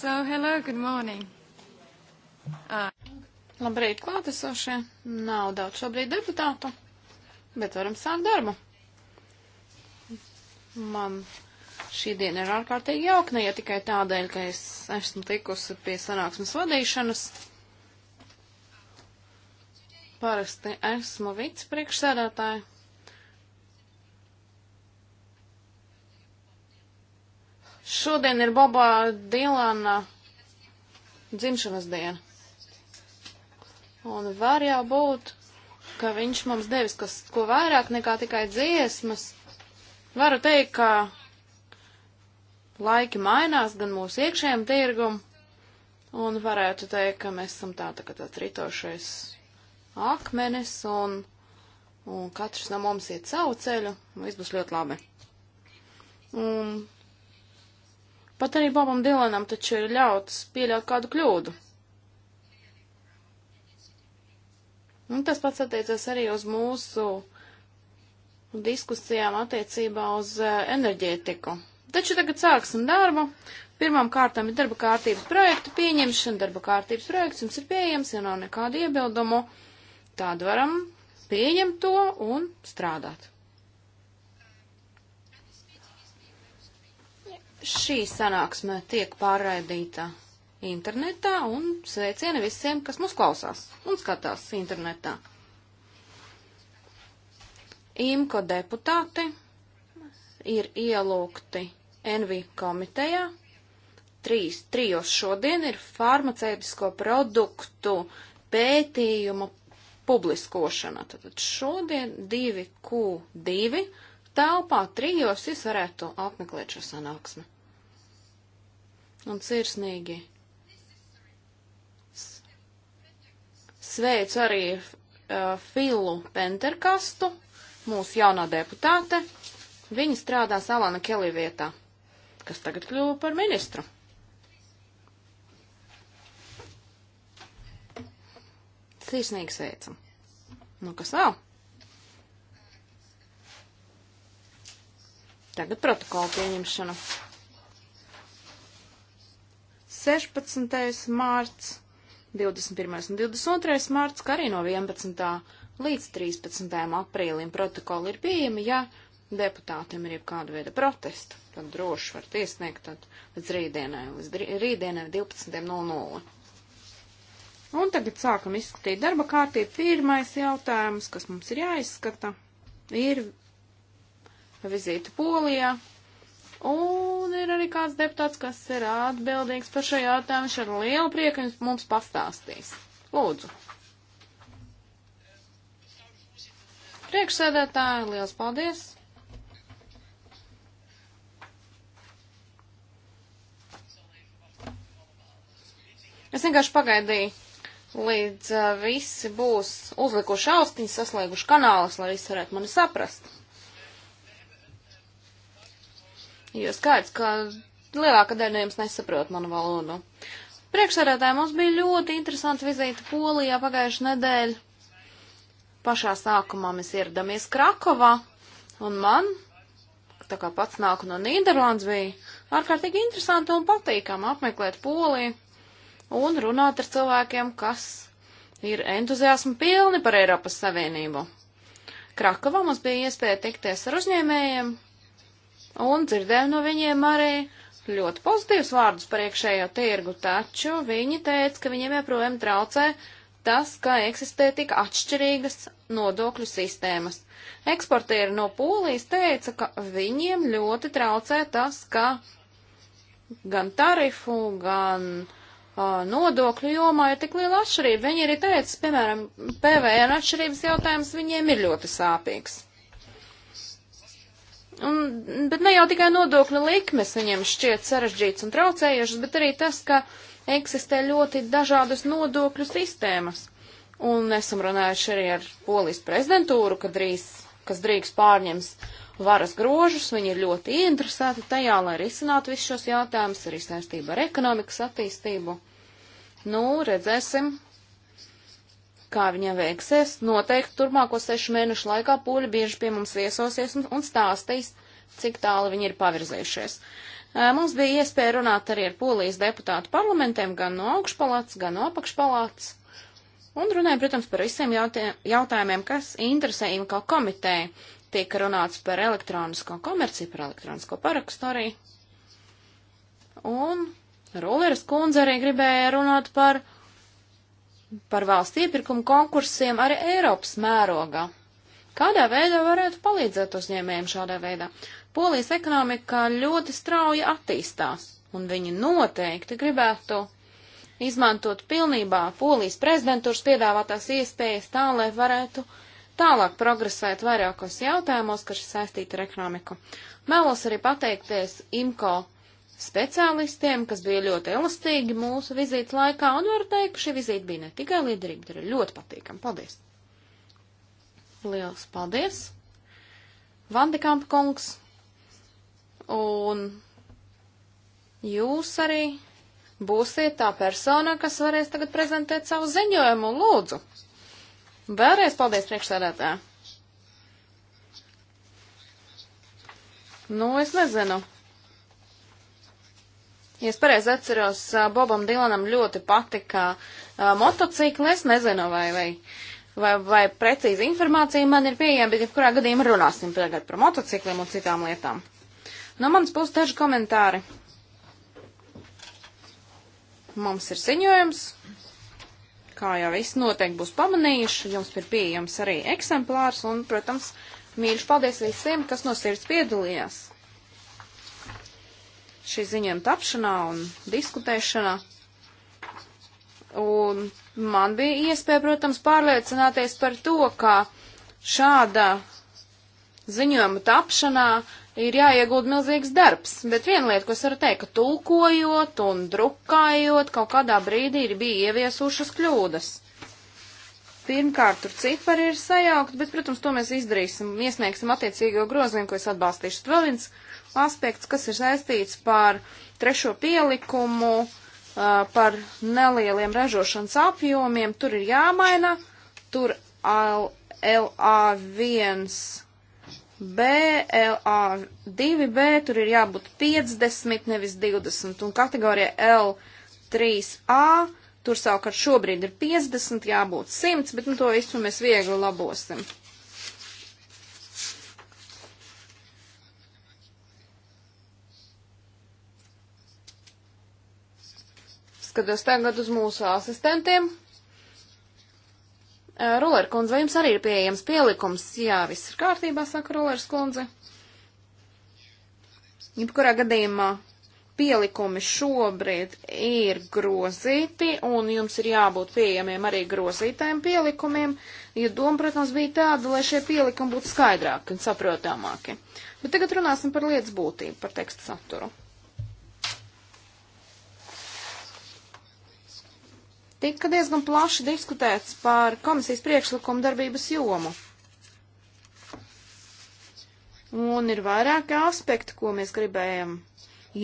So, hello, good morning. Uh. Labrīt, klātesošie. Nav daudz šobrīd deputātu, bet varam sākt darbu. Man šī diena ir ārkārtīgi jauka, ne ja tikai tādēļ, ka es esmu tikusi pie sanāksmes vadīšanas. Parasti esmu vicepriekšsēdētāja, Šodien ir Bobā Dilana dzimšanas diena. Un var jau būt, ka viņš mums devis kas, ko vairāk nekā tikai dziesmas. Varu teikt, ka laiki mainās gan mūsu iekšējiem tirgum, un varētu teikt, ka mēs esam tā, tā kā tāds ritošais akmenis, un, un katrs no mums iet savu ceļu, un viss būs ļoti labi. Un Pat arī Bobam Dilanam taču ir ļauts pieļaut kādu kļūdu. Un nu, tas pats attiecas arī uz mūsu diskusijām attiecībā uz eh, enerģētiku. Taču tagad sāksim darbu. Pirmām kārtām ir darba kārtības projekta pieņemšana. Darba kārtības projekts jums ir pieejams, ja nav nekādu iebildumu. Tādu varam pieņemt to un strādāt. Šī sanāksme tiek pārraidīta internetā un sveicieni visiem, kas mūs klausās un skatās internetā. IMKO deputāti ir ielūgti NV komitejā. Trīs, trijos šodien ir farmaceitisko produktu pētījumu publiskošana. Tātad šodien 2Q2 telpā trijos jūs varētu apmeklēt šo sanāksmi. Un sirsnīgi sveicu arī uh, Filu Penterkastu, mūsu jaunā deputāte. Viņa strādā Salana Kelī vietā, kas tagad kļuva par ministru. Sirsnīgi sveicam. Nu, kas vēl? Tagad protokola pieņemšana. 16. mārts, 21. un 22. mārts, kā arī no 11. līdz 13. aprīlim protokoli ir pieejami, ja deputātiem ir jebkāda veida protesta, tad droši var iesniegt tad līdz rītdienai, līdz rītdienai 12.00. Un tagad sākam izskatīt darba kārtību. Pirmais jautājums, kas mums ir jāizskata, ir vizīti Polijā. Un ir arī kāds deputāts, kas ir atbildīgs par šo jautājumu. Viņš ar lielu prieku mums pastāstīs. Lūdzu. Priekšsēdētāji, liels paldies! Es vienkārši pagaidīju, līdz uh, visi būs uzlikuši austiņas, saslēguši kanālus, lai visi varētu mani saprast. Jo skaidrs, ka lielākā daļa no jums nesaprot manu valodu. Priekšsēdētāji, mums bija ļoti interesanti vizīte Polijā pagājušajā nedēļā. Pašā sākumā mēs ieradāmies Krakovā, un man, tā kā pats nāku no Nīderlandes, bija ārkārtīgi interesanti un patīkami apmeklēt Poliju un runāt ar cilvēkiem, kas ir entuziasma pilni par Eiropas Savienību. Krakovā mums bija iespēja tikties ar uzņēmējiem, un dzirdēju no viņiem arī ļoti pozitīvus vārdus par iekšējo tirgu, taču viņi teica, ka viņiem joprojām traucē tas, ka eksistē tik atšķirīgas nodokļu sistēmas. Eksportieri no Pūlijas teica, ka viņiem ļoti traucē tas, ka gan tarifu, gan uh, nodokļu jomā ir tik liela atšķirība. Viņi arī teica, piemēram, PVN atšķirības jautājums viņiem ir ļoti sāpīgs. Un, bet ne jau tikai nodokļu likmes viņiem šķiet sarežģīts un traucējušas, bet arī tas, ka eksistē ļoti dažādas nodokļu sistēmas. Un esam runājuši arī ar polijas prezidentūru, ka drīz, kas drīz pārņems varas grožus, viņi ir ļoti ieinteresēti tajā, lai risinātu visus šos jautājumus, arī saistībā ar ekonomikas attīstību. Nu, redzēsim, kā viņam veiksies. Noteikti turpmāko sešu mēnešu laikā pūļi bieži pie mums viesosies un, un stāstīs, cik tālu viņi ir pavirzījušies. Mums bija iespēja runāt arī ar polijas deputātu parlamentiem, gan no augšpalāts, gan no apakšpalāts. Un runājam, protams, par visiem jautājumiem, kas interesē IMKO komiteju. Tiek runāts par elektronisko komerciju, par elektronisko parakstu arī. Un Rulieras kundze arī gribēja runāt par par valsts iepirkumu konkursiem arī Eiropas mērogā. Kādā veidā varētu palīdzēt uzņēmējiem šādā veidā? Polijas ekonomika ļoti strauji attīstās, un viņi noteikti gribētu izmantot pilnībā Polijas prezidentūras piedāvātās iespējas tā, lai varētu tālāk progresēt vairākos jautājumos, kas ir saistīti ar ekonomiku. Mēlos arī pateikties IMCO speciālistiem, kas bija ļoti elastīgi mūsu vizītes laikā, un varu teikt, ka šī vizīte bija ne tikai liederīga, bet arī ļoti patīkama. Paldies! Liels paldies! Vandekampa kungs! Un jūs arī būsiet tā persona, kas varēs tagad prezentēt savu ziņojumu, lūdzu! Vēlreiz paldies priekšsēdētājai! Nu, es nezinu. Ja es pareizi atceros, Bobam Dilanam ļoti patika motocikli. Es nezinu, vai, vai, vai, vai precīzi informācija man ir pieejama, bet jebkurā gadījumā runāsim tagad par motocikliem un citām lietām. No manas puses daži komentāri. Mums ir ziņojums, kā jau viss noteikti būs pamanījuši, jums ir pieejams arī eksemplārs un, protams, mīļš paldies visiem, kas no sirds piedalījās šī ziņojuma tapšanā un diskutēšanā. Un man bija iespēja, protams, pārliecināties par to, ka šāda ziņojuma tapšanā ir jāiegūt milzīgs darbs, bet viena lieta, ko es varu teikt, ka tulkojot un drukājot kaut kādā brīdī ir bija ieviesušas kļūdas. Pirmkārt, tur cipari ir sajaukt, bet, protams, to mēs izdarīsim, iesniegsim attiecīgo grozījumu, ko es atbalstīšu. Vēl viens uh, aspekts, kas ir saistīts par trešo pielikumu, par nelieliem ražošanas apjomiem. Tur ir jāmaina, tur LA1. B, LA, 2B, tur ir jābūt 50, nevis 20, un kategorija L3A, tur savukārt šobrīd ir 50, jābūt 100, bet nu, to visu mēs viegli labosim. skatos tagad uz mūsu asistentiem. Rolēr kundze, vai jums arī ir pieejams pielikums? Jā, viss ir kārtībā, saka Rolērs kundze. Jebkurā gadījumā pielikumi šobrīd ir grozīti, un jums ir jābūt pieejamiem arī grozītājiem pielikumiem, jo doma, protams, bija tāda, lai šie pielikumi būtu skaidrāki un saprotamāki. Bet tagad runāsim par lietas būtību, par tekstu saturu. tika diezgan plaši diskutēts par komisijas priekšlikumu darbības jomu. Un ir vairāki aspekti, ko mēs gribējam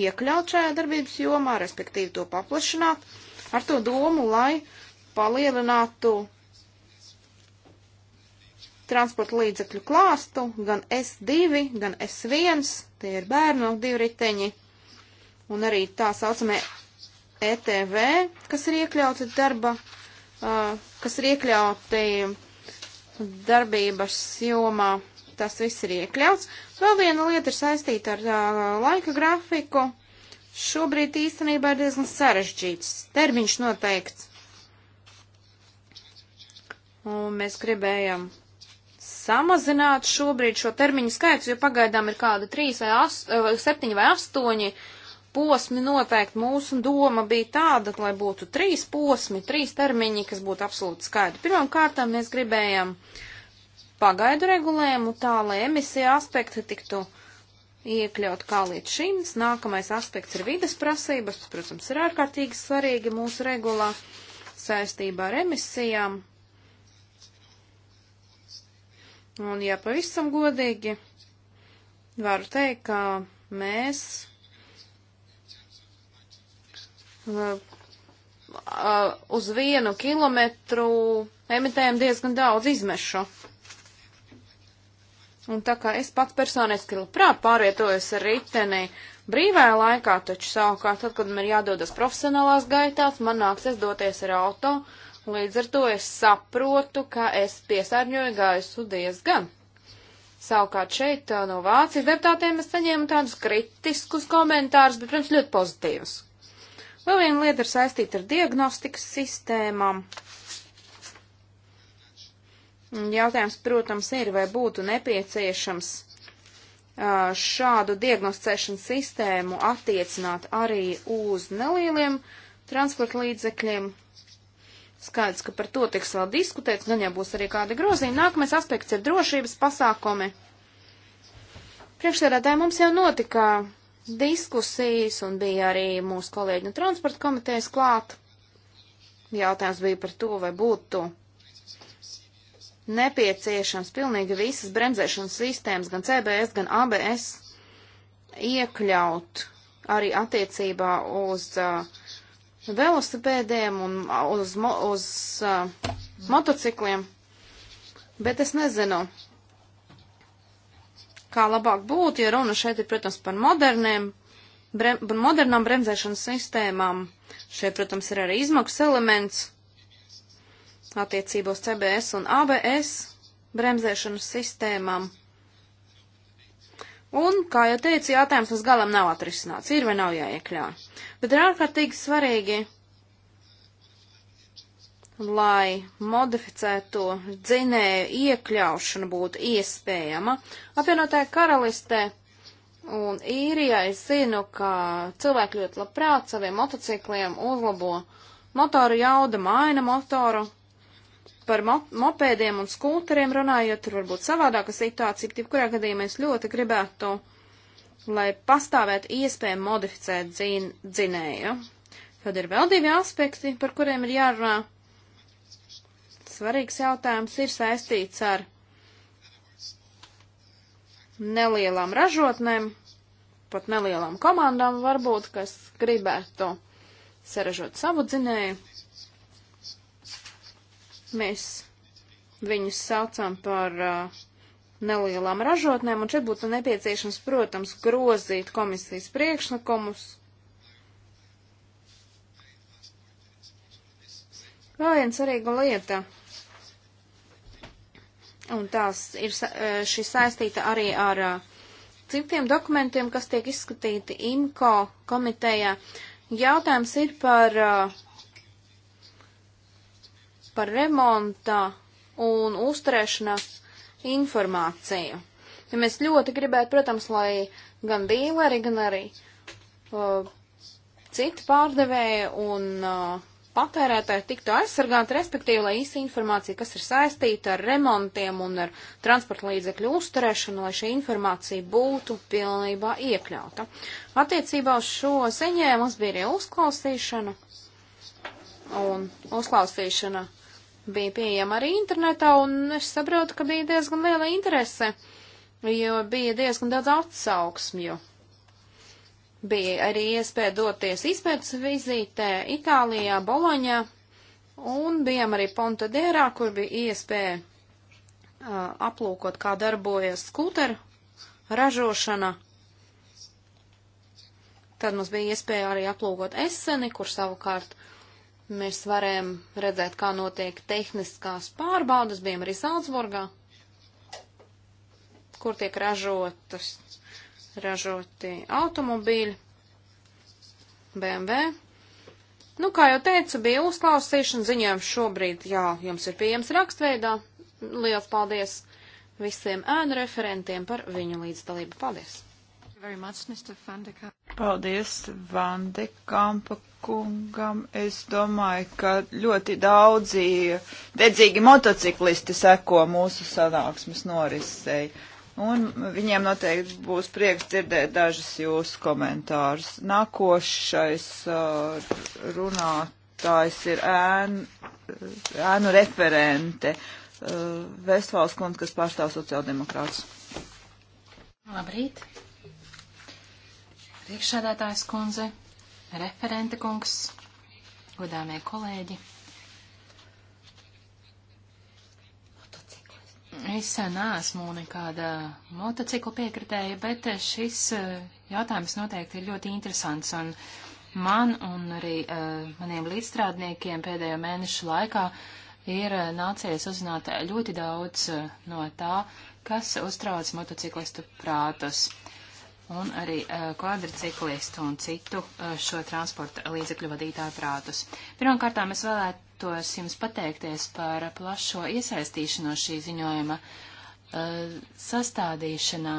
iekļaut šajā darbības jomā, respektīvi to paplašināt, ar to domu, lai palielinātu transporta līdzekļu klāstu, gan S2, gan S1, tie ir bērnu divriteņi, un arī tā saucamie ETV, kas ir iekļauti darba, kas ir iekļauti darbības jomā, tas viss ir iekļauts. Vēl viena lieta ir saistīta ar laika grafiku. Šobrīd īstenībā ir diezgan sarežģīts termiņš noteikts. Un mēs gribējam samazināt šobrīd šo termiņu skaitu, jo pagaidām ir kādi 3 vai 8, 7 vai 8 posmi noteikti. Mūsu doma bija tāda, lai būtu trīs posmi, trīs termiņi, kas būtu absolūti skaidri. Pirmkārt, mēs gribējām pagaidu regulējumu tā, lai emisija aspekti tiktu iekļaut kā līdz šim. Nākamais aspekts ir vides prasības, tas, protams, ir ārkārtīgi svarīgi mūsu regulā saistībā ar emisijām. Un, ja pavisam godīgi, varu teikt, ka mēs uz vienu kilometru emitējam diezgan daudz izmešu. Un tā kā es pats personiski labprāt pārvietojos ar riteni brīvajā laikā, taču savukārt tad, kad man ir jādodas profesionālās gaitās, man nāksies doties ar auto, līdz ar to es saprotu, ka es piesārņoju gaisu diezgan. Savukārt šeit no Vācijas deputātiem es saņēmu tādus kritiskus komentārus, bet, protams, ļoti pozitīvus. Vēl viena lieta ir saistīta ar diagnostikas sistēmām. Jautājums, protams, ir, vai būtu nepieciešams šādu diagnosticēšanas sistēmu attiecināt arī uz nelieliem transporta līdzekļiem. Skaidrs, ka par to tiks vēl diskutēts, gan jau būs arī kādi grozījumi. Nākamais aspekts ir drošības pasākumi. Priekšsēdētāji mums jau notika diskusijas un bija arī mūsu kolēģi no transporta komitejas klāt. Jautājums bija par to, vai būtu nepieciešams pilnīgi visas bremzēšanas sistēmas, gan CBS, gan ABS, iekļaut arī attiecībā uz uh, velosipēdiem un uh, uz, mo uz uh, motocikliem. Bet es nezinu, kā labāk būtu, ja runa šeit ir, protams, par moderniem, brem, par modernām bremzēšanas sistēmām. Šeit, protams, ir arī izmaksas elements attiecībos CBS un ABS bremzēšanas sistēmām. Un, kā jau teicu, jautājums līdz galam nav atrisināts, ir vai nav jāiekļauj. Bet ir ārkārtīgi svarīgi lai modificēto dzinēju iekļaušana būtu iespējama. Apvienotāja karalistē un īrijā es zinu, ka cilvēki ļoti labprāt saviem motocikliem uzlabo motoru jauda, maina motoru. Par mo mopēdiem un skūteriem runājot, tur varbūt savādāka situācija, bet jebkurā gadījumā es ļoti gribētu, lai pastāvētu iespēja modificēt dzin dzinēju. Tad ir vēl divi aspekti, par kuriem ir jārunā svarīgs jautājums ir saistīts ar nelielām ražotnēm, pat nelielām komandām varbūt, kas gribētu saražot savu dzinēju. Mēs viņus saucam par uh, nelielām ražotnēm, un šeit būtu nepieciešams, protams, grozīt komisijas priekšlikumus. Vēl viena svarīga lieta, un tās ir e, šī saistīta arī ar e, citiem dokumentiem, kas tiek izskatīti IMCO komitejā. Jautājums ir par, e, par remonta un uzturēšanas informāciju. Ja mēs ļoti gribētu, protams, lai gan dīleri, gan arī uh, citi pārdevēji un uh, patērētāji tiktu aizsargāti, respektīvi, lai īsta informācija, kas ir saistīta ar remontiem un ar transporta līdzekļu uzturēšanu, lai šī informācija būtu pilnībā iekļauta. Attiecībā uz šo ziņojumu mums bija arī uzklausīšana, un uzklausīšana bija pieejama arī internetā, un es saprotu, ka bija diezgan liela interese, jo bija diezgan daudz atsauksmju. Bija arī iespēja doties izpētes vizītē Itālijā, Boloņā, un bijām arī Pontadērā, kur bija iespēja uh, aplūkot, kā darbojas skuteru ražošana. Tad mums bija iespēja arī aplūkot eseni, kur savukārt mēs varējām redzēt, kā notiek tehniskās pārbaudas, bijām arī Salzburgā, kur tiek ražotas ražoti automobīļi, BMW. Nu, kā jau teicu, bija uzklausīšana ziņojums šobrīd, jā, jums ir pieejams rakstveidā. Liels paldies visiem ēnu referentiem par viņu līdzdalību. Paldies! Paldies, Vandekampa kungam. Es domāju, ka ļoti daudzi dedzīgi motociklisti seko mūsu sanāksmes norisei un viņiem noteikti būs prieks dzirdēt dažus jūsu komentārus. Nākošais uh, runātājs ir ēnu, ēnu referente uh, Vestfāls kundze, kas pārstāv sociāldemokrātus. Labrīt! Priekšsēdētājs kundze, referente kungs, godāmie kolēģi! Es neesmu nekāda motociklu piekritēja, bet šis eh, jautājums noteikti ir ļoti interesants. Un man un arī uh, maniem līdzstrādniekiem pēdējo mēnešu laikā ir eh, nācies uzzināt ļoti daudz no tā, kas uztrauc motociklistu prātus un arī uh, kvadriciklistu un citu uh, šo transporta līdzekļu vadītāju prātus. Pirmkārtām es vēlētu vēlētos jums pateikties par plašo iesaistīšanos šī ziņojuma uh, sastādīšanā.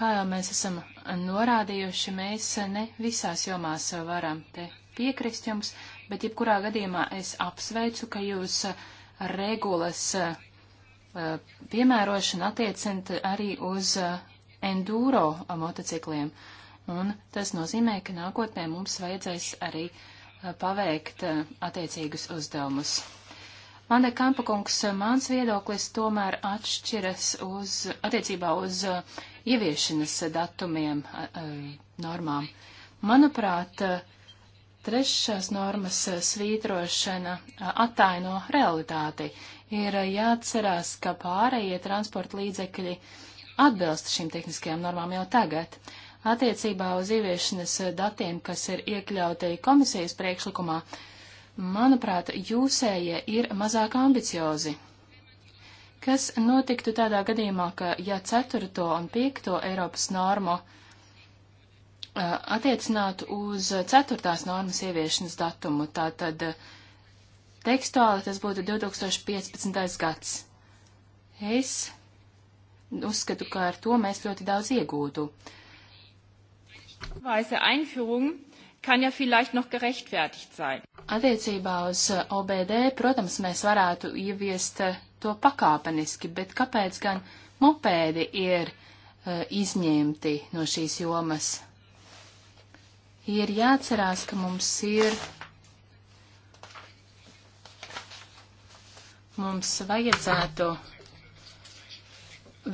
Kā jau mēs esam norādījuši, mēs ne visās jomās varam te piekrist jums, bet jebkurā gadījumā es apsveicu, ka jūs regulas uh, piemērošana attiecinat arī uz eh, enduro motocikliem. Un tas nozīmē, ka nākotnē mums vajadzēs arī uh, paveikt eh, attiecīgus uzdevumus. Manda Kampakungs, eh, mans viedoklis tomēr atšķiras uz, attiecībā uz eh, ieviešanas datumiem, normām. Manuprāt, trešās normas svītrošana attaino realitāti. Ir jāatcerās, ka pārējie transporta līdzekļi atbilst šīm tehniskajām normām jau tagad. Attiecībā uz ieviešanas eh, datiem, kas ir iekļauti komisijas priekšlikumā, manuprāt, jūsējie ir mazāk ambiciozi. Kas notiktu tādā gadījumā, ka ja 4. un 5. Eiropas normu eh, attiecinātu uz 4. normas ieviešanas datumu, tātad eh, tekstuāli tas būtu 2015. gads. Es uzskatu, ka ar to mēs ļoti daudz iegūtu. Uh, Weise Einführung kann ja vielleicht noch gerechtfertigt sein. Attiecībā uz eh, OBD, protams, mēs varētu ieviest eh, to pakāpeniski, bet kāpēc gan mopēdi ir uh, izņemti no šīs jomas? Ir jāatcerās, ka mums ir. Mums vajadzētu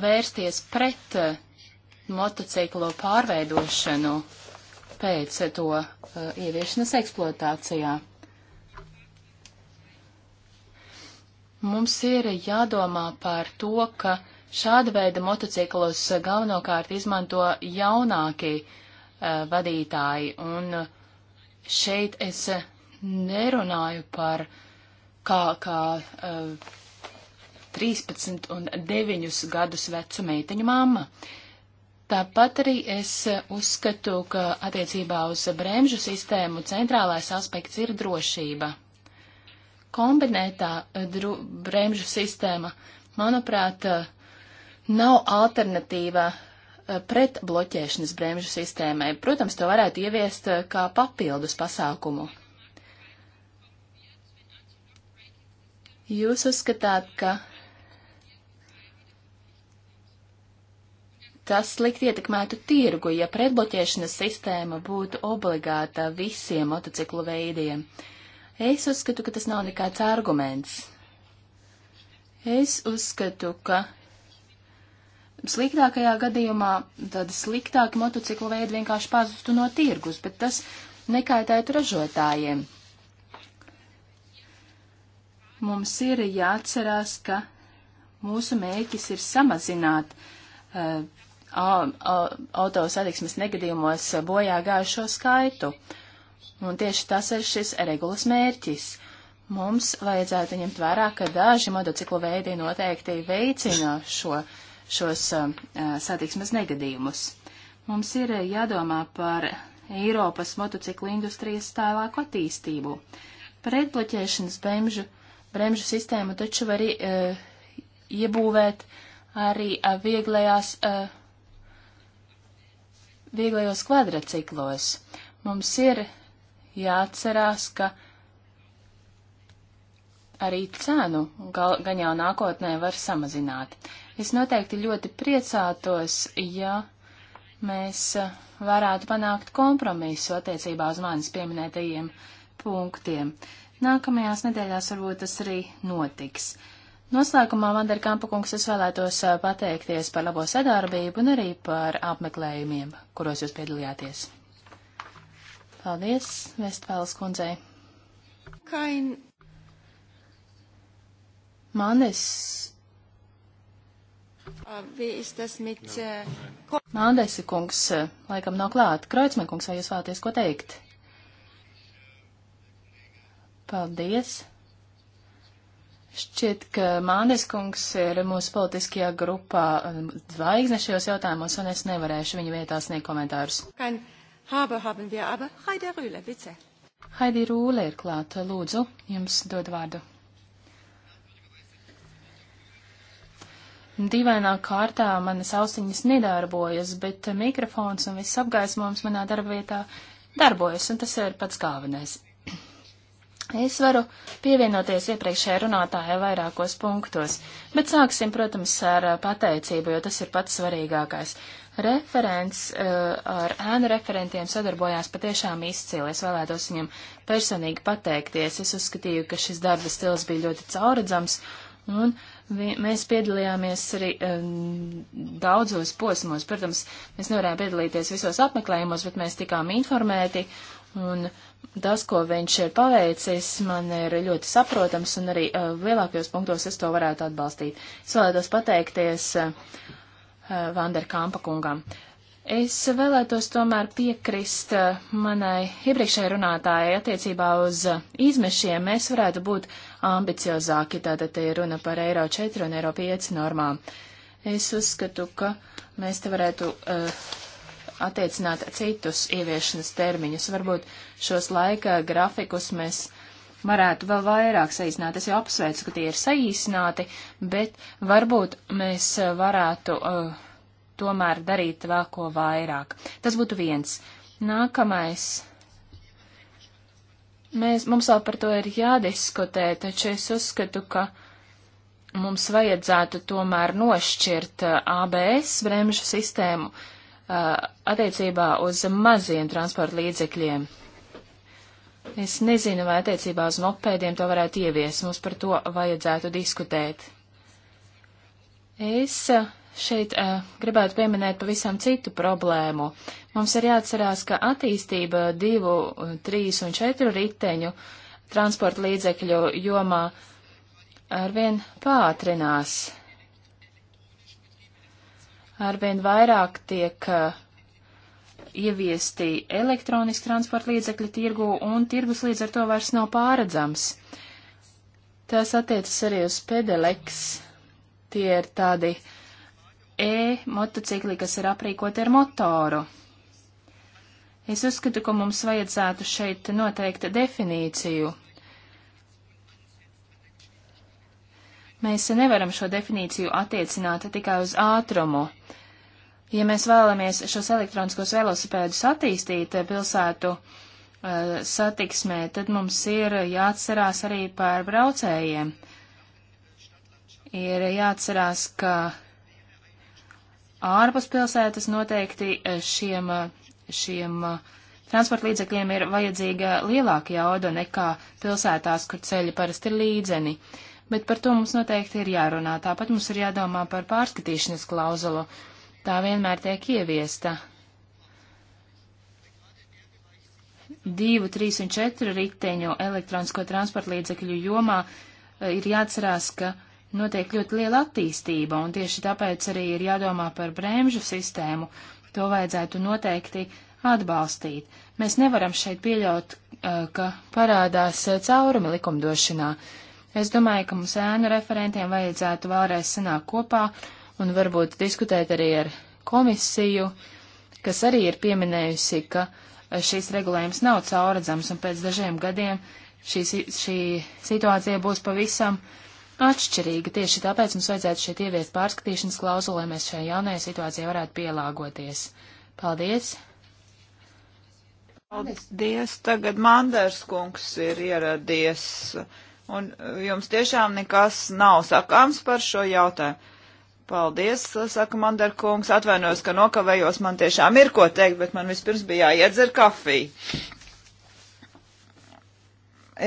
vērsties pret uh, motociklo pārveidošanu pēc to uh, ieviešanas eksploatācijā. Mums ir jādomā par to, ka šāda veida motociklus galvenokārt izmanto jaunākie uh, vadītāji, un uh, šeit es nerunāju par kā, kā uh, 13 un 9 gadus vecu meiteņu mamma. Uh, Tāpat arī es uzskatu, ka attiecībā uz bremžu sistēmu centrālais aspekts ir drošība. Kombinētā dru, bremžu sistēma, manuprāt, nav alternatīva eh, pret bloķēšanas bremžu sistēmai. Protams, to varētu ieviest eh, kā papildus pasākumu. Jūs uzskatāt, ka tas slikti ietekmētu tirgu, ja pretbloķēšanas sistēma būtu obligāta visiem motociklu veidiem. Es uzskatu, ka tas nav nekāds arguments. Es uzskatu, ka sliktākajā gadījumā tādi sliktāki motociklu veidi vienkārši pazustu no tirgus, bet tas nekaitētu ražotājiem. Mums ir jāatcerās, ka mūsu mērķis ir samazināt uh, autosatiksmes negadījumos bojā gājušo skaitu. Un tieši tas ir šis regulas mērķis. Mums vajadzētu ņemt vērā, ka daži motociklu veidi noteikti veicina šo, šos um, uh, satiksmes negadījumus. Mums ir jādomā par Eiropas motociklu industrijas tālāku attīstību. Pretbloķēšanas bremžu, bremžu sistēmu taču var uh, iebūvēt arī uh, vieglajās uh, vieglajos kvadraciklos. Mums ir jāatcerās, ka arī cenu gal, gan jau nākotnē var samazināt. Es noteikti ļoti priecātos, ja mēs eh, varētu panākt kompromisu attiecībā uz manis pieminētajiem punktiem. Nākamajās nedēļās varbūt tas arī notiks. Noslēgumā, Vanderkampa kungs, es vēlētos pateikties par labo sadarbību un arī par apmeklējumiem, kuros jūs piedalījāties. Paldies, Vestpēles kundzei. Kain. Mandes. Mandesi kungs, laikam nav klāt. Kreutzmann kungs, vai jūs vēlaties ko teikt? Paldies. Šķiet, ka Mānes kungs ir mūsu politiskajā grupā um, zvaigzne šajos jautājumos, un es nevarēšu viņa vietā sniegt komentārus. Haidi Rūle ir klāta. Lūdzu, jums dod vārdu. Dīvainā kārtā manas austiņas nedarbojas, bet mikrofons un viss apgaismojums manā darba vietā darbojas, un tas ir pats galvenais. Es varu pievienoties iepriekšējai runātājai vairākos punktos, bet sāksim, protams, ar pateicību, jo tas ir pats svarīgākais. Referents uh, ar ēnu referentiem sadarbojās patiešām izcili. Es vēlētos viņam personīgi pateikties. Es uzskatīju, ka šis darba stils bija ļoti cauradzams, un vi, mēs piedalījāmies arī um, daudzos posmos. Protams, mēs nevarējām piedalīties visos apmeklējumos, bet mēs tikām informēti, Un tas, ko viņš ir paveicis, man ir ļoti saprotams, un arī uh, lielākajos punktos es to varētu atbalstīt. Es vēlētos pateikties uh, uh Vanderkampa kungam. Es vēlētos tomēr piekrist uh, manai iepriekšējai runātājai attiecībā uz uh, izmešiem. Mēs varētu būt ambiciozāki, tātad te ir runa par eiro 4 un eiro 5 normām. Es uzskatu, ka mēs te varētu uh, attiecināt citus ieviešanas termiņus. Varbūt šos laika grafikus mēs varētu vēl vairāk saīsināt. Es jau apsveicu, ka tie ir saīsināti, bet varbūt mēs varētu uh, tomēr darīt vēl ko vairāk. Tas būtu viens. Nākamais. Mēs, mums vēl par to ir jādiskutē, taču es uzskatu, ka mums vajadzētu tomēr nošķirt uh, ABS bremžu sistēmu Uh, attiecībā uz maziem transporta līdzekļiem. Es nezinu, vai attiecībā uz mopēdiem to varētu ievies. Mums par to vajadzētu diskutēt. Es uh, šeit uh, gribētu pieminēt pavisam citu problēmu. Mums ir jāatcerās, ka attīstība divu, trīs un četru riteņu transporta līdzekļu jomā arvien pātrinās arvien vairāk tiek uh, ieviesti elektroniski transporta līdzekļi tirgu, un tirgus līdz ar to vairs nav pāredzams. Tas attiecas arī uz pedeleks. Tie ir tādi e-motocikli, kas ir aprīkoti ar motoru. Es uzskatu, ka mums vajadzētu šeit noteikta definīciju Mēs nevaram šo definīciju attiecināt tikai uz ātrumu. Ja mēs vēlamies šos elektroniskos velosipēdus attīstīt eh, pilsētu uh, satiksmē, tad mums ir jāatcerās arī par braucējiem. Ir jāatcerās, ka ārpus pilsētas noteikti eh, šiem, šiem transporta līdzekļiem ir vajadzīga lielāka jauda nekā pilsētās, kur ceļi parasti ir līdzeni. Uh, bet par to mums noteikti ir jārunā. Tāpat mums ir jādomā par pārskatīšanas klauzulu. Tā vienmēr tiek ieviesta. Divu, trīs un četru riteņu elektronisko transporta līdzekļu jomā e, ir jāatcerās, ka notiek ļoti liela attīstība, un tieši tāpēc arī ir jādomā par bremžu sistēmu. To vajadzētu noteikti atbalstīt. Mēs nevaram šeit pieļaut, e, ka parādās e, caurumi likumdošanā. Uh, Es domāju, ka mums ēnu referentiem vajadzētu vēlreiz sanākt kopā un varbūt diskutēt arī ar komisiju, kas arī ir pieminējusi, ka šīs regulējums nav cauradzams un pēc dažiem gadiem šī, šī situācija būs pavisam atšķirīga. Tieši tāpēc mums vajadzētu šeit ieviest pārskatīšanas klauzulu, lai mēs šajā jaunajā situācijā varētu pielāgoties. Paldies! Paldies! Tagad Manders kungs ir ieradies. Uh, un eh, jums tiešām nekas nav sakāms par šo jautājumu. Paldies, eh, saka Mandarkungs, atvainojos, ka nokavējos, man tiešām ir ko teikt, bet man vispirms bija jāiedzer kafiju.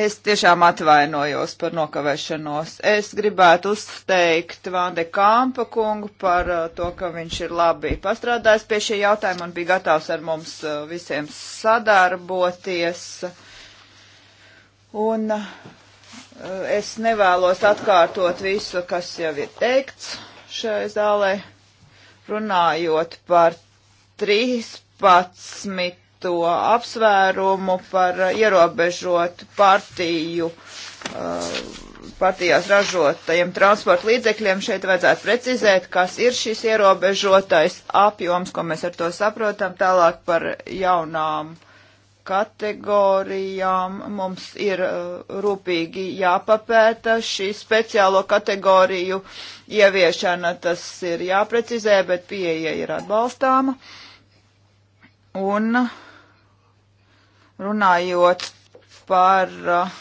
Es tiešām atvainojos par nokavēšanos. Es gribētu uzteikt Vande Kampa kungu par eh, to, ka viņš ir labi pastrādājis pie šī jautājuma un bija gatavs ar mums visiem sadarboties. Un Eh, es nevēlos atkārtot visu, kas jau ir teikts šai zālē, runājot par 13. apsvērumu par ierobežotu partiju, eh, partijās ražotajiem transporta līdzekļiem. Šeit vajadzētu precizēt, kas ir šis ierobežotais apjoms, ko mēs ar to saprotam, tālāk par jaunām uh, kategorijām mums ir uh, rūpīgi jāpapēta šī speciālo kategoriju ieviešana, tas ir jāprecizē, bet pieeja ir atbalstāma. Un runājot par uh,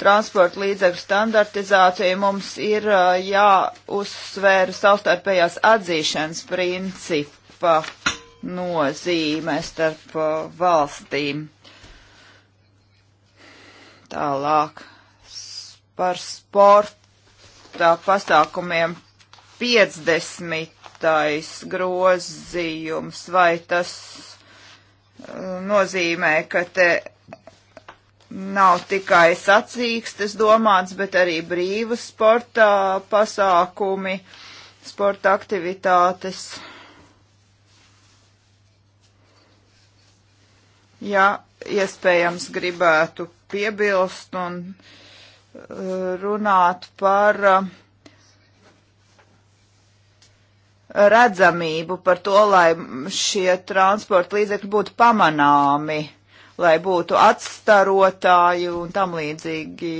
transporta līdzekļu standartizāciju, mums ir uh, jāuzsver savstarpējās atzīšanas principa uh, nozīme starp uh, valstīm. Tālāk par sporta pasākumiem 50. grozījums, vai tas uh, nozīmē, ka te nav tikai sacīkstes domāts, bet arī brīvas sporta pasākumi, sporta aktivitātes. ja iespējams gribētu piebilst un eh, runāt par eh, redzamību, par to, lai šie transporta līdzekļi būtu pamanāmi, lai būtu atstarotāji un tam līdzīgi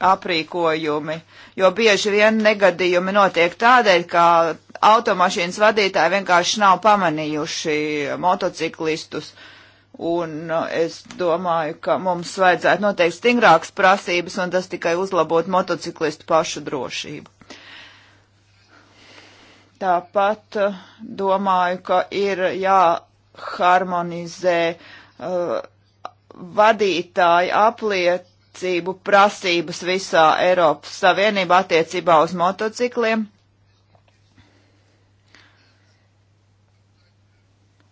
aprīkojumi, jo bieži vien negadījumi notiek tādēļ, ka automašīnas vadītāji vienkārši nav pamanījuši motociklistus. Un nu, es domāju, ka mums vajadzētu noteikti stingrākas prasības, un tas tikai uzlabot motociklistu pašu drošību. Tāpat eh, domāju, ka ir jāharmonizē uh, eh, vadītāju apliecību prasības visā Eiropas Savienībā attiecībā uz motocikliem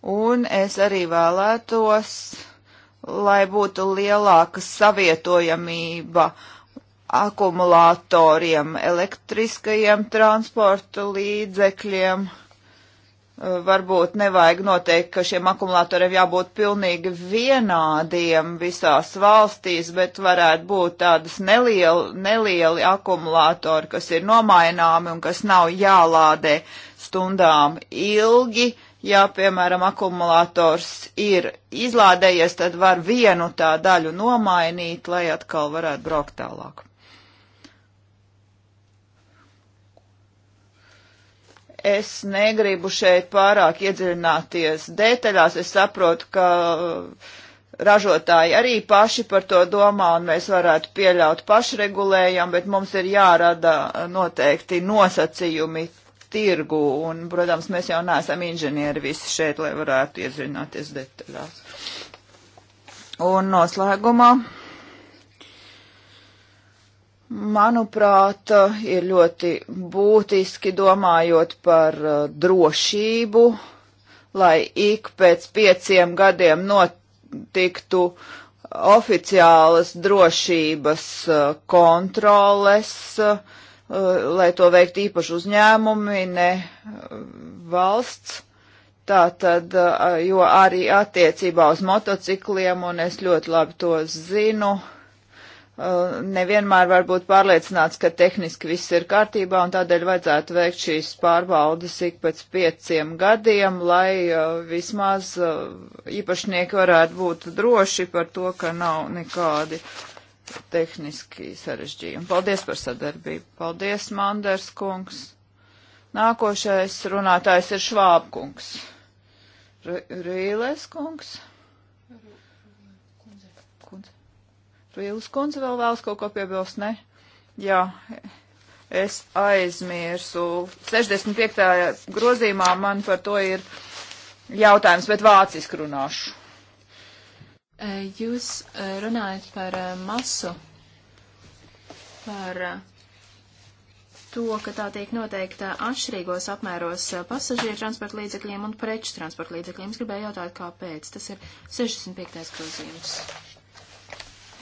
Un es arī vēlētos, lai būtu lielāka savietojamība akumulatoriem, elektriskajiem transporta līdzekļiem. Uh, varbūt nevajag noteikt, ka šiem akumulatoriem jābūt pilnīgi vienādiem visās valstīs, bet varētu būt tādas nelieli, nelieli akumulatori, kas ir nomaināmi un kas nav jālādē stundām ilgi. Uh, Ja, piemēram, akumulators ir izlādējies, tad var vienu tā daļu nomainīt, lai atkal varētu braukt tālāk. Es negribu šeit pārāk iedziļināties detaļās. Es saprotu, ka uh, ražotāji arī paši par to domā, un mēs varētu pieļaut pašregulējumu, bet mums ir jārada uh, noteikti nosacījumi tirgu, un, protams, mēs jau neesam inženieri visi šeit, lai varētu iezināties detaļās. Un noslēgumā, manuprāt, ir ļoti būtiski domājot par uh, drošību, lai ik pēc pieciem gadiem notiktu oficiālas drošības uh, kontroles, uh, Eh, lai to veikt īpaši uzņēmumi, ne eh, valsts. Tātad, eh, jo arī attiecībā uz motocikliem, un es ļoti labi to zinu, nevienmēr var būt pārliecināts, ka tehniski viss ir kārtībā, un tādēļ vajadzētu veikt šīs pārbaudas ik pēc pieciem gadiem, lai vismaz īpašnieki varētu būt droši par to, ka nav nekādi tehniski sarežģījumi. Paldies par sadarbību. Paldies, Manders kungs. Nākošais runātājs ir Švābkungs. Rīles kungs. Rīles kundze vēl vēlas kaut ko piebilst, ne? Jā, es aizmirsu. 65. grozījumā man par to ir jautājums, bet vāciski runāšu. Eh, jūs eh, runājat par eh, masu, par to, ka tā tiek noteikta atšķirīgos apmēros pasažieru transporta līdzekļiem un preču transporta līdzekļiem. Es gribēju jautāt, kāpēc. Tas ir 65. grozījums.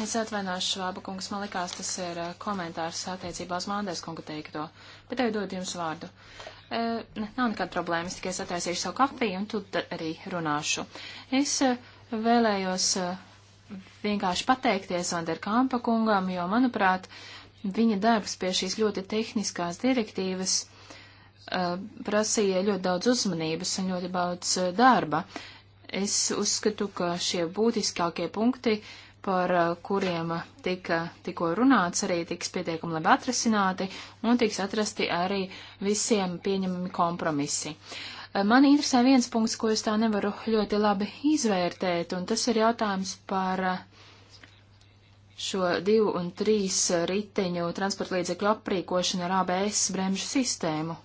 Es atvainojos, Švāba kungs, man likās, tas ir komentārs attiecībā uz Māndēs kunga teikto, bet tev dod jums vārdu. E, ne, nav nekāda problēma, es tikai sataisīšu savu kafiju un tu arī runāšu. Es e, Vēlējos uh, vienkārši pateikties Vanderkampa kungam, jo, manuprāt, viņa darbs pie šīs ļoti tehniskās direktīvas uh, prasīja ļoti daudz uzmanības un ļoti daudz uh, darba. Es uzskatu, ka šie būtiskākie punkti, par kuriem tika tikko runāts, arī tiks pietiekami labi atrasināti un tiks atrasti arī visiem pieņemami kompromisi. Uh, Man interesē viens punkts, ko es tā nevaru ļoti labi izvērtēt, un tas ir jautājums par eh, šo divu un trīs riteņu transporta līdzekļu aprīkošanu ar ABS bremžu sistēmu.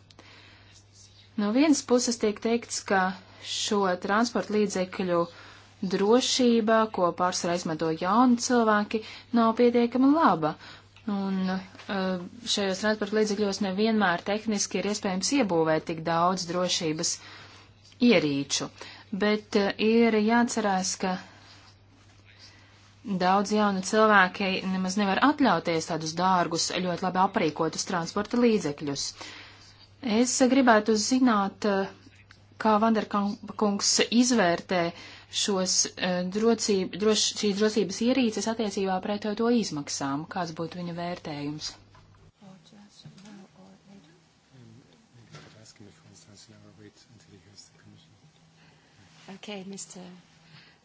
No vienas puses tiek teikts, ka šo transporta līdzekļu drošība, ko pārsvarā izmanto jauni cilvēki, nav pietiekama laba, Un uh, šajos transporta līdzekļos nevienmēr tehniski ir iespējams iebūvēt tik daudz drošības ierīču, bet uh, ir jāatcerās, ka daudz jauni cilvēki nemaz nevar atļauties tādus dārgus, ļoti labi aprīkotus transporta līdzekļus. Es gribētu zināt, uh, kā Vanderkungs izvērtē šos e, drocība, droš, šīs drošības ierīces attiecībā pret to izmaksām? Kāds būtu viņa vērtējums? Okay, Mr.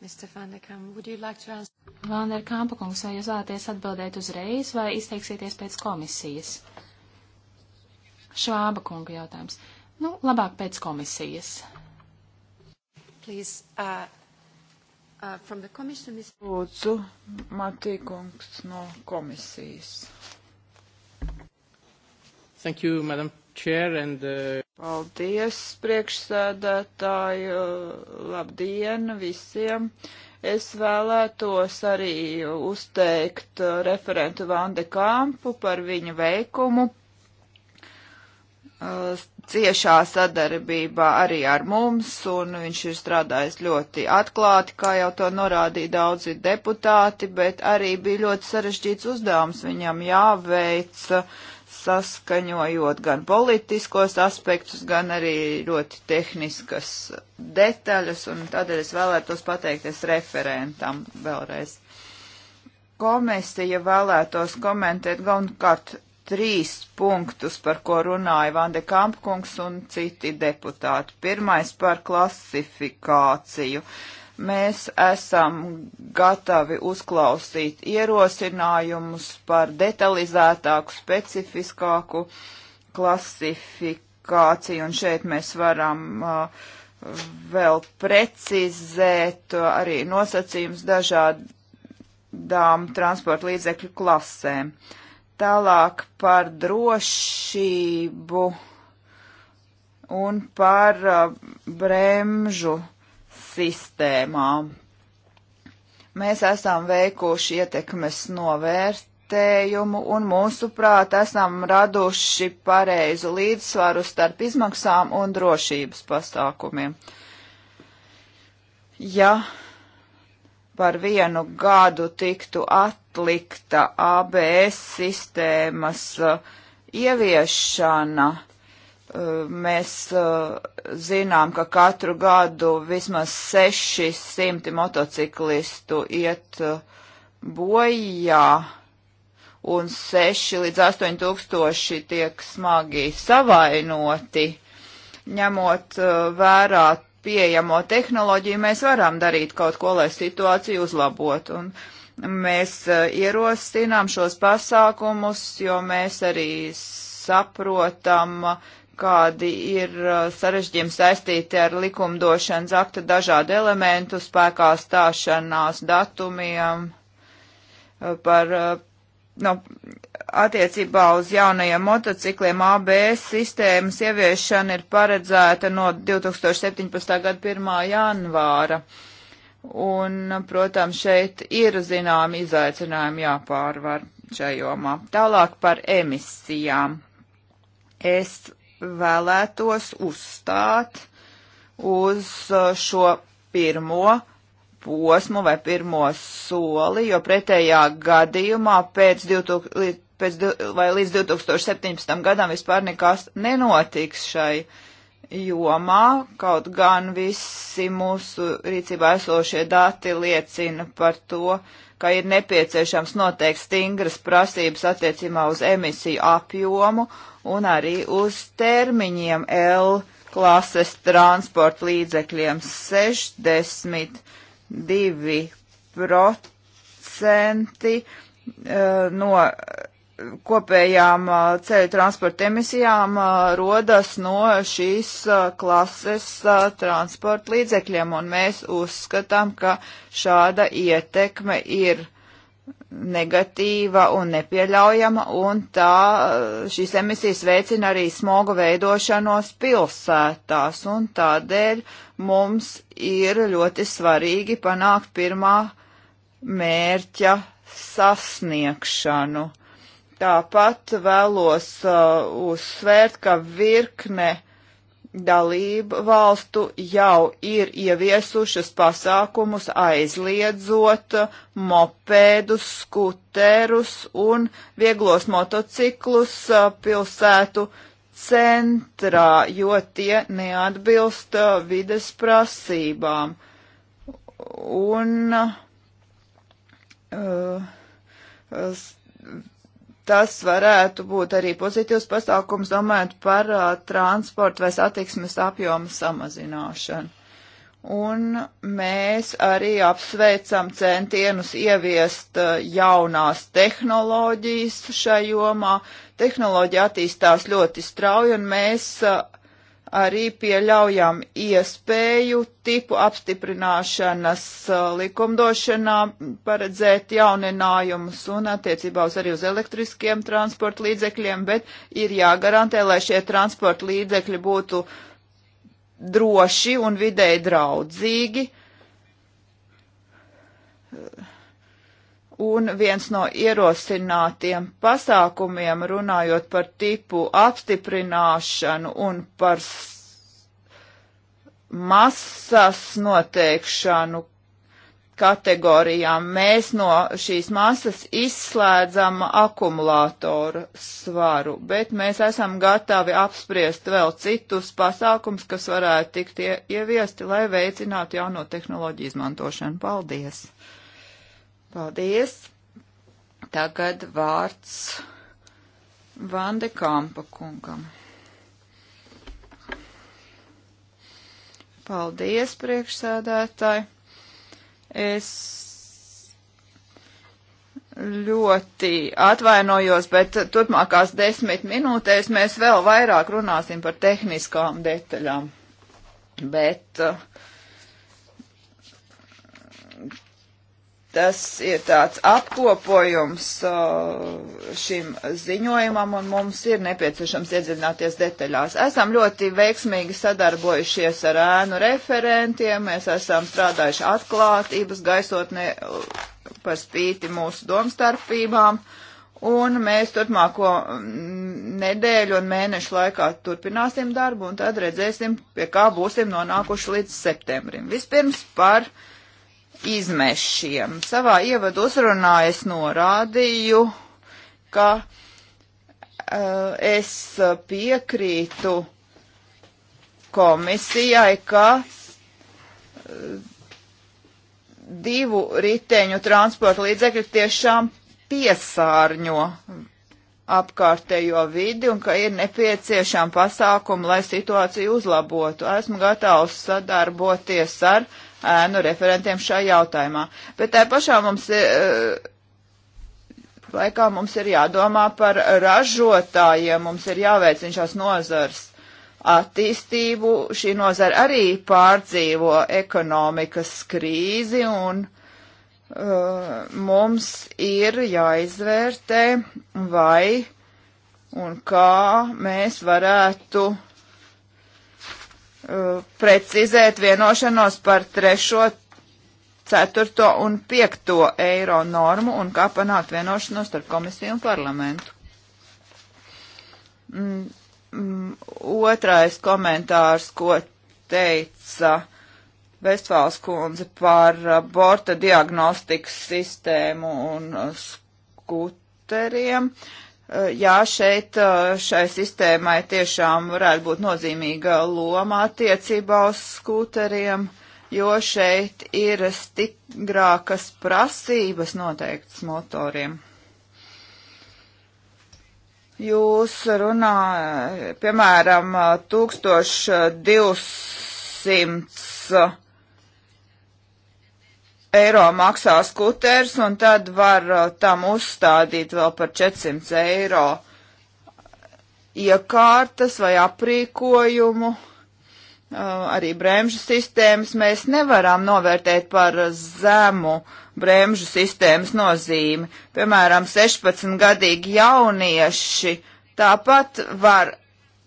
Mr. Vanderkamp, would you like to answer? Vanderkampa kungs, vai jūs vēlaties atbildēt uzreiz vai izteiksieties pēc komisijas? Švāba kunga jautājums. Uh, Nu, labāk pēc komisijas. Please, uh, uh, from the commission is... Lūdzu, Matīkungs no komisijas. Thank you, Madam Chair, and... Uh... Paldies, priekšsēdētāji, labdien visiem. Es vēlētos arī uzteikt referentu Vande Kampu par viņa veikumu uh, ciešā sadarbībā arī ar mums, un viņš ir strādājis ļoti atklāti, kā jau to norādīja daudzi deputāti, bet arī bija ļoti sarežģīts uzdevums viņam jāveic uh, saskaņojot gan politiskos aspektus, gan arī ļoti tehniskas detaļas, un tādēļ es vēlētos pateikties referentam vēlreiz. Komisija vēlētos komentēt galvenokārt trīs punktus, par ko runāja Vande Kampkungs un citi deputāti. Pirmais par klasifikāciju. Mēs esam gatavi uzklausīt ierosinājumus par detalizētāku, specifiskāku klasifikāciju, un šeit mēs varam uh, vēl precizēt uh, arī nosacījums dažādām transporta līdzekļu klasēm. Uh, Tālāk par drošību un par uh, bremžu sistēmām. Mēs esam veikuši ietekmes novērtējumu un mūsuprāt esam raduši pareizu līdzsvaru starp izmaksām un drošības pasākumiem. Ja par vienu gadu tiktu atlikta ABS sistēmas uh, ieviešana. Uh, mēs uh, zinām, ka katru gadu vismaz 600 motociklistu iet bojā un 6 līdz 8 tūkstoši tiek smagi savainoti, ņemot vērā pieejamo tehnoloģiju mēs varam darīt kaut ko, lai situāciju uzlabotu. Un mēs eh, ierosinām šos pasākumus, jo mēs arī saprotam, kādi ir eh, sarežģījumi saistīti ar likumdošanas akta dažādu elementu, spēkā stāšanās datumiem, eh, par no nu, attiecībā uz jaunajiem motocikliem ABS sistēmas ieviešana ir paredzēta no 2017. gada 1. janvāra. Un, protams, šeit ir zinām izaicinājumi jāpārvar šajomā. Tālāk par emisijām. Es vēlētos uzstāt uz šo pirmo posmu vai pirmo soli, jo pretējā gadījumā pēc 2000, pēc, vai līdz 2017. gadam vispār nekas nenotiks šai jomā, kaut gan visi mūsu rīcībā esošie dati liecina par to, ka ir nepieciešams noteikti stingras prasības attiecībā uz emisiju apjomu un arī uz termiņiem L klases transporta līdzekļiem 60 2 procenti eh, no kopējām eh, ceļu transporta emisijām eh, rodas no šīs klases transporta līdzekļiem, un mēs uzskatām, ka šāda ietekme ir negatīva un nepieļaujama, un tā šīs emisijas veicina arī smogu veidošanos pilsētās, un tādēļ mums ir ļoti svarīgi panākt pirmā mērķa sasniegšanu. Tāpat vēlos uh, uzsvērt, ka virkne dalību valstu jau ir ieviesušas pasākumus aizliedzot mopēdus, skuterus un vieglos motociklus pilsētu centrā, jo tie neatbilst vides prasībām. Un uh, tas varētu būt arī pozitīvs pasākums, domājot par uh, transportu vai satiksmes apjomu samazināšanu. Un mēs arī apsveicam centienus ieviest uh, jaunās tehnoloģijas šajā jomā. Tehnoloģija attīstās ļoti strauji, un mēs uh, arī pieļaujam iespēju tipu apstiprināšanas uh, likumdošanā paredzēt jauninājumus un attiecībā uz arī uz elektriskiem transporta līdzekļiem, bet ir jāgarantē, lai šie transporta līdzekļi būtu droši un videi draudzīgi. Uh Un viens no ierosinātiem pasākumiem, runājot par tipu apstiprināšanu un par masas noteikšanu kategorijām, mēs no šīs masas izslēdzam akumulātoru svaru, bet mēs esam gatavi apspriest vēl citus pasākums, kas varētu tikt ieviesti, lai veicinātu jauno tehnoloģiju izmantošanu. Paldies! Paldies! Tagad vārds Vande Kampa kungam. Paldies, priekšsēdētāji! Es ļoti atvainojos, bet turpmākās desmit minūtēs mēs vēl vairāk runāsim par tehniskām detaļām. Bet uh, Tas ir tāds apkopojums uh, šim ziņojumam, un mums ir nepieciešams iedziļināties detaļās. Esam ļoti veiksmīgi sadarbojušies ar ēnu referentiem, mēs esam strādājuši atklātības gaisotnē uh, par spīti mūsu domstarpībām, un mēs turpmāko mm, nedēļu un mēnešu laikā turpināsim darbu, un tad redzēsim, pie kā būsim nonākuši līdz septembrim. Vispirms par. Uh, izmešiem. Savā ievadu uzrunā es norādīju, ka uh, es piekrītu komisijai, ka uh, divu riteņu transporta līdzekļi tiešām piesārņo apkārtējo vidi un ka ir nepieciešama pasākuma, lai situāciju uzlabotu. Esmu gatavs sadarboties ar uh, ēnu referentiem šajā jautājumā. Bet tā pašā mums ir. E, e, laikā mums ir jādomā par ražotājiem, mums ir jāveicina šās nozars attīstību. Šī nozara arī pārdzīvo ekonomikas krīzi un uh, mums ir jāizvērtē, vai un kā mēs varētu Uh, precizēt vienošanos par trešo, ceturto un piekto eiro normu un kā panākt vienošanos ar komisiju un parlamentu. Mm, mm, otrais komentārs, ko teica Vestfāls kundze par aborta diagnostikas sistēmu un skuteriem. Uh, Eh, jā, šeit eh, šai sistēmai tiešām varētu būt nozīmīga loma attiecībā uz skūteriem, jo šeit ir stiprākas prasības noteiktas motoriem. Jūs runājat, eh, piemēram, 1200 eiro maksā skuters, un tad var uh, tam uzstādīt vēl par 400 eiro iekārtas vai aprīkojumu. Uh, arī bremžu sistēmas mēs nevaram novērtēt par zemu bremžu sistēmas nozīmi. Piemēram, 16 gadīgi jaunieši tāpat var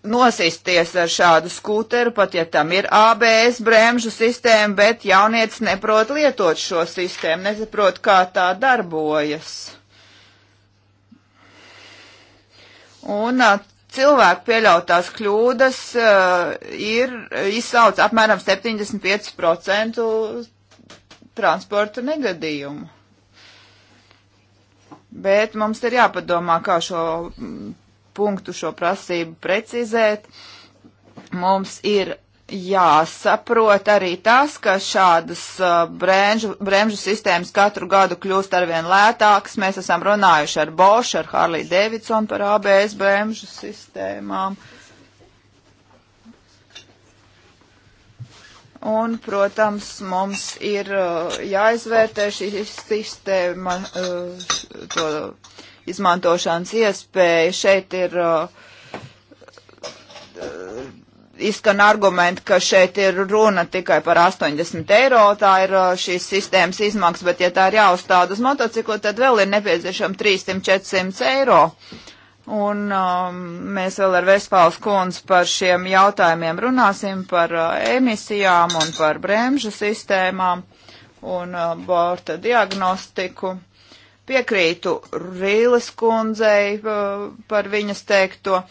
nosisties ar šādu skūteru, pat ja tam ir ABS bremžu sistēma, bet jaunietis neprot lietot šo sistēmu, nesaprot, kā tā darbojas. Un cilvēku pieļautās kļūdas uh, ir izsauc apmēram 75% transporta negadījumu. Bet mums ir jāpadomā, kā šo punktu šo prasību precizēt. Mums ir jāsaprot arī tas, ka šādas uh, bremžu, bremžu sistēmas katru gadu kļūst arvien lētākas. Mēs esam runājuši ar Bosch, ar Harley Davidson par ABS bremžu sistēmām. Un, protams, mums ir uh, jāizvērtē šī sistēma, uh, to izmantošanas iespēja. Šeit ir uh, izskan argumenti, ka šeit ir runa tikai par 80 eiro, tā ir šīs sistēmas izmaksas, bet ja tā ir jāuzstāda uz motociklu, tad vēl ir nepieciešama 300-400 eiro. Un um, mēs vēl ar Vespāles kundz par šiem jautājumiem runāsim par uh, emisijām un par bremžu sistēmām un uh, borta diagnostiku. Piekrītu Rīles kundzei uh, par viņas teikto.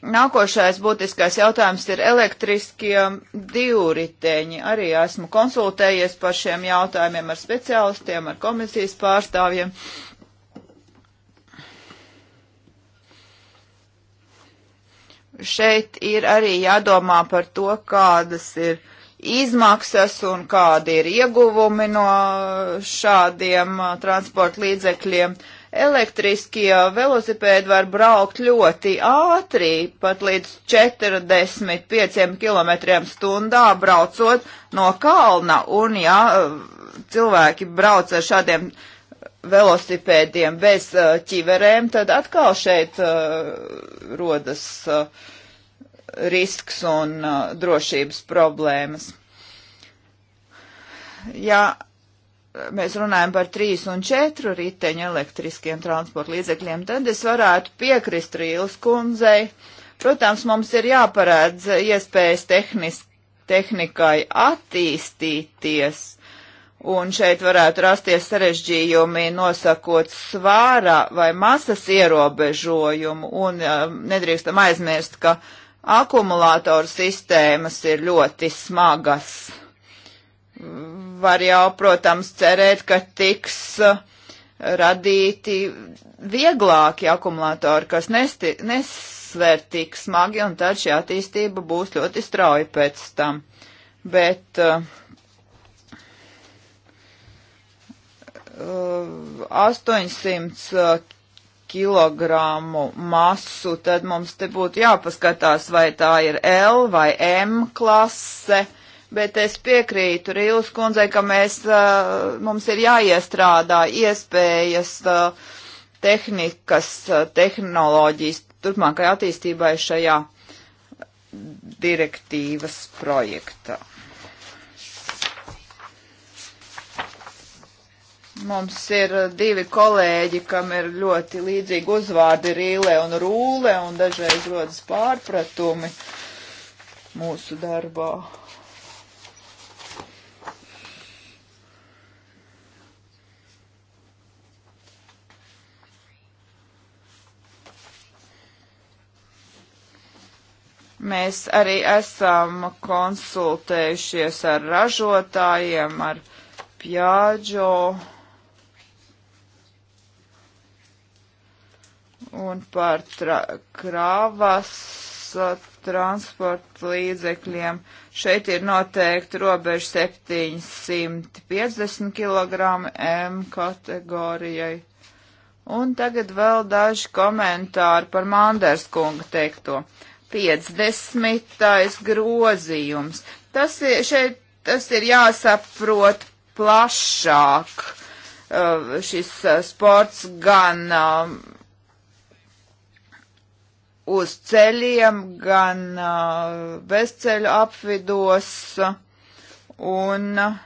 Nākošais būtiskais jautājums ir elektriskie divriteņi. Arī esmu konsultējies par šiem jautājumiem ar speciālistiem, ar komisijas pārstāvjiem. Šeit ir arī jādomā par to, kādas ir izmaksas un kādi ir ieguvumi no šādiem uh, transporta līdzekļiem. Elektriskie velosipēdi var braukt ļoti ātri, pat līdz 45 km stundā braucot no kalna, un ja uh, cilvēki brauc ar šādiem velosipēdiem bez uh, ķiverēm, tad atkal šeit uh, rodas uh, risks un uh, drošības problēmas. Ja mēs runājam par trīs un četru riteņu elektriskiem transporta līdzekļiem, tad es varētu piekrist Rīles kundzei. Protams, mums ir jāparādz iespējas tehnis, tehnikai attīstīties, un šeit varētu rasties sarežģījumi nosakot svāra vai masas ierobežojumu, un uh, nedrīkstam aizmirst, ka uh, Akumulātoru sistēmas ir ļoti smagas. Var jau, protams, cerēt, ka tiks uh, radīti vieglāki akumulātori, kas nesti, nesver tik smagi, un tad šī attīstība būs ļoti strauja pēc tam. Bet uh, 800 uh, kilogramu masu, tad mums te būtu jāpaskatās, vai tā ir L vai M klase. Bet es piekrītu Rīlas kundzei, ka mēs, mums ir jāiestrādā iespējas tehnikas, tehnoloģijas turpmākai attīstībai šajā direktīvas projektā. Mums ir eh, divi kolēģi, kam ir ļoti līdzīgi uzvārdi Rīlē un Rūle, un dažreiz rodas pārpratumi mūsu darbā. Mēs arī esam konsultējušies ar ražotājiem, ar Pjāģo un par tra krāvas transporta līdzekļiem. Šeit ir noteikti robeža 750 kg M kategorijai. Un tagad vēl daži komentāri par Manders kunga teikto. 50. grozījums. Tas ir, šeit, tas ir jāsaprot plašāk. Uh, šis uh, sports gan um, uz ceļiem, gan uh, bezceļu apvidos, un uh,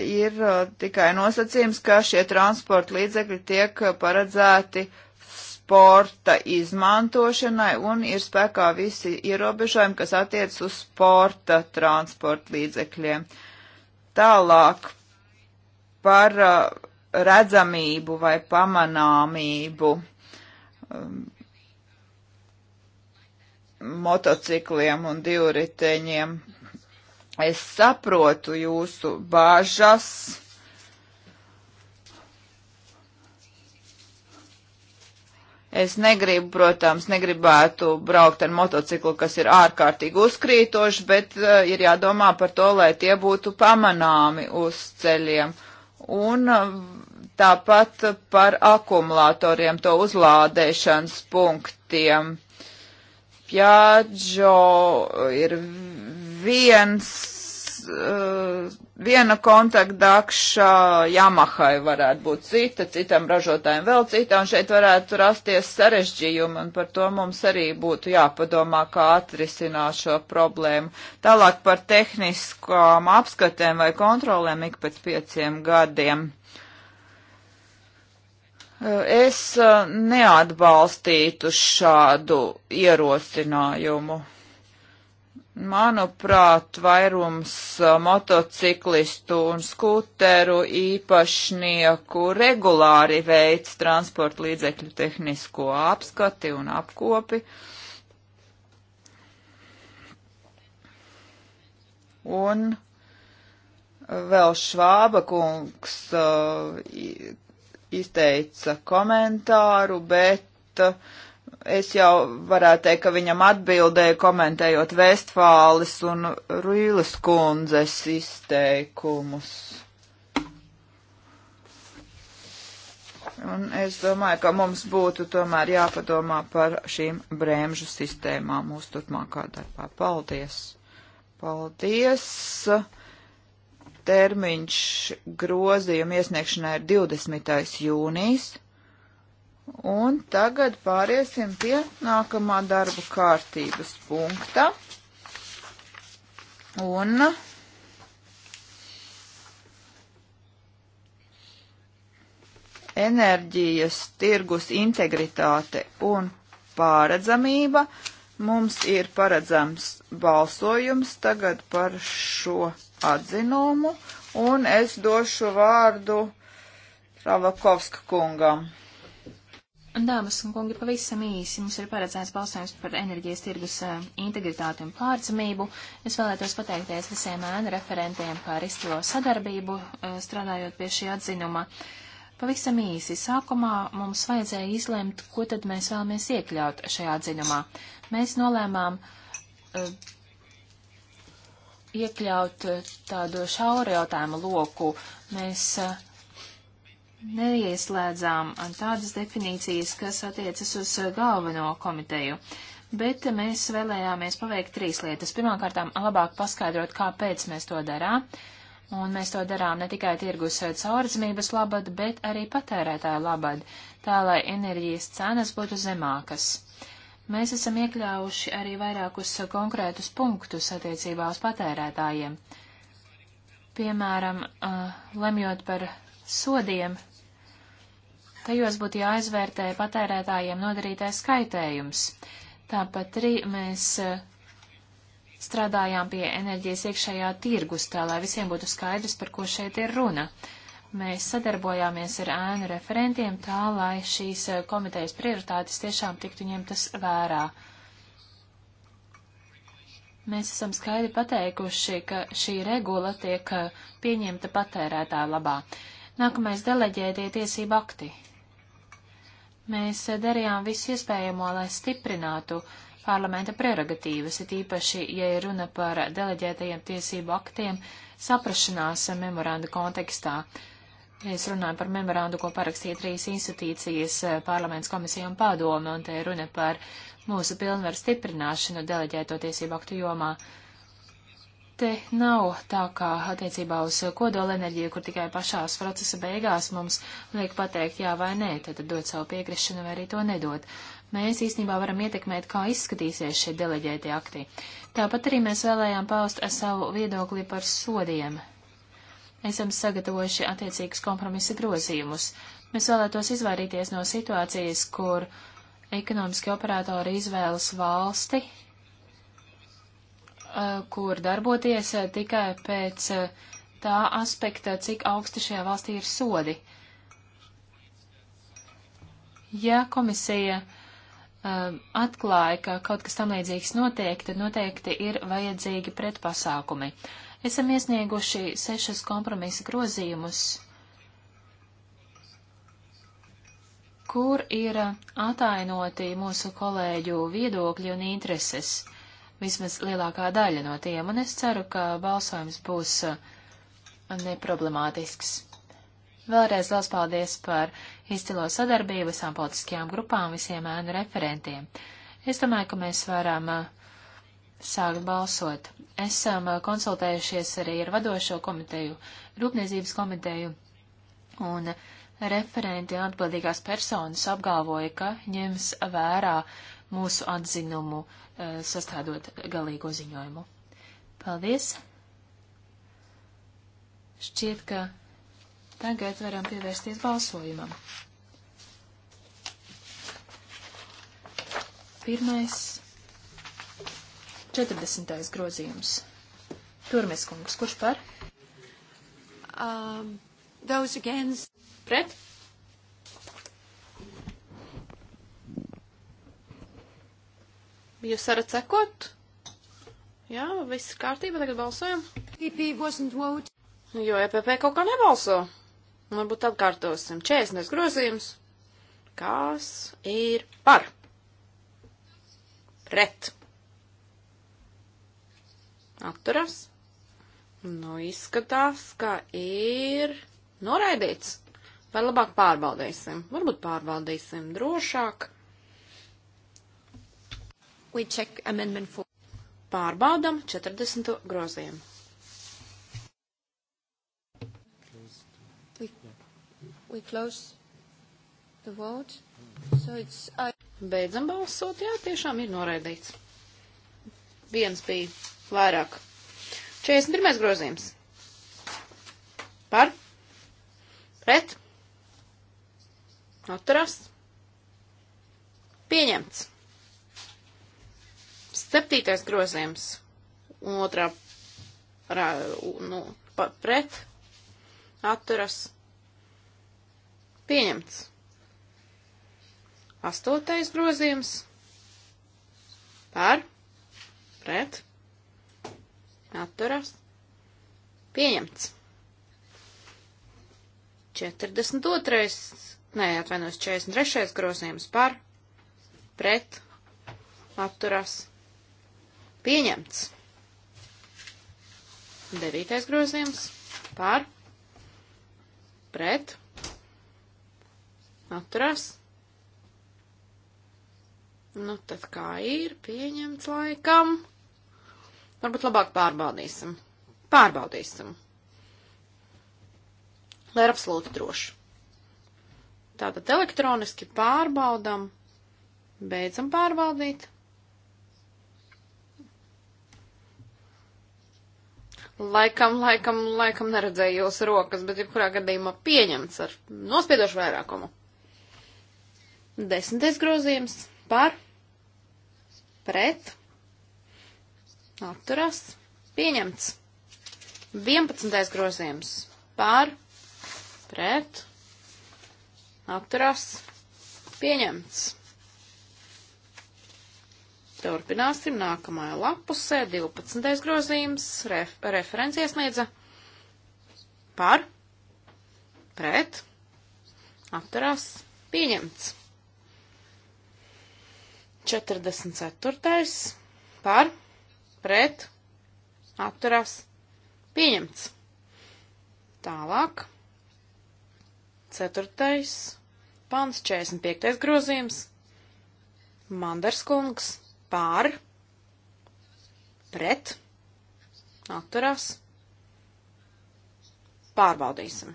ir uh, tikai nosacījums, ka šie transporta līdzekļi tiek paredzēti sporta izmantošanai un ir spēkā visi ierobežojumi, kas attiec uz sporta transporta līdzekļiem. Tālāk par redzamību vai pamanāmību. Um, motocikliem un divriteņiem. Es saprotu jūsu bāžas. Es negribu, protams, negribētu braukt ar motociklu, kas ir ārkārtīgi uzkrītoši, bet uh, ir jādomā par to, lai tie būtu pamanāmi uz ceļiem. Un uh, tāpat par akumulatoriem, to uzlādēšanas punktiem. Piaggio ir viens, eh, viena kontaktdakša, Yamahai varētu būt cita, citam ražotājiem vēl cita, un šeit varētu rasties sarežģījumi, un par to mums arī būtu jāpadomā, kā atrisināt šo problēmu. Tālāk par tehniskām apskatēm vai kontrolēm ik pēc pieciem gadiem Es neatbalstītu šādu ierosinājumu. Manuprāt, vairums motociklistu un skuteru īpašnieku regulāri veids transporta līdzekļu tehnisko apskati un apkopi. Un vēl Švāba kungs izteica komentāru, bet uh, es jau varētu teikt, ka viņam atbildēja komentējot Vestfāles un Rīles kundzes izteikumus. Un es domāju, ka mums būtu tomēr jāpadomā par šīm brēmžu sistēmām mūsu turpmākā darbā. Paldies! Paldies! termiņš grozījuma iesniegšanai ir 20. jūnijas. Un tagad pāriesim pie nākamā darba kārtības punkta. Un enerģijas tirgus integritāte un pāredzamība. Mums ir paredzams balsojums tagad par šo atzinumu, un es došu vārdu Ravakovska kungam. Dāmas un kungi, pavisam īsi mums ir paredzēts balsojums par enerģijas tirgus integritāti un pārdzamību. Es vēlētos pateikties visiem ēnu referentiem par izcilo sadarbību, strādājot pie šī atzinuma. Pavisam īsi sākumā mums vajadzēja izlemt, ko tad mēs vēlamies iekļaut šajā atzinumā. Mēs nolēmām uh, iekļaut eh, tādu šauru jautājumu loku. Mēs eh, neieslēdzām tādas definīcijas, kas attiecas uz eh, galveno komiteju. Bet mēs vēlējāmies paveikt trīs lietas. Pirmkārtām, labāk paskaidrot, kāpēc mēs to darām. Un mēs to darām ne tikai tirgus caurredzamības labad, bet arī patērētāju labad, tā lai enerģijas cenas būtu zemākas. Mēs esam iekļāvuši arī vairākus konkrētus punktus attiecībā uz patērētājiem. Piemēram, eh, lemjot par sodiem, tajos būtu jāizvērtē patērētājiem nodarītais skaitējums. Tāpat arī mēs eh, strādājām pie enerģijas iekšējā tirgus, tā lai visiem būtu skaidrs, par ko šeit ir runa. Uh, Mēs sadarbojāmies ar ēnu referentiem tā, lai šīs eh, komitejas prioritātes tiešām tiktu ņemtas vērā. Mēs esam skaidri pateikuši, ka šī regula tiek eh, pieņemta patērētāju labā. Nākamais deleģētie tiesību akti. Mēs eh, darījām visu iespējamo, lai stiprinātu parlamenta prerogatīvas, it īpaši, ja ir runa par deleģētajiem tiesību aktiem saprašanās memoranda kontekstā. Uh, Es runāju par memorandu, ko parakstīja trīs institīcijas eh, - parlaments, komisija un padome, un te runa par mūsu pilnvaru stiprināšanu deleģēto tiesību aktu jomā. Te nav tā kā attiecībā uz kodolenerģiju, kur tikai pašās procesa beigās mums liek pateikt jā vai nē, tad dot savu piekrišanu vai arī to nedot. Mēs īstenībā varam ietekmēt, kā izskatīsies šie deleģēti akti. Tāpat arī mēs vēlējām paust savu viedokli par sodiem esam sagatavojuši attiecīgus kompromisa grozījumus. Mēs vēlētos izvairīties no situācijas, kur ekonomiski operatori izvēlas valsti, eh, kur darboties eh, tikai pēc eh, tā aspekta, cik augsti šajā valstī ir sodi. Ja komisija atklāja, ka kaut kas tam līdzīgs notiek, tad noteikti ir vajadzīgi pretpasākumi. Uh, Esam iesnieguši sešas kompromisa grozījumus, kur ir atainoti mūsu kolēģu viedokļi un intereses, vismaz lielākā daļa no tiem, un es ceru, ka balsojums būs uh, neproblemātisks. Vēlreiz liels paldies par izcilo sadarbību visām politiskajām grupām, visiem ēnu referentiem. Es domāju, ka mēs varam uh, sākt balsot. Esam konsultējušies arī ar vadošo komiteju, rūpniecības komiteju, un referenti un atbildīgās personas apgalvoja, ka ņems vērā mūsu atzinumu, sastādot galīgo ziņojumu. Paldies! Šķiet, ka tagad varam pievērsties balsojumam. Pirmais 40. grozījums. Turmes kungs, kurš par? Um, those against. Pret? Jūs varat sekot? Jā, viss kārtība, tagad balsojam. EP wasn't vote. Nu, jo EPP kaut kā nebalso. Nu, varbūt atkārtosim. 40. grozījums. Kas ir par? Pret atturas. Nu, izskatās, ka ir noraidīts. Vai labāk pārbaudīsim? Varbūt pārbaudīsim drošāk. We check amendment 4. Pārbaudam 40. grozījumu. We, we close the vote. So it's... I... Uh, Beidzam balsot, jā, tiešām ir noraidīts. Viens bija vairāk. 41. grozījums. Par? Pret? Atturās? Pieņemts. 7. grozījums. Un otrā rā, nu, pa, pret? Atturās? Pieņemts. 8. grozījums. Par? Pret? atturas, pieņemts. 42. Nē, atvainojos, 43. grozījums par, pret, atturas, pieņemts. 9. grozījums par, pret, atturas. Nu, tad kā ir pieņemts laikam? Varbūt labāk pārbaudīsim. Pārbaudīsim. Lai ir absolūti droši. Tātad elektroniski pārbaudam, beidzam pārbaudīt. Laikam, laikam, laikam neredzēju jūsu rokas, bet jebkurā gadījumā pieņemts ar nospiedošu vairākumu. Desmitais grozījums par pret atturās, pieņemts. 11. grozījums pār, pret, atturās, pieņemts. Turpināsim nākamajā lapusē, 12. grozījums, ref, referents iesniedza par, pret, atturās, pieņemts. 44. par, pret pret, atturās, pieņemts. Tālāk. Ceturtais pants, 45. grozījums. Mandarskungs pār, pret, atturās. Pārbaudīsim.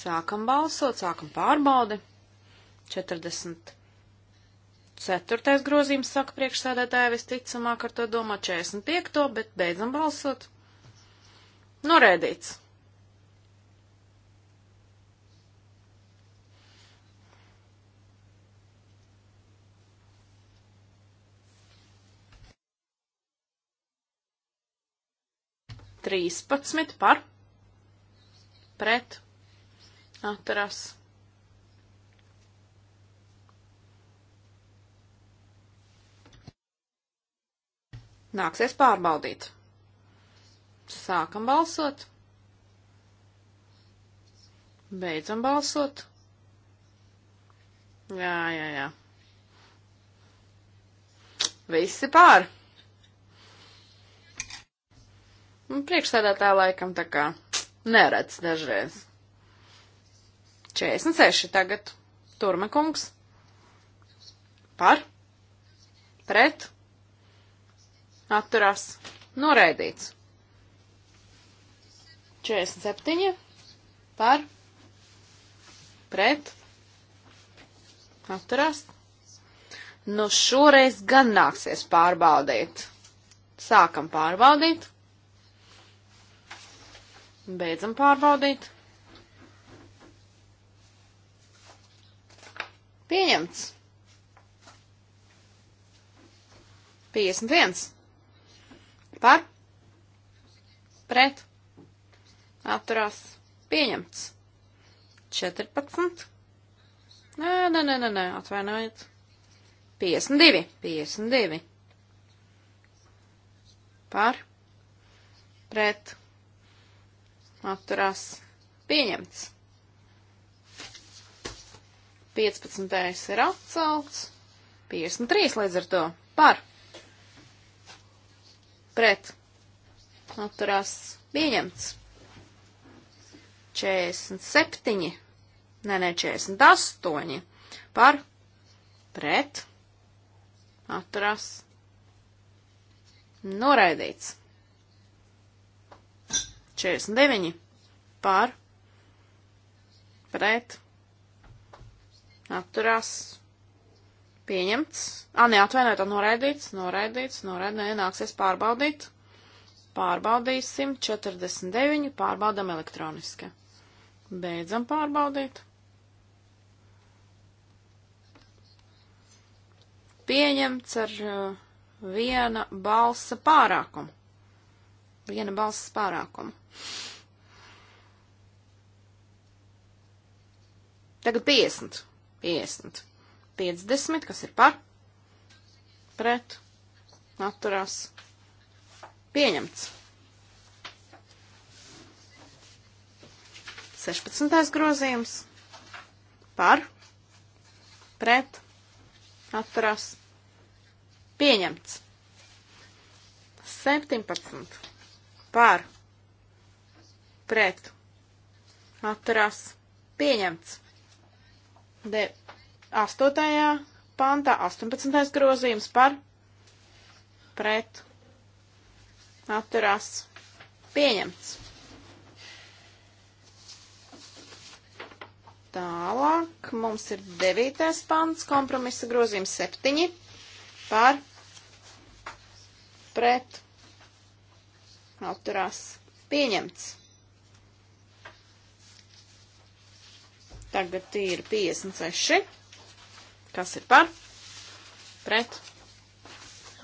Sākam balsot, sākam pārbaudi. 45. Ceturtais grozījums saka priekšsēdētāja visticamāk ar to domā 45, to, bet beidzam balsot. Norēdīts. Trīspadsmit par pret atturas Nāksies pārbaudīt. Sākam balsot. Beidzam balsot. Jā, jā, jā. Visi pār. Un priekšsēdētā laikam tā kā neredz dažreiz. 46 tagad. Turmekungs. Par. Pret atturās noraidīts. 47 par pret atturās. Nu šoreiz gan nāksies pārbaudīt. Sākam pārbaudīt. Beidzam pārbaudīt. Pieņemts. 51. Par? Pret? Atturās. Pieņemts. 14. Nē, nē, nē, nē, nē atvainojiet. 52. 52. Par? Pret? Atturās. Pieņemts. 15. ir atcelts. 53 līdz ar to par pret atturās pieņemts. 47, nē, nē, 48 par pret atturās noraidīts. 49 par pret atturās Pieņemts. Ā, neatvainojiet, noraidīts, noraidīts, noraidīts, nāksies pārbaudīt. Pārbaudīsim 49, pārbaudam elektroniski. Beidzam pārbaudīt. Pieņemts ar uh, viena balsa pārākumu. Viena balsa pārākumu. Tagad 50. 50. 50, kas ir par, pret, atturās, pieņemts. 16. grozījums par, pret, atturās, pieņemts. 17. par, pret, atturās, pieņemts. De 8. pantā 18. grozījums par pret atturās pieņemts. Tālāk mums ir 9. pants kompromisa grozījums 7 par pret atturās pieņemts. Tagad ir 56. Kas ir par? Pret.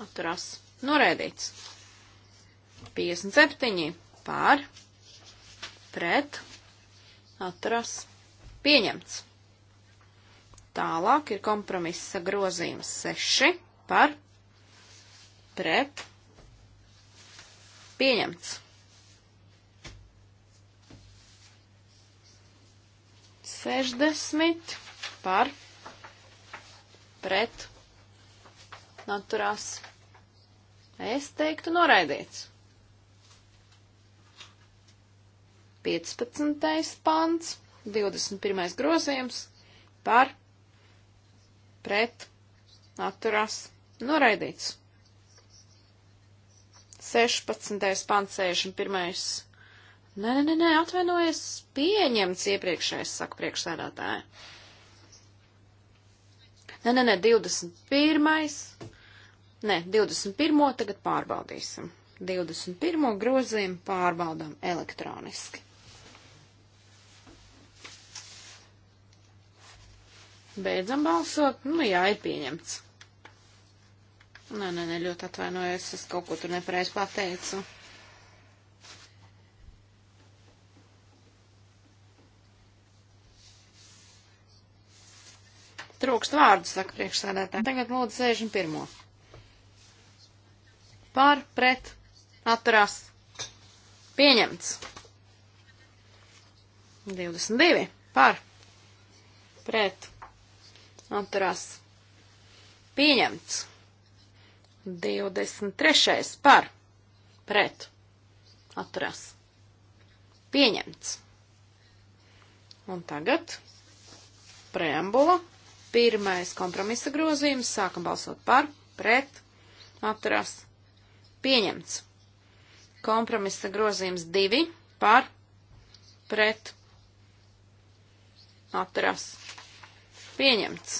Atturās. Norēdīts. 57. Pār. Pret. Atturās. Pieņemts. Tālāk ir kompromisa grozījums 6 par pret pieņemts. Sešdesmit par pret pret naturās. Es teiktu noraidīts. 15. pants, 21. grozījums par pret naturās noraidīts. 16. pants, 61. Nē, nē, nē, atvainojies, pieņemts iepriekšējais, saka priekšsēdētāja. Nē, nē, nē, 21. Nē, 21. tagad pārbaudīsim. 21. grozījumu pārbaudām elektroniski. Beidzam balsot. Nu, jā, ir pieņemts. Nē, nē, nē, ļoti atvainojos, es kaut ko tur nepareiz pateicu. Trūkst vārdu, saka priekšsēdētāji. Tagad lūdzu 61. Par, pret, atturās. Pieņemts. 22. Par, pret, atturās. Pieņemts. 23. Par, pret, atturās. Pieņemts. Un tagad preambula Pirmais kompromisa grozījums. Sākam balsot par, pret, atturās. Pieņemts. Kompromisa grozījums 2 par, pret, atturās. Pieņemts.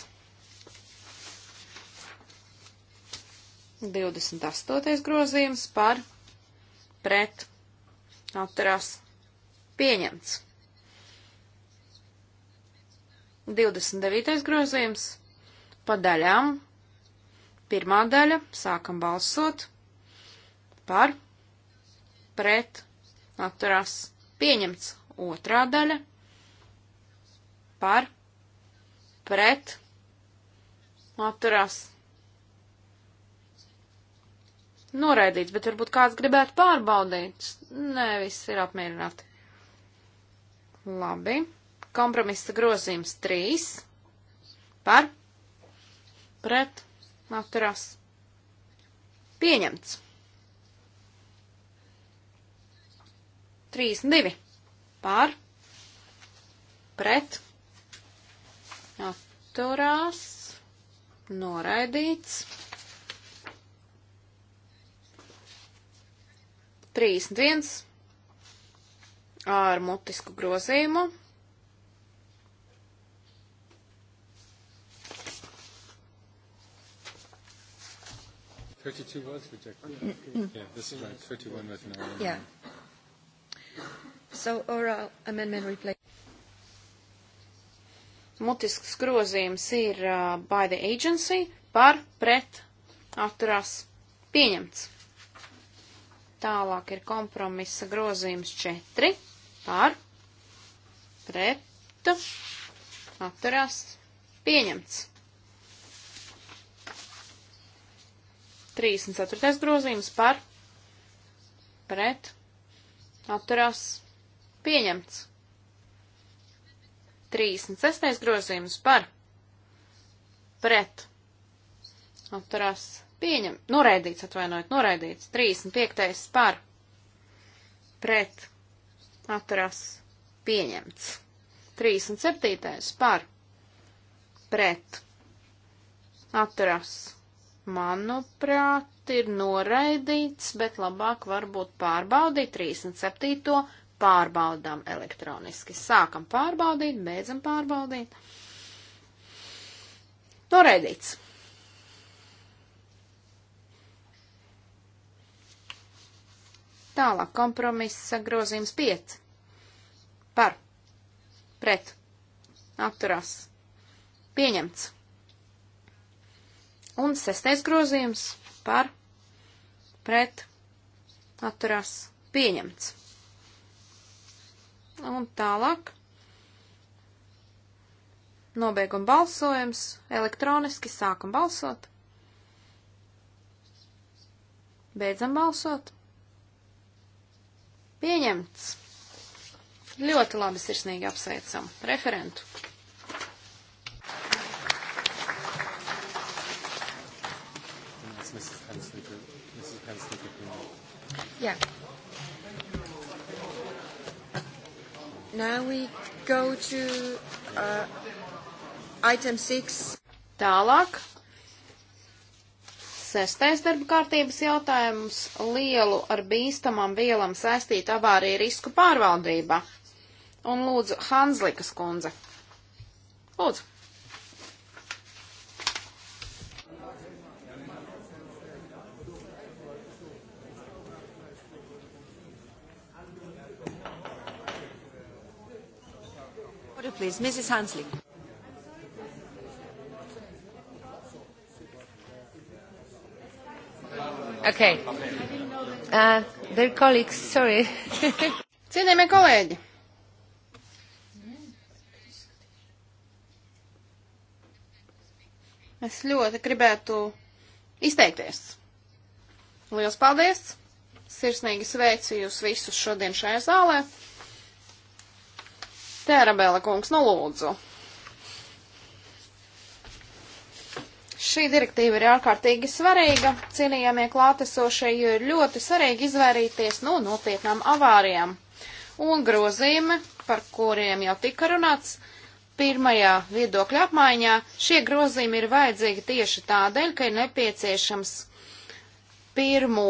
28. grozījums par, pret, atturās. Pieņemts. 29. grozījums pa daļām. Pirmā daļa sākam balsot par, pret, atturās pieņemts. Otrā daļa par, pret, atturās noraidīts, bet varbūt kāds gribētu pārbaudīt. Nē, viss ir apmierināti. Labi kompromisa grozījums 3 par pret atturās pieņemts. 32 par pret atturās noraidīts. 31 ar mutisku grozījumu 32 was rejected. Mm, mm, mm. yeah, this is right. 31 was an oral amendment. Yeah. So oral amendment replaced. Mutisks grozījums ir uh, by the agency par pret atturās pieņemts. Tālāk ir kompromisa grozījums 4 par pret atturās pieņemts. 34. grozījums par pret atturās pieņemts. 36. grozījums par pret atturās pieņem. Noraidīts, atvainojiet, noraidīts. 35. par pret atturās pieņemts. 37. par pret atturās pieņemts atturās manuprāt, ir noraidīts, bet labāk varbūt pārbaudīt 37. pārbaudām elektroniski. Sākam pārbaudīt, beidzam pārbaudīt. Noraidīts. Tālāk kompromisa grozījums 5. Par. Pret. Atturās. Pieņemts. Un sestais grozījums par pret atturās pieņemts. Un tālāk nobeiguma balsojums, elektroniski sākam balsot, beidzam balsot. Pieņemts. Ļoti labi sirsnīgi apsveicam referentu. Yeah. Now we go to uh, item six. Tālāk. Sestais darba kārtības jautājums - lielu ar bīstamām vielām saistīta avārija risku pārvaldība. Un lūdzu, Hanslikas kundze. Lūdzu. please. Mrs. Hansling. Okay. Uh, dear colleagues, sorry. Cienījamie kolēģi! Es ļoti gribētu izteikties. Lielas paldies! Sirsnīgi sveicu jūs visus šodien šajā zālē. Tērabēla kungs, nu lūdzu. Šī direktīva ir ārkārtīgi svarīga, cienījamie klātesošie, jo ir ļoti svarīgi izvairīties no nopietnām avārijām. Un grozījumi, par kuriem jau tika runāts, pirmajā viedokļa apmaiņā, šie grozījumi ir vajadzīgi tieši tādēļ, ka ir nepieciešams pirmo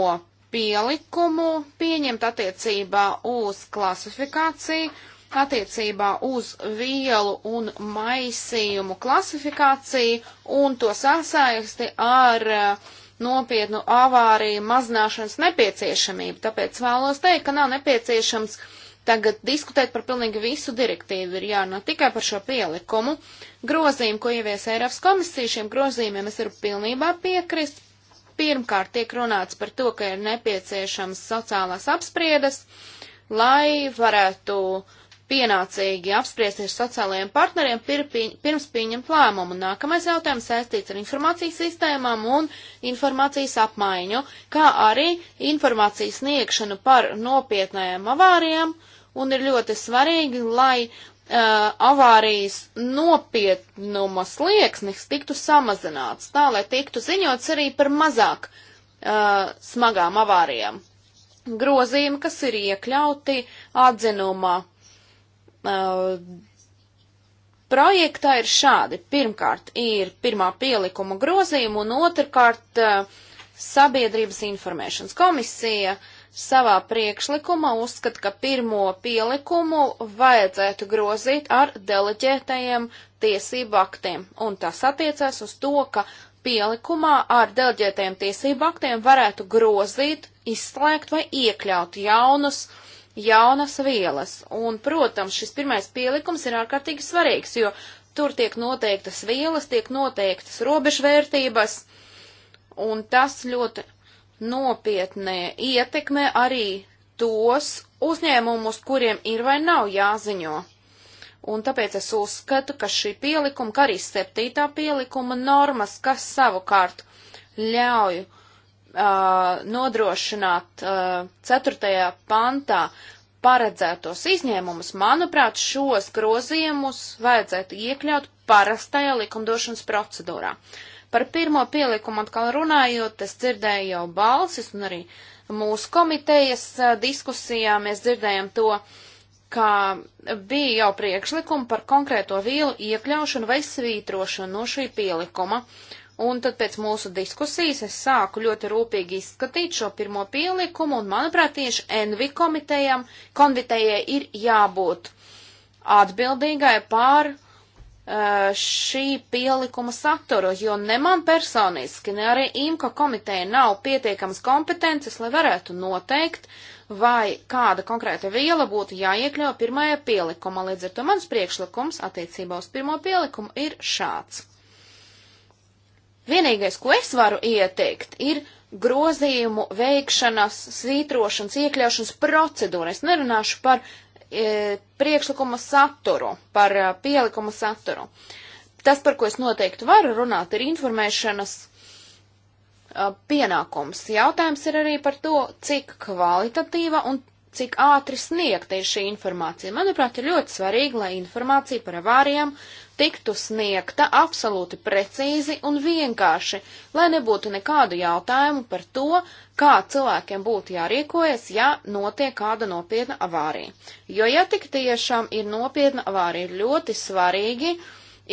pielikumu pieņemt attiecībā uz klasifikāciju attiecībā uz vielu un maisījumu klasifikāciju un to sasaisti ar uh, nopietnu avāriju mazināšanas nepieciešamību. Tāpēc vēlos teikt, ka nav nepieciešams tagad diskutēt par pilnīgi visu direktīvu, ir jārunā tikai par šo pielikumu. Grozījumu, ko ievies Eiropas komisija, šiem grozījumiem es varu pilnībā piekrist. Pirmkārt, tiek runāts par to, ka ir nepieciešams sociālās apspriedas, lai varētu uh, pienācīgi apspriesties sociālajiem partneriem pirms pieņemt lēmumu. Nākamais jautājums saistīts ar informācijas sistēmām un informācijas apmaiņu, kā arī informācijas sniegšanu par nopietnējām avārijām, un ir ļoti svarīgi, lai uh, avārijas nopietnuma slieksnis tiktu samazināts, tā lai tiktu ziņots arī par mazāk uh, smagām avārijām. Grozījumi, kas ir iekļauti atzinumā, uh, projektā ir šādi. Pirmkārt ir pirmā pielikuma grozījuma un otrkārt uh, sabiedrības informēšanas komisija savā priekšlikumā uzskata, ka pirmo pielikumu vajadzētu grozīt ar deleģētajiem tiesību aktiem. Un tas attiecās uz to, ka pielikumā ar deleģētajiem tiesību aktiem varētu grozīt, izslēgt vai iekļaut jaunus uh, jaunas vielas. Un, protams, šis pirmais pielikums ir ārkārtīgi svarīgs, jo tur tiek noteiktas vielas, tiek noteiktas robežvērtības, un tas ļoti nopietnē ietekmē arī tos uzņēmumus, kuriem ir vai nav jāziņo. Un tāpēc es uzskatu, ka šī pielikuma, kā arī septītā pielikuma normas, kas savukārt ļauj uh, nodrošināt uh, ceturtajā pantā paredzētos izņēmumus, manuprāt, šos grozījumus vajadzētu iekļaut parastajā likumdošanas procedūrā. Par pirmo pielikumu atkal runājot, es dzirdēju jau balsis un arī mūsu komitejas diskusijā mēs dzirdējam to, ka bija jau priekšlikumi par konkrēto vielu iekļaušanu vai svītrošanu no šī pielikuma. Un tad pēc mūsu diskusijas es sāku ļoti rūpīgi izskatīt šo pirmo pielikumu, un manuprāt, tieši Envi komitejam, konvitējai ir jābūt atbildīgai pār uh, šī pielikuma saturu, jo ne man personiski, ne arī IMKO komiteja nav pietiekamas kompetences, lai varētu noteikt, vai kāda konkrēta viela būtu jāiekļauj pirmajā pielikumā. Līdz ar to mans priekšlikums attiecībā uz pirmo pielikumu ir šāds. Vienīgais, ko es varu ieteikt, ir grozījumu veikšanas, svītrošanas, iekļaušanas procedūru. Es nerunāšu par e, priekšlikuma saturu, par e, pielikuma saturu. Tas, par ko es noteikti varu runāt, ir informēšanas e, pienākums. Jautājums ir arī par to, cik kvalitatīva un cik ātri sniegta ir šī informācija. Manuprāt, ir ļoti svarīgi, lai informācija par avārijām tiktu sniegta absolūti precīzi un vienkārši, lai nebūtu nekādu jautājumu par to, kā cilvēkiem būtu jārīkojas, ja notiek kāda nopietna avārija. Jo, ja tik tiešām ir nopietna avārija, ir ļoti svarīgi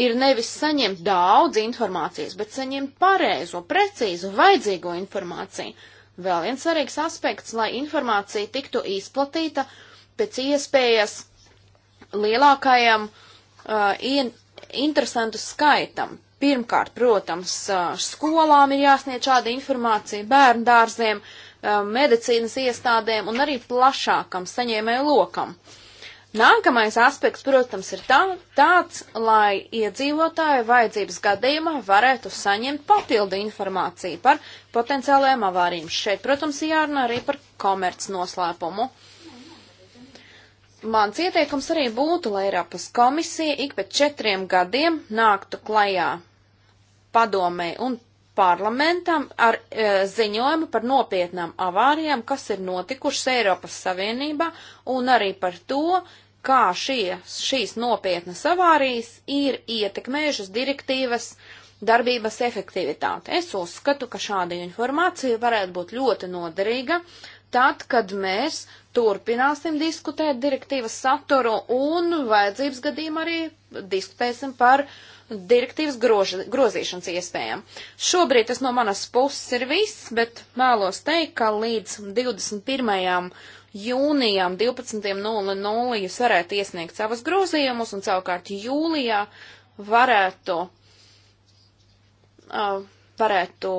ir nevis saņemt daudz informācijas, bet saņemt pareizo, precīzu, vajadzīgo informāciju. Vēl viens svarīgs aspekts, lai informācija tiktu izplatīta pēc iespējas lielākajam uh, ien, interesantu skaitam. Pirmkārt, protams, skolām ir jāsniedz šāda informācija, bērnu dārziem, medicīnas iestādēm un arī plašākam saņēmēju lokam. Nākamais aspekts, protams, ir tā, tāds, lai iedzīvotāji vajadzības gadījumā varētu saņemt papildu informāciju par potenciālajām avārijām. Šeit, protams, jārunā arī par komerc noslēpumu. Uh, Mans ieteikums arī būtu, lai Eiropas komisija ik pēc četriem gadiem nāktu klajā padomē un parlamentam ar e, ziņojumu par nopietnām avārijām, kas ir notikušas Eiropas Savienībā, un arī par to, kā šie, šīs nopietnas avārijas ir ietekmējušas direktīvas darbības efektivitāti. Es uzskatu, ka šāda informācija varētu būt ļoti noderīga. Uh, tad, kad mēs turpināsim diskutēt direktīvas saturu un vajadzības gadījumā arī diskutēsim par direktīvas grož, grozīšanas iespējām. Šobrīd tas no manas puses ir viss, bet vēlos teikt, ka līdz 21. jūnijam 12.00 jūs varētu iesniegt savas grozījumus un savukārt jūlijā varētu uh, varētu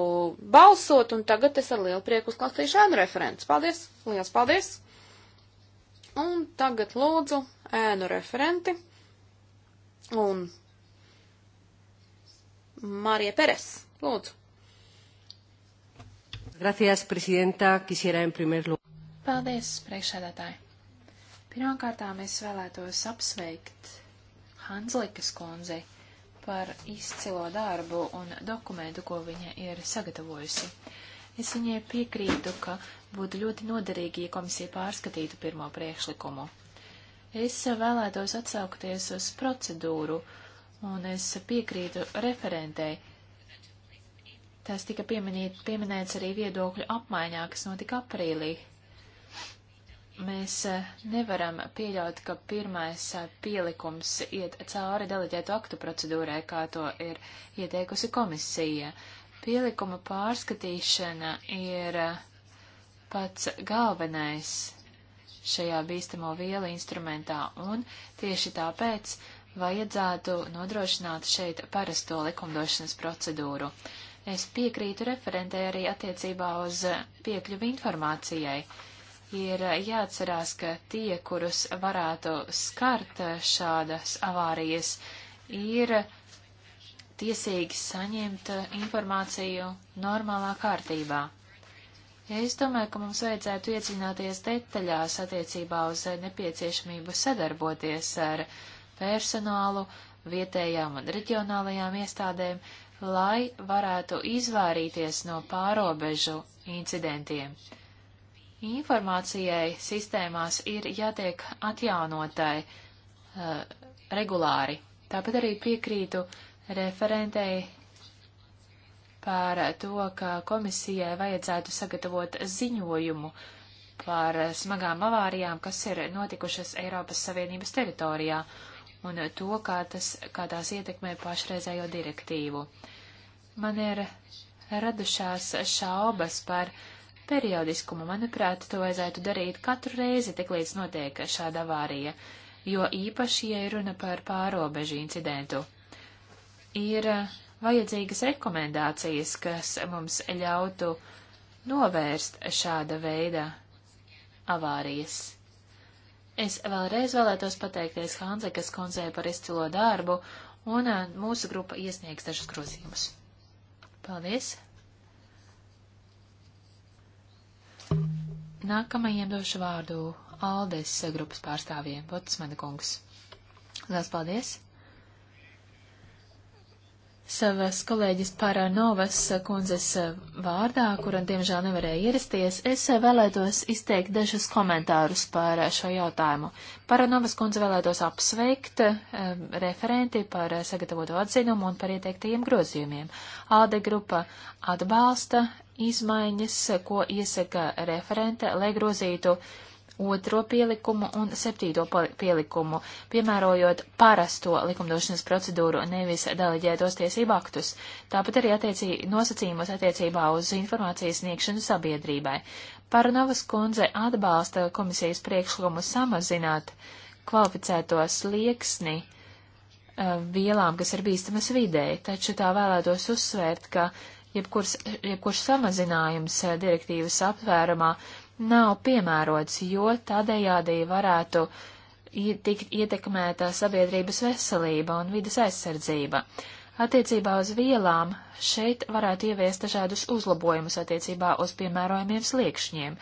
balsot, un tagad es ar lielu prieku uzklausīšu ēnu referents. Paldies! Liels paldies! Un tagad lūdzu ēnu referenti un Marija Peres. Lūdzu! Gracias, presidenta. Quisiera en primer lugar. Paldies, priekšsēdētāji. Pirmkārtām es vēlētos apsveikt Hanslikas kundzi par izcilo darbu un dokumentu, ko viņa ir sagatavojusi. Es viņai piekrītu, ka būtu ļoti noderīgi, ja komisija pārskatītu pirmo priekšlikumu. Es vēlētos atsaukties uz procedūru, un es piekrītu referentei. Tas tika pieminīt, pieminēts arī viedokļu apmaiņā, kas notika aprīlī Mēs eh, nevaram pieļaut, ka pirmais eh, pielikums iet cauri deleģētu aktu procedūrai, kā to ir ieteikusi komisija. Pielikuma pārskatīšana ir eh, pats galvenais šajā bīstamo vielu instrumentā, un tieši tāpēc vajadzētu nodrošināt šeit parasto likumdošanas procedūru. Es piekrītu referentē arī attiecībā uz piekļuvi informācijai ir jāatcerās, ka tie, kurus varētu skart šādas avārijas, ir tiesīgi saņemt informāciju normālā kārtībā. Es domāju, ka mums vajadzētu iedziļināties detaļās attiecībā uz nepieciešamību sadarboties ar personālu, vietējām un reģionālajām iestādēm, lai varētu izvairīties no pārobežu incidentiem. Informācijai sistēmās ir jātiek atjaunotai uh, regulāri. Tāpat arī piekrītu referentei par to, ka komisijai vajadzētu sagatavot ziņojumu par smagām avārijām, kas ir notikušas Eiropas Savienības teritorijā, un to, kā, tas, kā tās ietekmē pašreizējo direktīvu. Man ir radušās šaubas par uh, periodiskumu. Manuprāt, to vajadzētu darīt katru reizi, tiklīdz notiek šāda avārija, jo īpaši, ja runa par pārobežu incidentu. Ir eh, vajadzīgas rekomendācijas, kas mums ļautu novērst šāda veida avārijas. Es vēlreiz vēlētos pateikties Hanzekas kundzei par izcilo darbu, un eh, mūsu grupa iesniegs dažus grozījumus. Paldies! Nākamajiem došu vārdu Aldes grupas pārstāvjiem. Potsmena kungs. Lielas paldies! Savas kolēģis Paranovas kundzes vārdā, kura diemžēl nevarēja ierasties, es vēlētos izteikt dažus komentārus par šo jautājumu. Paranovas kundze vēlētos apsveikt um, referenti par sagatavoto atzinumu un par ieteiktajiem grozījumiem. Alde grupa atbalsta izmaiņas, ko iesaka referente, lai grozītu otro pielikumu un septīto pielikumu, piemērojot parasto likumdošanas procedūru, nevis deleģētos tiesību aktus, tāpat arī attiecī, nosacījumos attiecībā uz informācijas sniegšanu sabiedrībai. Parnovas kundze atbalsta komisijas priekšlikumu samazināt kvalificēto slieksni uh, vielām, kas ir bīstamas vidē, taču tā vēlētos uzsvērt, ka jebkurs, jebkurš samazinājums eh, direktīvas aptvērumā nav piemērots, jo tādējādi varētu tikt ietekmēta sabiedrības veselība un vidas aizsardzība. Attiecībā uz vielām šeit varētu ieviest dažādus uzlabojumus attiecībā uz piemērojumiem sliekšņiem.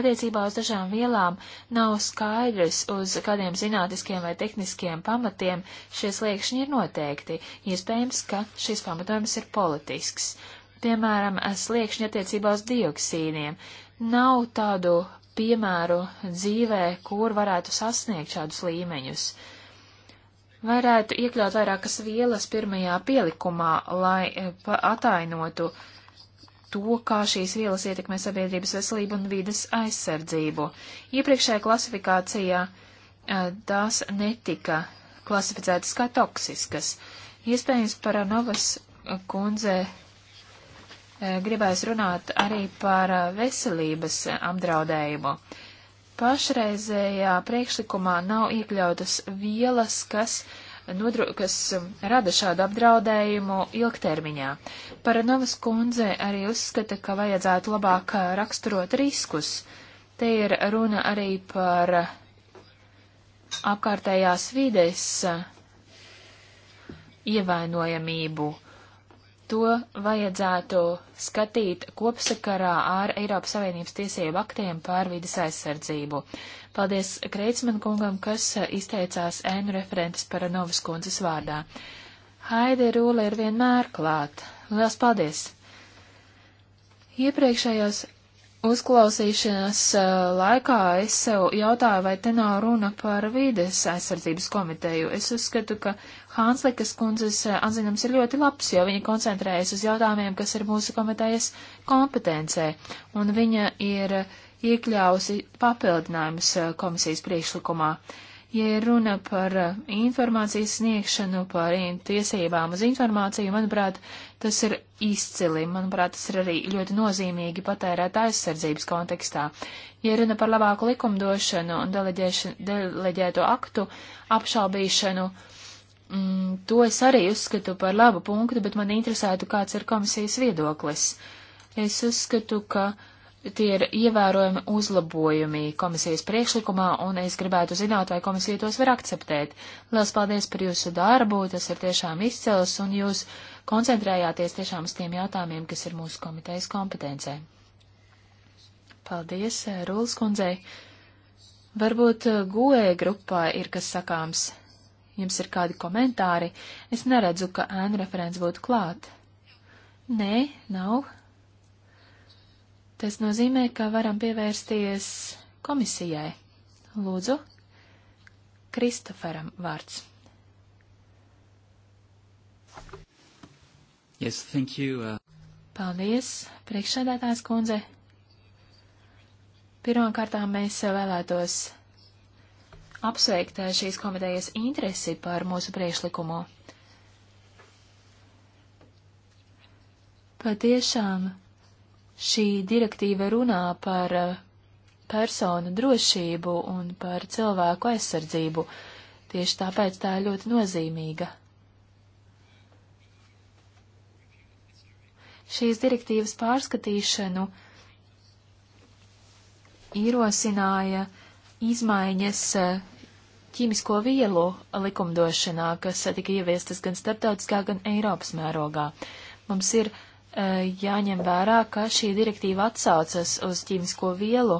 Attiecībā uz dažām vielām nav skaidrs, uz kādiem zinātniskiem vai tehniskiem pamatiem šie sliekšņi ir noteikti. Iespējams, ka šis pamatojums ir politisks piemēram, sliekšņi attiecībā uz dioksīniem. Nav tādu piemēru dzīvē, kur varētu sasniegt šādus līmeņus. Varētu iekļaut vairākas vielas pirmajā pielikumā, lai eh, atainotu to, kā šīs vielas ietekmē sabiedrības veselību un vides aizsardzību. Iepriekšējā klasifikācijā eh, tās netika klasificētas kā toksiskas. Iespējams, Paranovas eh, kundze Eh, gribēs runāt arī par eh, veselības eh, apdraudējumu. Pašreizējā priekšlikumā nav iekļautas vielas, kas, nodru, kas rada šādu apdraudējumu ilgtermiņā. Paranovas kundze arī uzskata, ka vajadzētu labāk raksturot riskus. Te ir runa arī par apkārtējās vides ievainojamību to vajadzētu skatīt kopsakarā ar Eiropas Savienības tiesību aktiem pār vidas aizsardzību. Paldies Kreitsman kungam, kas izteicās ēnu referentes par Novas kundzes vārdā. Haide Rūle ir vienmēr klāt. Lielas paldies! Iepriekšējās uzklausīšanas uh, laikā es sev jautāju, vai te nav runa par vides aizsardzības komiteju. Es uzskatu, ka Hānslikas kundzes eh, atzinums ir ļoti labs, jo viņa koncentrējas uz jautājumiem, kas ir mūsu komitejas kompetencē, un viņa ir iekļāvusi papildinājumus eh, komisijas priekšlikumā. Ja runa par eh, informācijas sniegšanu, par tiesībām uz informāciju, manuprāt, tas ir izcili. Manuprāt, tas ir arī ļoti nozīmīgi patērēta aizsardzības kontekstā. Ja runa par labāku likumdošanu un deleģēto aktu apšaubīšanu, uh, Mm, to es arī uzskatu par labu punktu, bet man interesētu, kāds ir komisijas viedoklis. Es uzskatu, ka tie ir ievērojami uzlabojumi komisijas priekšlikumā, un es gribētu zināt, vai komisija tos var akceptēt. Lielas paldies par jūsu darbu, tas ir tiešām izcils, un jūs koncentrējāties tiešām uz tiem jautājumiem, kas ir mūsu komitejas kompetencē. Paldies, Rūlas kundzei. Varbūt eh, GUE grupā ir kas sakāms jums ir kādi komentāri, es neredzu, ka ēnu referents būtu klāt. Nē, nav. Tas nozīmē, ka varam pievērsties komisijai. Lūdzu, Kristoferam vārds. Yes, thank you. Uh... Paldies, priekšsēdētājs kundze. Pirmkārtām mēs vēlētos apsveikt eh, šīs komitejas interesi par mūsu priešlikumu. Patiešām šī direktīva runā par eh, personu drošību un par cilvēku aizsardzību. Tieši tāpēc tā ir ļoti nozīmīga. Šīs direktīvas pārskatīšanu ierosināja izmaiņas eh, ķīmisko vielu likumdošanā, kas tika ieviestas gan starptautiskā, gan Eiropas mērogā. Mums ir e, jāņem vērā, ka šī direktīva atsaucas uz ķīmisko vielu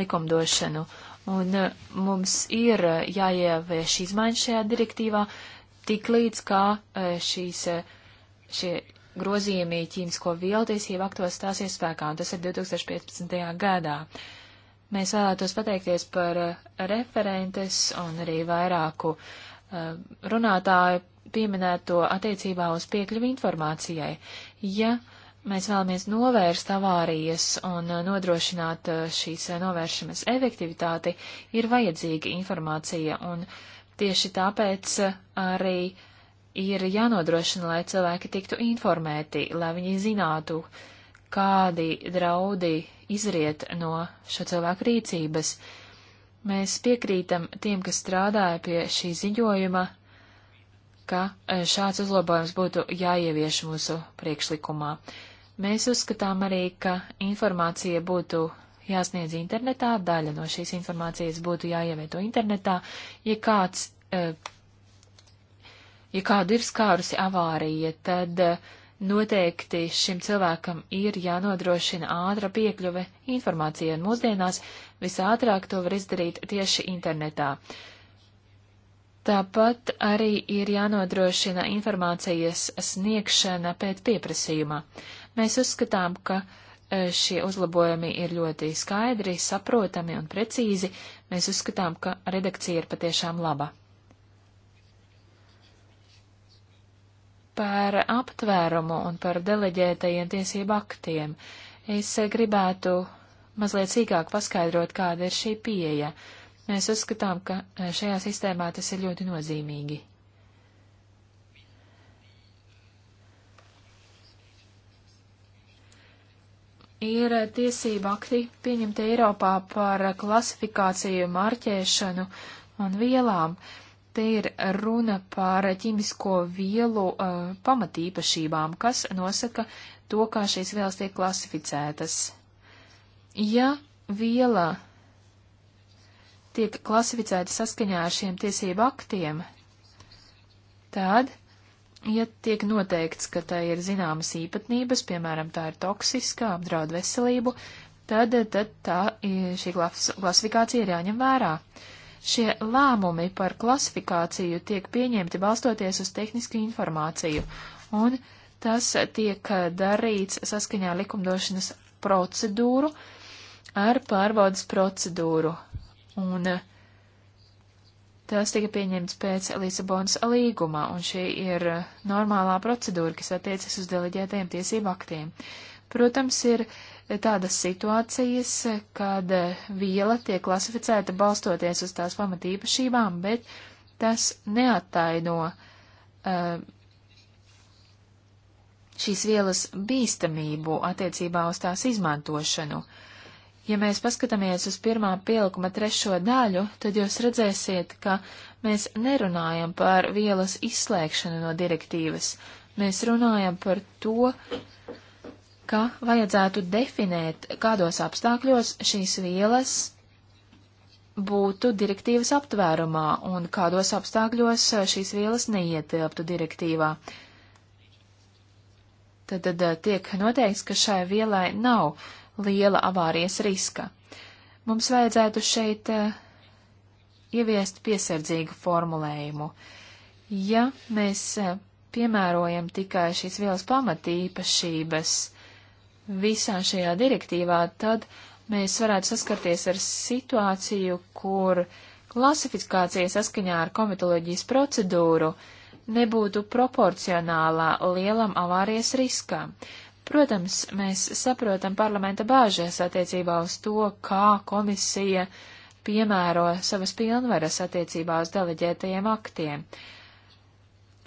likumdošanu, un e, mums ir e, jāievieš izmaiņas šajā direktīvā tik līdz, kā šīs, šie grozījumi ķīmisko vielu tiesību aktos stāsies spēkā, un tas ir 2015. gadā. Uh, Mēs vēlētos pateikties par eh, referentes un arī vairāku eh, runātāju pieminēto attiecībā uz piekļuvi informācijai. Ja mēs vēlamies novērst avārijas un eh, nodrošināt šīs novēršanas efektivitāti, ir vajadzīga informācija, un tieši tāpēc arī ir jānodrošina, lai cilvēki tiktu informēti, lai viņi zinātu, uh, kādi draudi izriet no šo cilvēku rīcības. Mēs piekrītam tiem, kas strādāja pie šī ziņojuma, ka e, šāds uzlabojums būtu jāievieš mūsu priekšlikumā. Mēs uzskatām arī, ka informācija būtu jāsniedz internetā, daļa no šīs informācijas būtu jāievieto internetā, ja kāds, e, ja kādu ir skārusi avārija, tad uh, Noteikti šim cilvēkam ir jānodrošina ātra piekļuve informācijai, un mūsdienās visātrāk to var izdarīt tieši internetā. Tāpat arī ir jānodrošina informācijas sniegšana pēc pieprasījuma. Mēs uzskatām, ka e, šie uzlabojumi ir ļoti skaidri, saprotami un precīzi. Mēs uzskatām, ka redakcija ir patiešām laba. par aptvērumu un par deleģētajiem tiesību aktiem. Es gribētu mazliet sīkāk paskaidrot, kāda ir šī pieeja. Mēs uzskatām, ka e, šajā sistēmā tas ir ļoti nozīmīgi. Ir tiesība akti pieņemta Eiropā par klasifikāciju, marķēšanu un vielām. Uh, Te ir runa par ķīmisko vielu uh, pamatīpašībām, kas nosaka to, kā šīs vielas tiek klasificētas. Ja viela tiek klasificēta saskaņā ar šiem tiesību aktiem, tad, ja tiek noteikts, ka tai ir zināmas īpatnības, piemēram, tā ir toksiska, apdraud veselību, tad, tad tā, šī klasifikācija ir jāņem vērā. Uh, Šie lēmumi par klasifikāciju tiek pieņemti balstoties uz tehnisku informāciju, un tas tiek darīts saskaņā likumdošanas procedūru ar pārbaudas procedūru. Un tas tika pieņemts pēc Lisabonas līgumā, un šī ir normālā procedūra, kas attiecas uz deleģētajiem tiesību aktiem. Protams, ir uh, tādas situācijas, kad viela tiek klasificēta balstoties uz tās pamatīpašībām, bet tas neattaino uh, eh, šīs vielas bīstamību attiecībā uz tās izmantošanu. Ja mēs paskatāmies uz pirmā pielikuma trešo daļu, tad jūs redzēsiet, ka mēs nerunājam par vielas izslēgšanu no direktīvas. Mēs runājam par to, uh, ka vajadzētu definēt, kādos apstākļos šīs vielas būtu direktīvas aptvērumā un kādos apstākļos eh, šīs vielas neietilptu direktīvā. Tad, tad eh, tiek noteikts, ka šai vielai nav liela avārijas riska. Mums vajadzētu šeit eh, ieviest piesardzīgu formulējumu. Ja mēs piemērojam tikai šīs vielas pamatīpašības, visā šajā direktīvā, tad mēs varētu saskarties ar situāciju, kur klasifikācija saskaņā ar komitoloģijas procedūru nebūtu proporcionālā lielam avārijas riskam. Protams, mēs saprotam parlamenta bāžas attiecībā uz to, kā komisija piemēro savas pilnvaras attiecībā uz deleģētajiem aktiem. Uh,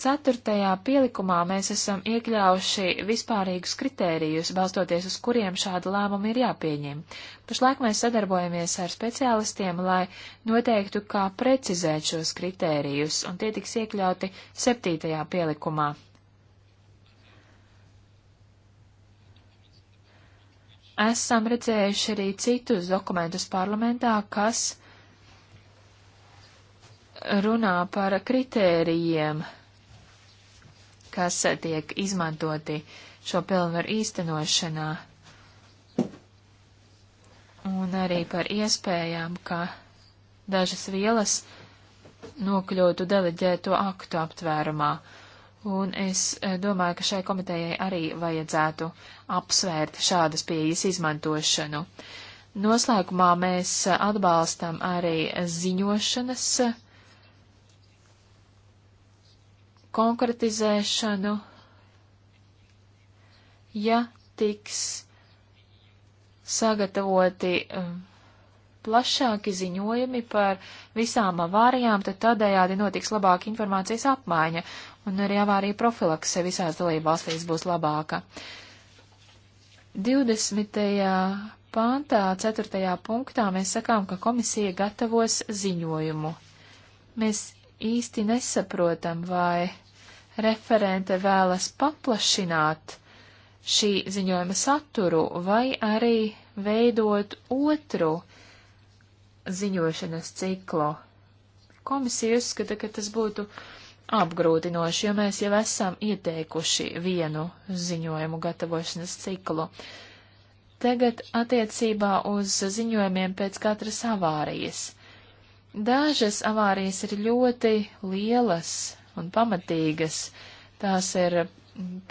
Ceturtajā pielikumā mēs esam iekļauši vispārīgus kritērijus, balstoties uz kuriem šāda lēmuma ir jāpieņem. Pašlaik mēs sadarbojamies ar speciālistiem, lai noteiktu, kā precizēt šos kritērijus, un tie tiks iekļauti septītajā pielikumā. Esam redzējuši arī citus dokumentus parlamentā, kas runā par kritērijiem kas tiek izmantoti šo pilnvaru īstenošanā, un arī par iespējām, ka dažas vielas nokļūtu deleģēto aktu aptvērumā. Un es e, domāju, ka šai komitejai arī vajadzētu apsvērt šādas pieejas izmantošanu. Noslēgumā mēs e, atbalstam arī ziņošanas uh, konkretizēšanu, ja tiks sagatavoti um, plašāki ziņojumi par visām avārijām, tad tādējādi notiks labāka informācijas apmaiņa, un arī avārija profilakse visās dalībvalstīs būs labāka. 20. pāntā, 4. punktā mēs sakām, ka komisija gatavos ziņojumu. Mēs īsti nesaprotam, vai referente vēlas paplašināt šī ziņojuma saturu vai arī veidot otru ziņošanas ciklu. Komisija uzskata, ka tas būtu apgrūtinoši, jo mēs jau esam ieteikuši vienu ziņojumu gatavošanas ciklu. Tagad attiecībā uz ziņojumiem pēc katras avārijas. Dažas avārijas ir ļoti lielas un pamatīgas. Tās ir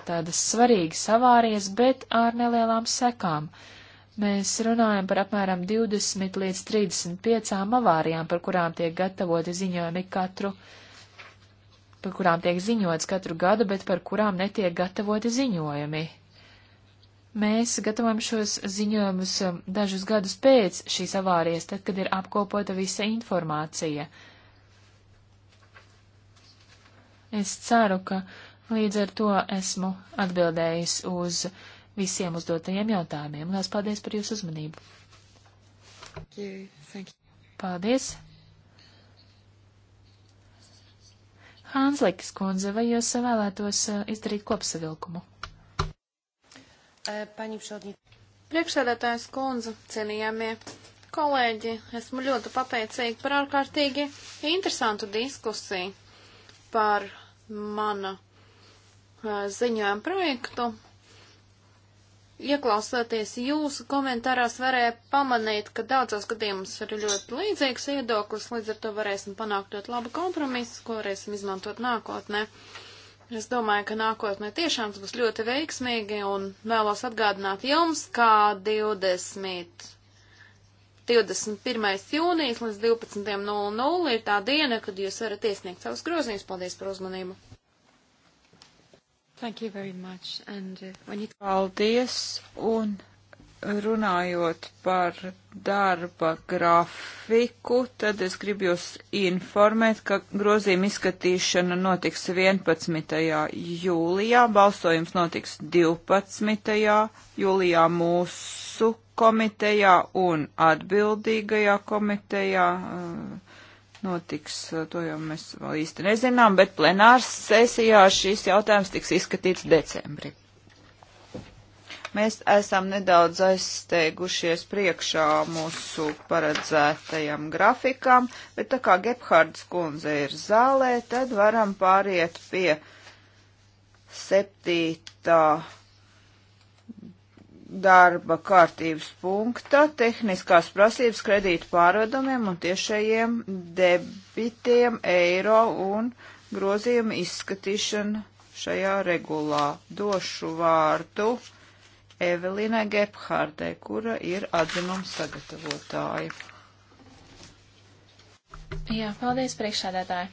tādas svarīgas avārijas, bet ar nelielām sekām. Mēs runājam par apmēram 20 līdz 35 avārijām, par kurām tiek gatavoti ziņojumi katru, par kurām tiek ziņots katru gadu, bet par kurām netiek gatavoti ziņojumi. Mēs gatavojam šos ziņojumus um, dažus gadus pēc šīs avārijas, tad, kad ir apkopota visa informācija. Es ceru, ka līdz ar to esmu atbildējis uz visiem uzdotajiem jautājumiem. Lielas paldies par jūsu uzmanību. Thank you. Thank you. Paldies. Hānslikas kundze, vai jūs vēlētos uh, izdarīt kopsavilkumu? Eh, Priekšsēdētājs kundze, cienījamie kolēģi, esmu ļoti pateicīga par ārkārtīgi interesantu diskusiju par mana eh, ziņojuma projektu. Ieklausoties jūsu komentārās, varēja pamanīt, ka daudzos gadījumos ir ļoti līdzīgs viedoklis, līdz ar to varēsim panākt ļoti labu kompromisu, ko varēsim izmantot nākotnē. Ne? Es domāju, ka nākotnē tiešām tas būs ļoti veiksmīgi un vēlos atgādināt jums, kā 20. 21. jūnijas līdz 12.00 ir tā diena, kad jūs varat iesniegt savus grozījumus. Paldies par uzmanību! Thank you very much. And, uh, when you... Paldies! Un runājot par darba grafiku, tad es gribu jūs informēt, ka grozījuma izskatīšana notiks 11. jūlijā, balsojums notiks 12. jūlijā mūsu komitejā un atbildīgajā komitejā. Uh, notiks, uh, to jau mēs vēl īsti nezinām, bet plenārs sesijā šis jautājums tiks izskatīts decembrī. Mēs esam nedaudz aizsteigušies priekšā mūsu paredzētajam grafikam, bet tā kā Gebhards kundze ir zālē, tad varam pāriet pie septītā darba kārtības punktā tehniskās prasības kredītu pārvedumiem un tiešajiem debitiem eiro un grozījumu izskatīšana šajā regulā. Došu vārdu Evelinai Gephárdai, kura ir atzinuma sagatavotāja. Jā, paldies priekšsēdētāji.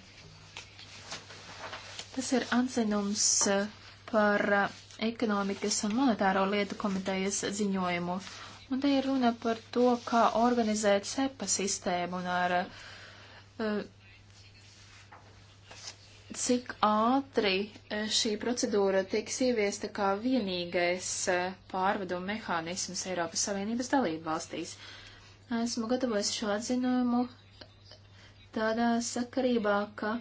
Tas ir atzinums eh, par eh, ekonomikas un monetāro lietu komitejas ziņojumu. Un te ir runa par to, kā organizēt sepa sistēmu un ar uh, cik ātri eh, šī procedūra tiks ieviesta kā vienīgais eh, pārvedumu mehānisms Eiropas Savienības dalību valstīs. Esmu gatavojis šo atzinumu tādā sakarībā, ka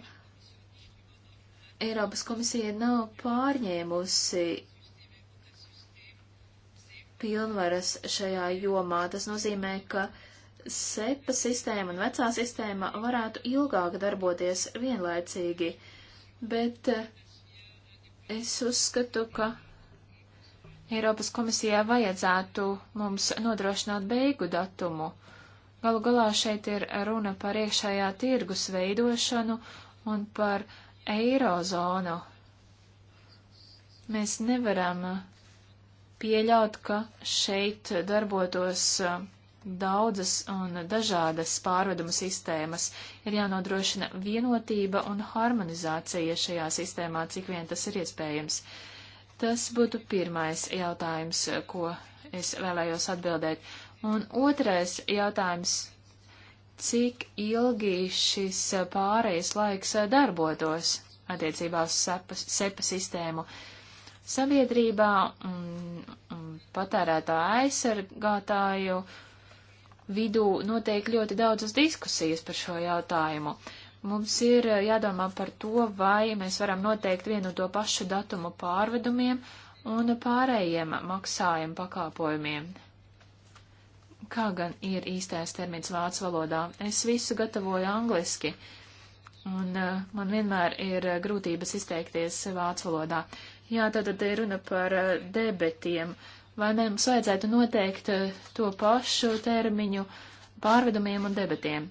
Eiropas komisija nav pārņēmusi pilnvaras šajā jomā. Tas nozīmē, ka SEPA sistēma un vecā sistēma varētu ilgāk darboties vienlaicīgi. Uh, bet eh, es uzskatu, ka Eiropas komisijā vajadzētu mums nodrošināt beigu datumu. Galu galā šeit ir runa par iekšējā tirgus veidošanu un par eirozonu. Mēs nevaram eh, pieļaut, ka šeit darbotos uh, daudzas un dažādas pārvedumu sistēmas. Ir jānodrošina vienotība un harmonizācija šajā sistēmā, cik vien tas ir iespējams. Tas būtu pirmais jautājums, ko es vēlējos atbildēt. Un otrais jautājums cik ilgi šis pārejas laiks darbotos attiecībā uz sepa, sepa sistēmu. Sabiedrībā un, un patērētā aizsargātāju vidū notiek ļoti daudzas diskusijas par šo jautājumu. Mums ir eh, jādomā par to, vai mēs varam noteikt vienu to pašu datumu pārvedumiem un pārējiem maksājumu pakāpojumiem. Kā gan ir īstais termins vācu valodā? Es visu gatavoju angliski, un eh, man vienmēr ir eh, grūtības izteikties vācu valodā. Jā, tad ir runa par debetiem. Uh, Vai ne mums vajadzētu noteikt eh, to pašu termiņu pārvedumiem un debatiem?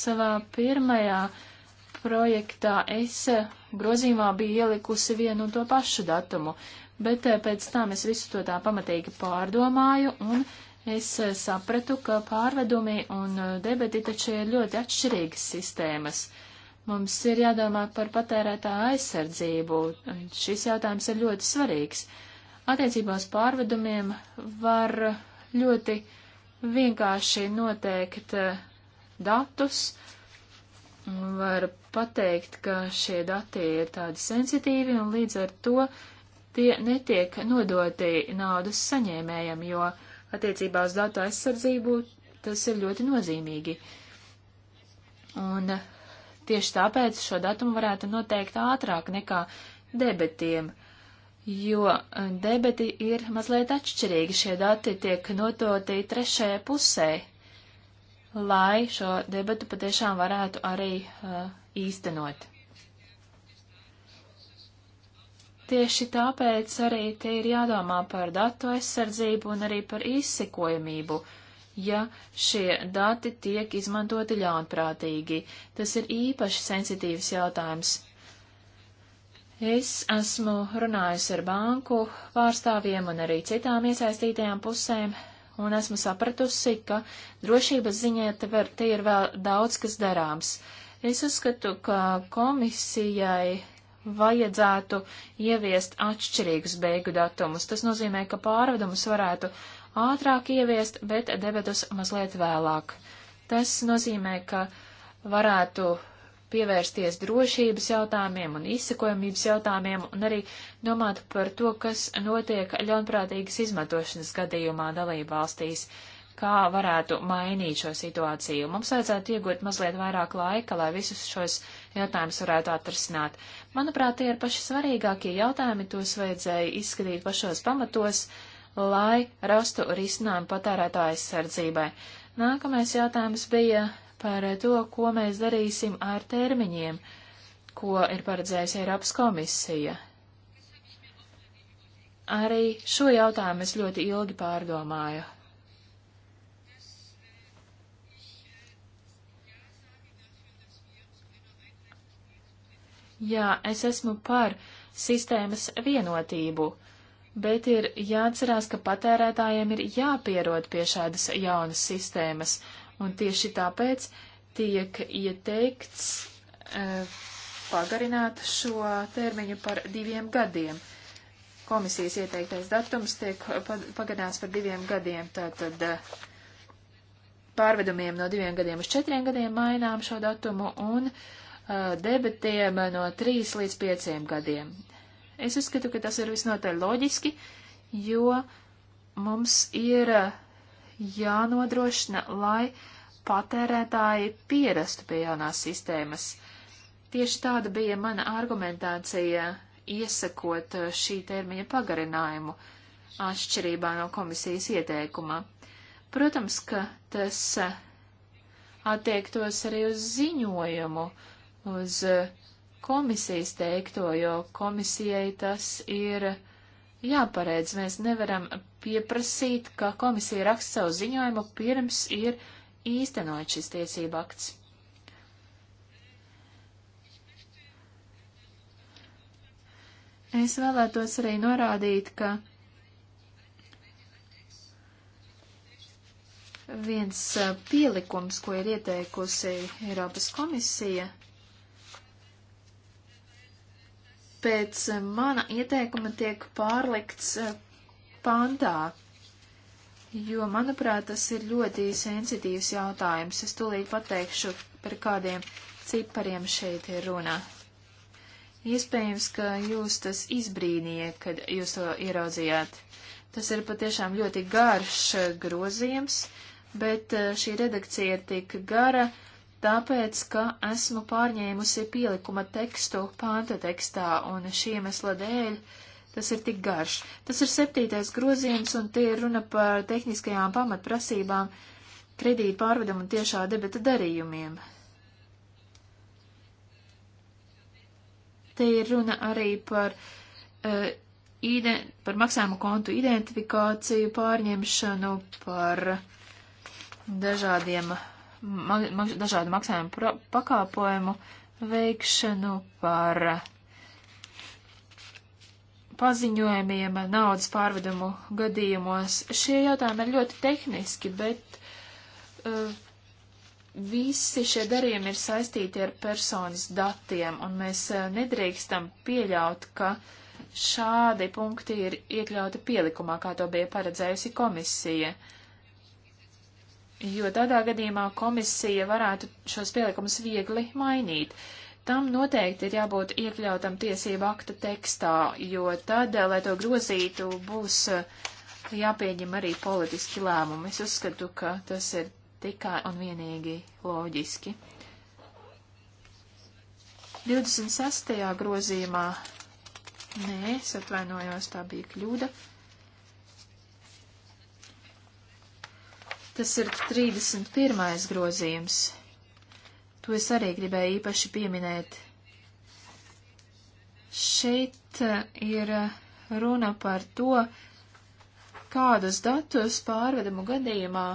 Savā pirmajā projektā es eh, grozījumā biju ielikusi vienu un to pašu datumu, bet eh, pēc tam es visu to tā pamatīgi pārdomāju un es sapratu, ka pārvedumi un debeti taču ir ļoti atšķirīgas sistēmas. Uh, Mums ir jādomā par patērētā aizsardzību. Šis jautājums ir ļoti svarīgs. Attiecībā uz pārvedumiem var ļoti vienkārši noteikt eh, datus, var pateikt, ka šie dati ir tādi sensitīvi un līdz ar to tie netiek nodoti naudas saņēmējam, jo attiecībā uz datu aizsardzību tas ir ļoti nozīmīgi. Un Tieši tāpēc šo datumu varētu noteikt ātrāk nekā debetiem, jo e, debeti ir mazliet atšķirīgi. Šie dati tiek nototi trešajai pusē, lai šo debetu patiešām varētu arī uh, īstenot. Tieši tāpēc arī te ir jādomā par datu aizsardzību un arī par izsekojamību. Uh, ja šie dati tiek izmantoti ļaunprātīgi. Tas ir īpaši sensitīvs jautājums. Es esmu runājusi ar banku pārstāvjiem un arī citām iesaistītajām pusēm, un esmu sapratusi, ka drošības ziņā te, var, te ir vēl daudz, kas darāms. Es uzskatu, ka komisijai vajadzētu ieviest atšķirīgus beigu datumus. Tas nozīmē, ka pārvedumus varētu uh, ātrāk ieviest, bet debatus mazliet vēlāk. Tas nozīmē, ka varētu pievērsties drošības jautājumiem un izsekojamības jautājumiem un arī domāt par to, kas notiek ļaunprātīgas izmantošanas gadījumā dalību valstīs, kā varētu mainīt šo situāciju. Mums vajadzētu iegūt mazliet vairāk laika, lai visus šos jautājumus varētu atrisināt. Manuprāt, tie ir paši svarīgākie jautājumi, tos vajadzēja izskatīt pašos pamatos, lai rastu risinājumu patērētāju aizsardzībai. Nākamais jautājums bija par to, ko mēs darīsim ar termiņiem, ko ir paredzējusi Eiropas komisija. Arī šo jautājumu es ļoti ilgi pārdomāju. Jā, es esmu par sistēmas vienotību. Uh, bet ir jāatcerās, ka patērētājiem ir jāpierod pie šādas jaunas sistēmas, un tieši tāpēc tiek ieteikts e, pagarināt šo termiņu par diviem gadiem. Komisijas ieteiktais datums tiek pagarināts par diviem gadiem, tātad e, pārvedumiem no diviem gadiem uz četriem gadiem mainām šo datumu un uh, debitiem no 3 līdz 5 gadiem. Es uzskatu, ka tas ir visnotaļ loģiski, jo mums ir eh, jānodrošina, lai patērētāji pierastu pie jaunās sistēmas. Tieši tāda bija mana argumentācija, iesakot eh, šī termiņa pagarinājumu, atšķirībā no komisijas ieteikuma. Protams, ka tas eh, attiektos arī uz ziņojumu, uz uh, komisijas teikto, jo komisijai tas ir jāpareidz. Mēs nevaram pieprasīt, ka komisija raksta savu ziņojumu pirms ir īstenot šis tiesība akts. Es vēlētos arī norādīt, ka viens pielikums, ko ir ieteikusi Eiropas komisija, pēc eh, mana ieteikuma tiek pārlikts eh, pantā, jo, manuprāt, tas ir ļoti sensitīvs jautājums. Es tūlīt pateikšu, par kādiem cipariem šeit ir runa. Iespējams, ka jūs tas izbrīnīja, kad jūs to ieraudzījāt. Tas ir patiešām ļoti garš eh, grozījums, bet šī redakcija ir tik gara, uh, tāpēc, ka esmu pārņēmusi pielikuma tekstu pānta tekstā, un šī iemesla dēļ tas ir tik garš. Tas ir septītais grozījums, un tie ir runa par tehniskajām pamatprasībām, kredītu pārvedumu un tiešā debeta darījumiem. Te ir runa arī par, uh, ide, par maksājumu kontu identifikāciju, pārņemšanu, par dažādiem ma ma dažādu maksājumu pakāpojumu veikšanu, par paziņojumiem naudas pārvedumu gadījumos. Šie jautājumi ir ļoti tehniski, bet uh, visi šie darījumi ir saistīti ar personas datiem, un mēs uh, nedrīkstam pieļaut, ka šādi punkti ir iekļauti pielikumā, kā to bija paredzējusi komisija. Uh, jo tādā gadījumā komisija varētu šos pielikumus viegli mainīt. Tam noteikti ir jābūt iekļautam tiesību akta tekstā, jo tad, eh, lai to grozītu, būs eh, jāpieņem arī politiski lēmumi. Es uzskatu, ka tas ir tikai un vienīgi loģiski. 26. grozījumā, nē, es atvainojos, tā bija kļūda. Tas ir 31. grozījums. To es arī gribēju īpaši pieminēt. Šeit eh, ir runa par to, kādus datus pārvedumu gadījumā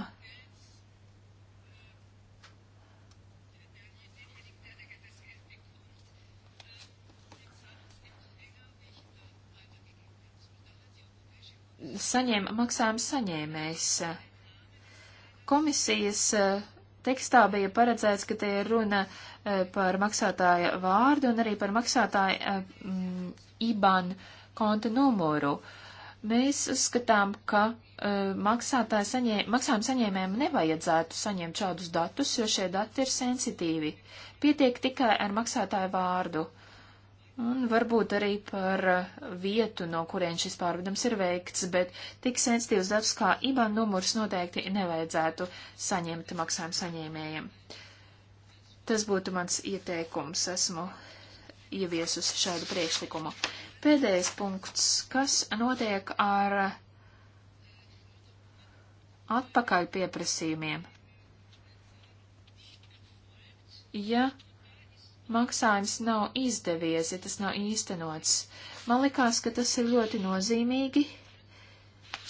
saņem maksājuma saņēmējs. Komisijas eh, tekstā bija paredzēts, ka te ir runa eh, par maksātāja vārdu un arī par maksātāja eh, m, IBAN konta numuru. Mēs uzskatām, ka maksātāja saņē, maksājuma saņēmējiem nevajadzētu saņemt šādus datus, jo šie dati ir sensitīvi. Pietiek tikai ar maksātāju vārdu. Uh, Un varbūt arī par vietu, no kurien šis pārvedums ir veikts, bet tik sensitīvs darbs kā IBAN numurs noteikti nevajadzētu saņemt maksājumu saņēmējiem. Tas būtu mans ieteikums. Esmu ieviesusi šādu priekšlikumu. Pēdējais punkts. Kas notiek ar atpakaļ pieprasījumiem? Ja maksājums nav izdevies, ja tas nav īstenots. Man likās, ka tas ir ļoti nozīmīgi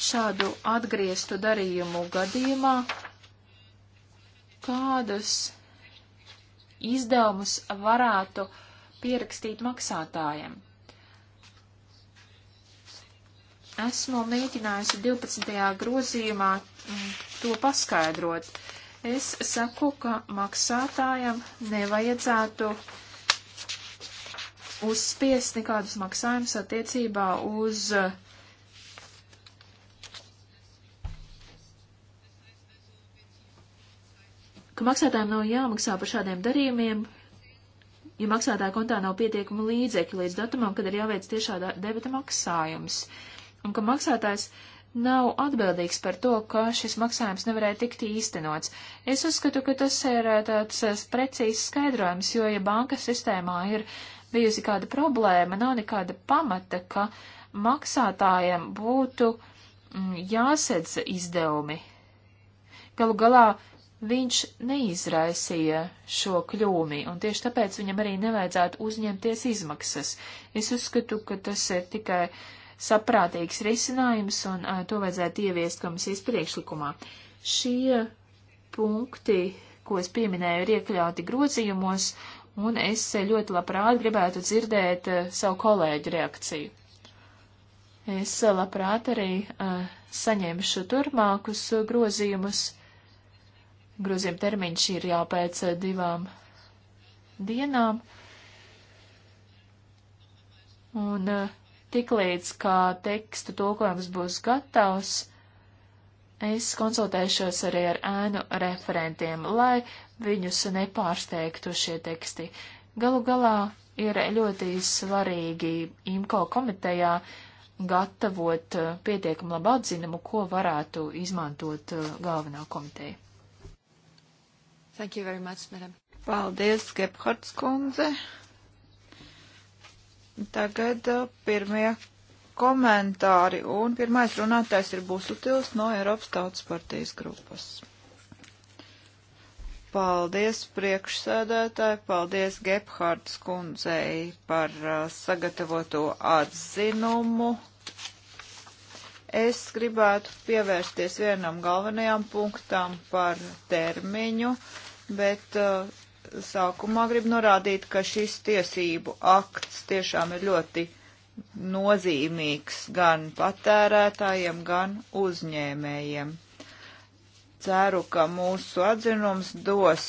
šādu atgrieztu darījumu gadījumā, kādus izdevumus varētu pierakstīt maksātājiem. Esmu mēģinājusi 12. grozījumā mm, to paskaidrot. Uh, Es saku, ka maksātājam nevajadzētu uzspiest nekādus maksājumus attiecībā uz ka maksātājiem nav jāmaksā par šādiem darījumiem, ja maksātāja kontā nav pietiekama līdzekļa līdz datumam, kad ir jāveic tiešā debita maksājums, un ka maksātājs uh, nav atbildīgs par to, ka šis maksājums nevarēja tikt īstenots. Es uzskatu, ka tas ir eh, tāds eh, precīzs skaidrojums, jo ja bankas sistēmā ir bijusi kāda problēma, nav nekāda pamata, ka maksātājiem būtu mm, jāsedz izdevumi. Galu galā viņš neizraisīja šo kļūmi, un tieši tāpēc viņam arī nevajadzētu uzņemties izmaksas. Es uzskatu, ka tas ir tikai uh, saprātīgs risinājums, un to vajadzētu ieviest komisijas priekšlikumā. Šie punkti, ko es pieminēju, ir iekļauti grozījumos, un es ļoti labprāt gribētu dzirdēt savu kolēģu reakciju. Es labprāt arī saņemšu turpmākus grozījumus. Grozījuma termiņš ir jau pēc divām dienām. Un uh, tiklīdz kā tekstu tulkojums būs gatavs, es konsultēšos arī ar ēnu referentiem, lai viņus nepārsteigtu šie teksti. Galu galā ir ļoti svarīgi IMCO komitejā gatavot eh, pietiekam labu atzinumu, ko varētu izmantot eh, galvenā komiteja. Thank you very much, madam. Paldies, Gebhards kundze. Tagad uh, pirmie komentāri, un pirmais runātājs ir Busutils no Eiropas Tautas partijas grupas. Paldies priekšsēdētāji, paldies Gebhards kundzei par uh, sagatavoto atzinumu. Es gribētu pievērsties vienam galvenajam punktam par termiņu, bet uh, sākumā gribu norādīt, ka šis tiesību akts tiešām ir ļoti nozīmīgs gan patērētājiem, gan uzņēmējiem. Ceru, ka mūsu atzinums dos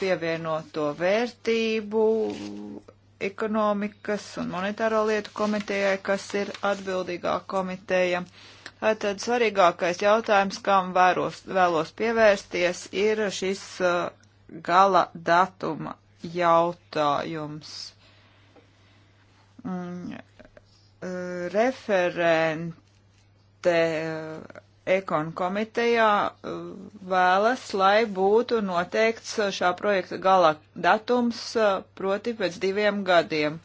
pievienoto vērtību ekonomikas un monetāro lietu komitejai, kas ir atbildīgā komiteja. Tātad svarīgākais jautājums, kam vēros, vēlos pievērsties, ir šis uh, gala datuma jautājums. Mm, e, referente e, ekonu komitejā e, vēlas, lai būtu noteikts šā projekta gala datums, proti pēc diviem gadiem.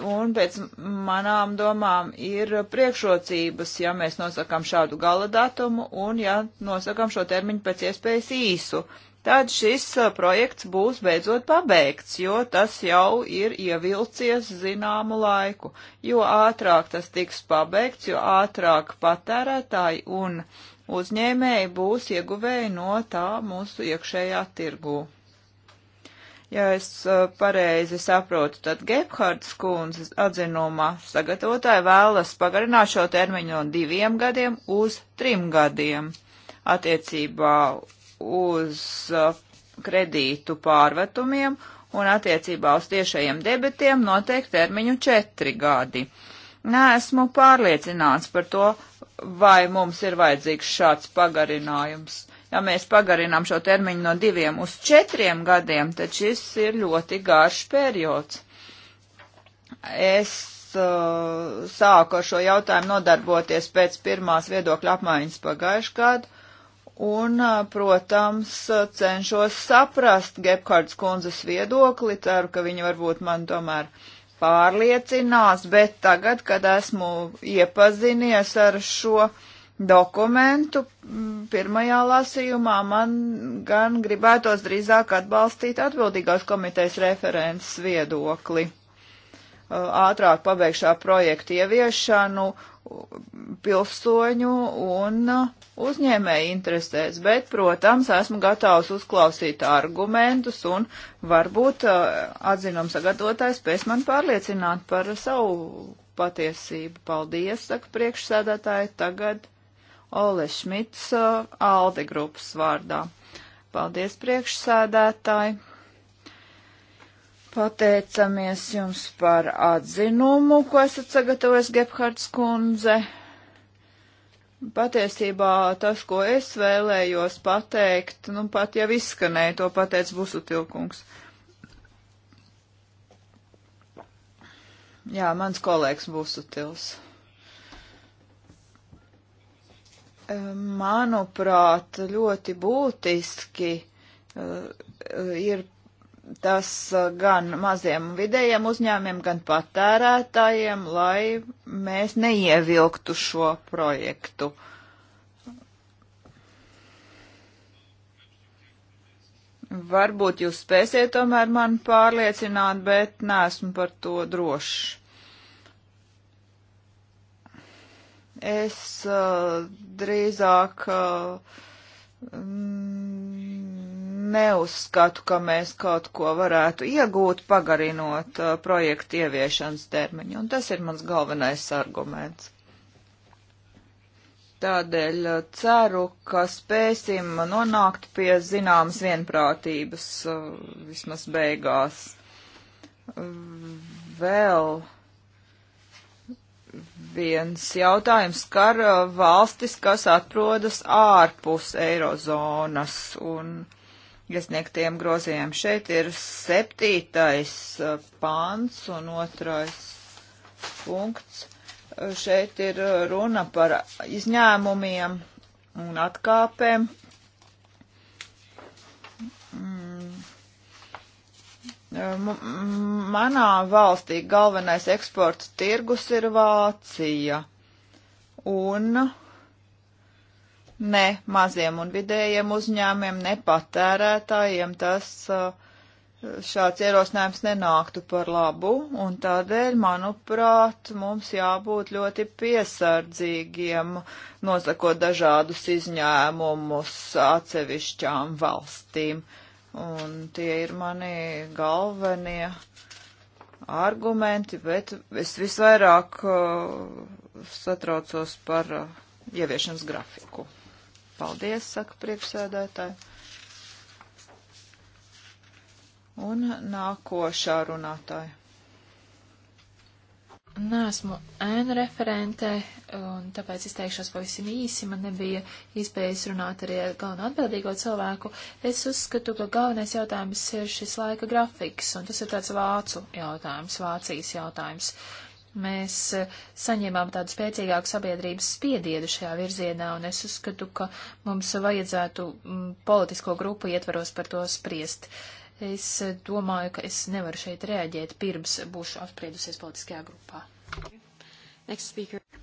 Un pēc manām domām ir priekšrocības, ja mēs nosakām šādu gala datumu un ja nosakām šo termiņu pēc iespējas īsu tad šis uh, projekts būs beidzot pabeigts, jo tas jau ir ievilcies zināmu laiku. Jo ātrāk tas tiks pabeigts, jo ātrāk patērētāji un uzņēmēji būs ieguvēji no tā mūsu iekšējā tirgū. Ja es uh, pareizi saprotu, tad Gebhards kundzes atzinumā sagatavotāji vēlas pagarināt šo termiņu no diviem gadiem uz trim gadiem attiecībā uz uh, kredītu pārvetumiem un attiecībā uz tiešajiem debetiem noteikti termiņu četri gadi. Nēsmu pārliecināts par to, vai mums ir vajadzīgs šāds pagarinājums. Ja mēs pagarinām šo termiņu no diviem uz četriem gadiem, tad šis ir ļoti garš periods. Es uh, sāku ar šo jautājumu nodarboties pēc pirmās viedokļa apmaiņas pagājušajā gadā un, protams, cenšos saprast Gephards kundzes viedokli, ceru, ka viņa varbūt man tomēr pārliecinās, bet tagad, kad esmu iepazinies ar šo dokumentu pirmajā lasījumā, man gan gribētos drīzāk atbalstīt atbildīgās komitejas referents viedokli ātrāk pabeigšā projektu ieviešanu pilsoņu un uzņēmēju interesēs, bet, protams, esmu gatavs uzklausīt argumentus un varbūt uh, atzinums sagatavotājs spēs man pārliecināt par savu patiesību. Paldies, saka priekšsēdētāji, tagad Ole Šmits uh, Alde grupas vārdā. Paldies, priekšsēdētāji! Pateicamies jums par atzinumu, ko esat sagatavojis Gebhards kundze. Patiesībā tas, ko es vēlējos pateikt, nu pat jau izskanēja, to pateica Busutilkungs. Jā, mans kolēģis Busutils. Manuprāt, ļoti būtiski uh, ir tas uh, gan maziem vidējiem uzņēmiem, gan patērētājiem, lai mēs neievilktu šo projektu. Varbūt jūs spēsiet tomēr mani pārliecināt, bet nesmu par to drošs. Es uh, drīzāk uh, neuzskatu, ka mēs kaut ko varētu iegūt, pagarinot uh, projektu ieviešanas termiņu, un tas ir mans galvenais arguments. Tādēļ uh, ceru, ka spēsim nonākt pie zināmas vienprātības uh, vismaz beigās. Vēl viens jautājums skar uh, valstis, kas atrodas ārpus eirozonas un uh, iesniegtiem grozījiem. Šeit ir septītais uh, pāns un otrais punkts. Uh, šeit ir uh, runa par izņēmumiem un atkāpēm. Mm. Manā valstī galvenais eksporta tirgus ir Vācija. Un uh, ne maziem un vidējiem uzņēmiem, ne patērētājiem tas uh, šāds ierosinājums nenāktu par labu, un tādēļ, manuprāt, mums jābūt ļoti piesardzīgiem, nosakot dažādus izņēmumus atsevišķām valstīm. Un tie ir mani galvenie argumenti, bet es visvairāk uh, satraucos par uh, ieviešanas grafiku. Paldies, saka priekšsēdētāji. Un nākošā runātāja. Nāsmu ēnu referente, un tāpēc izteikšos pavisam īsi. Man nebija iespējas runāt arī ar galveno atbildīgo cilvēku. Es uzskatu, ka galvenais jautājums ir šis laika grafiks, un tas ir tāds vācu jautājums, Vācijas jautājums. Uh, Mēs eh, saņēmām tādu spēcīgāku sabiedrības spiedienu šajā virzienā, un es uzskatu, ka mums vajadzētu mm, politisko grupu ietvaros par to spriest. Es eh, domāju, ka es nevaru šeit reaģēt pirms būšu apspriedusies politiskajā grupā.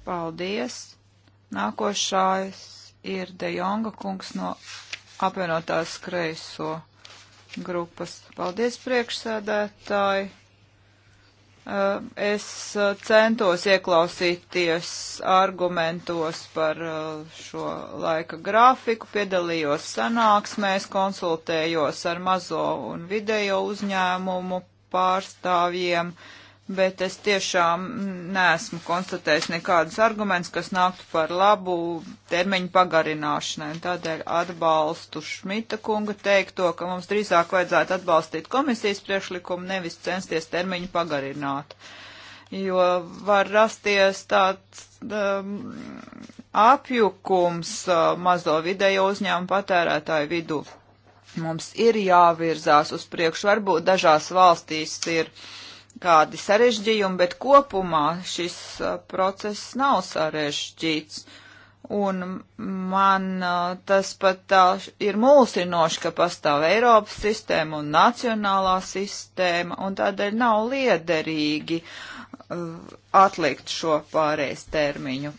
Paldies! Nākošais ir De Jonga kungs no apvienotās kreiso grupas. Paldies, priekšsēdētāji! Eh, es eh, centos ieklausīties argumentos par eh, šo laika grafiku, piedalījos sanāksmēs, konsultējos ar mazo un vidējo uzņēmumu pārstāvjiem. Uh, bet es tiešām neesmu konstatējis nekādus argumentus, kas nāktu par labu termiņu pagarināšanai. Tādēļ atbalstu Šmita kunga teikto, ka mums drīzāk vajadzētu atbalstīt komisijas priekšlikumu, nevis censties termiņu pagarināt. Jo var rasties tāds um, apjukums uh, mazo vidējo uzņēmumu patērētāju vidū. Mums ir jāvirzās uz priekšu, varbūt dažās valstīs ir uh, kādi sarežģījumi, bet kopumā šis process nav sarežģīts. Un man tas pat tā ir mulsinoši, ka pastāv Eiropas sistēma un nacionālā sistēma, un tādēļ nav liederīgi uh, atlikt šo pārējais termiņu.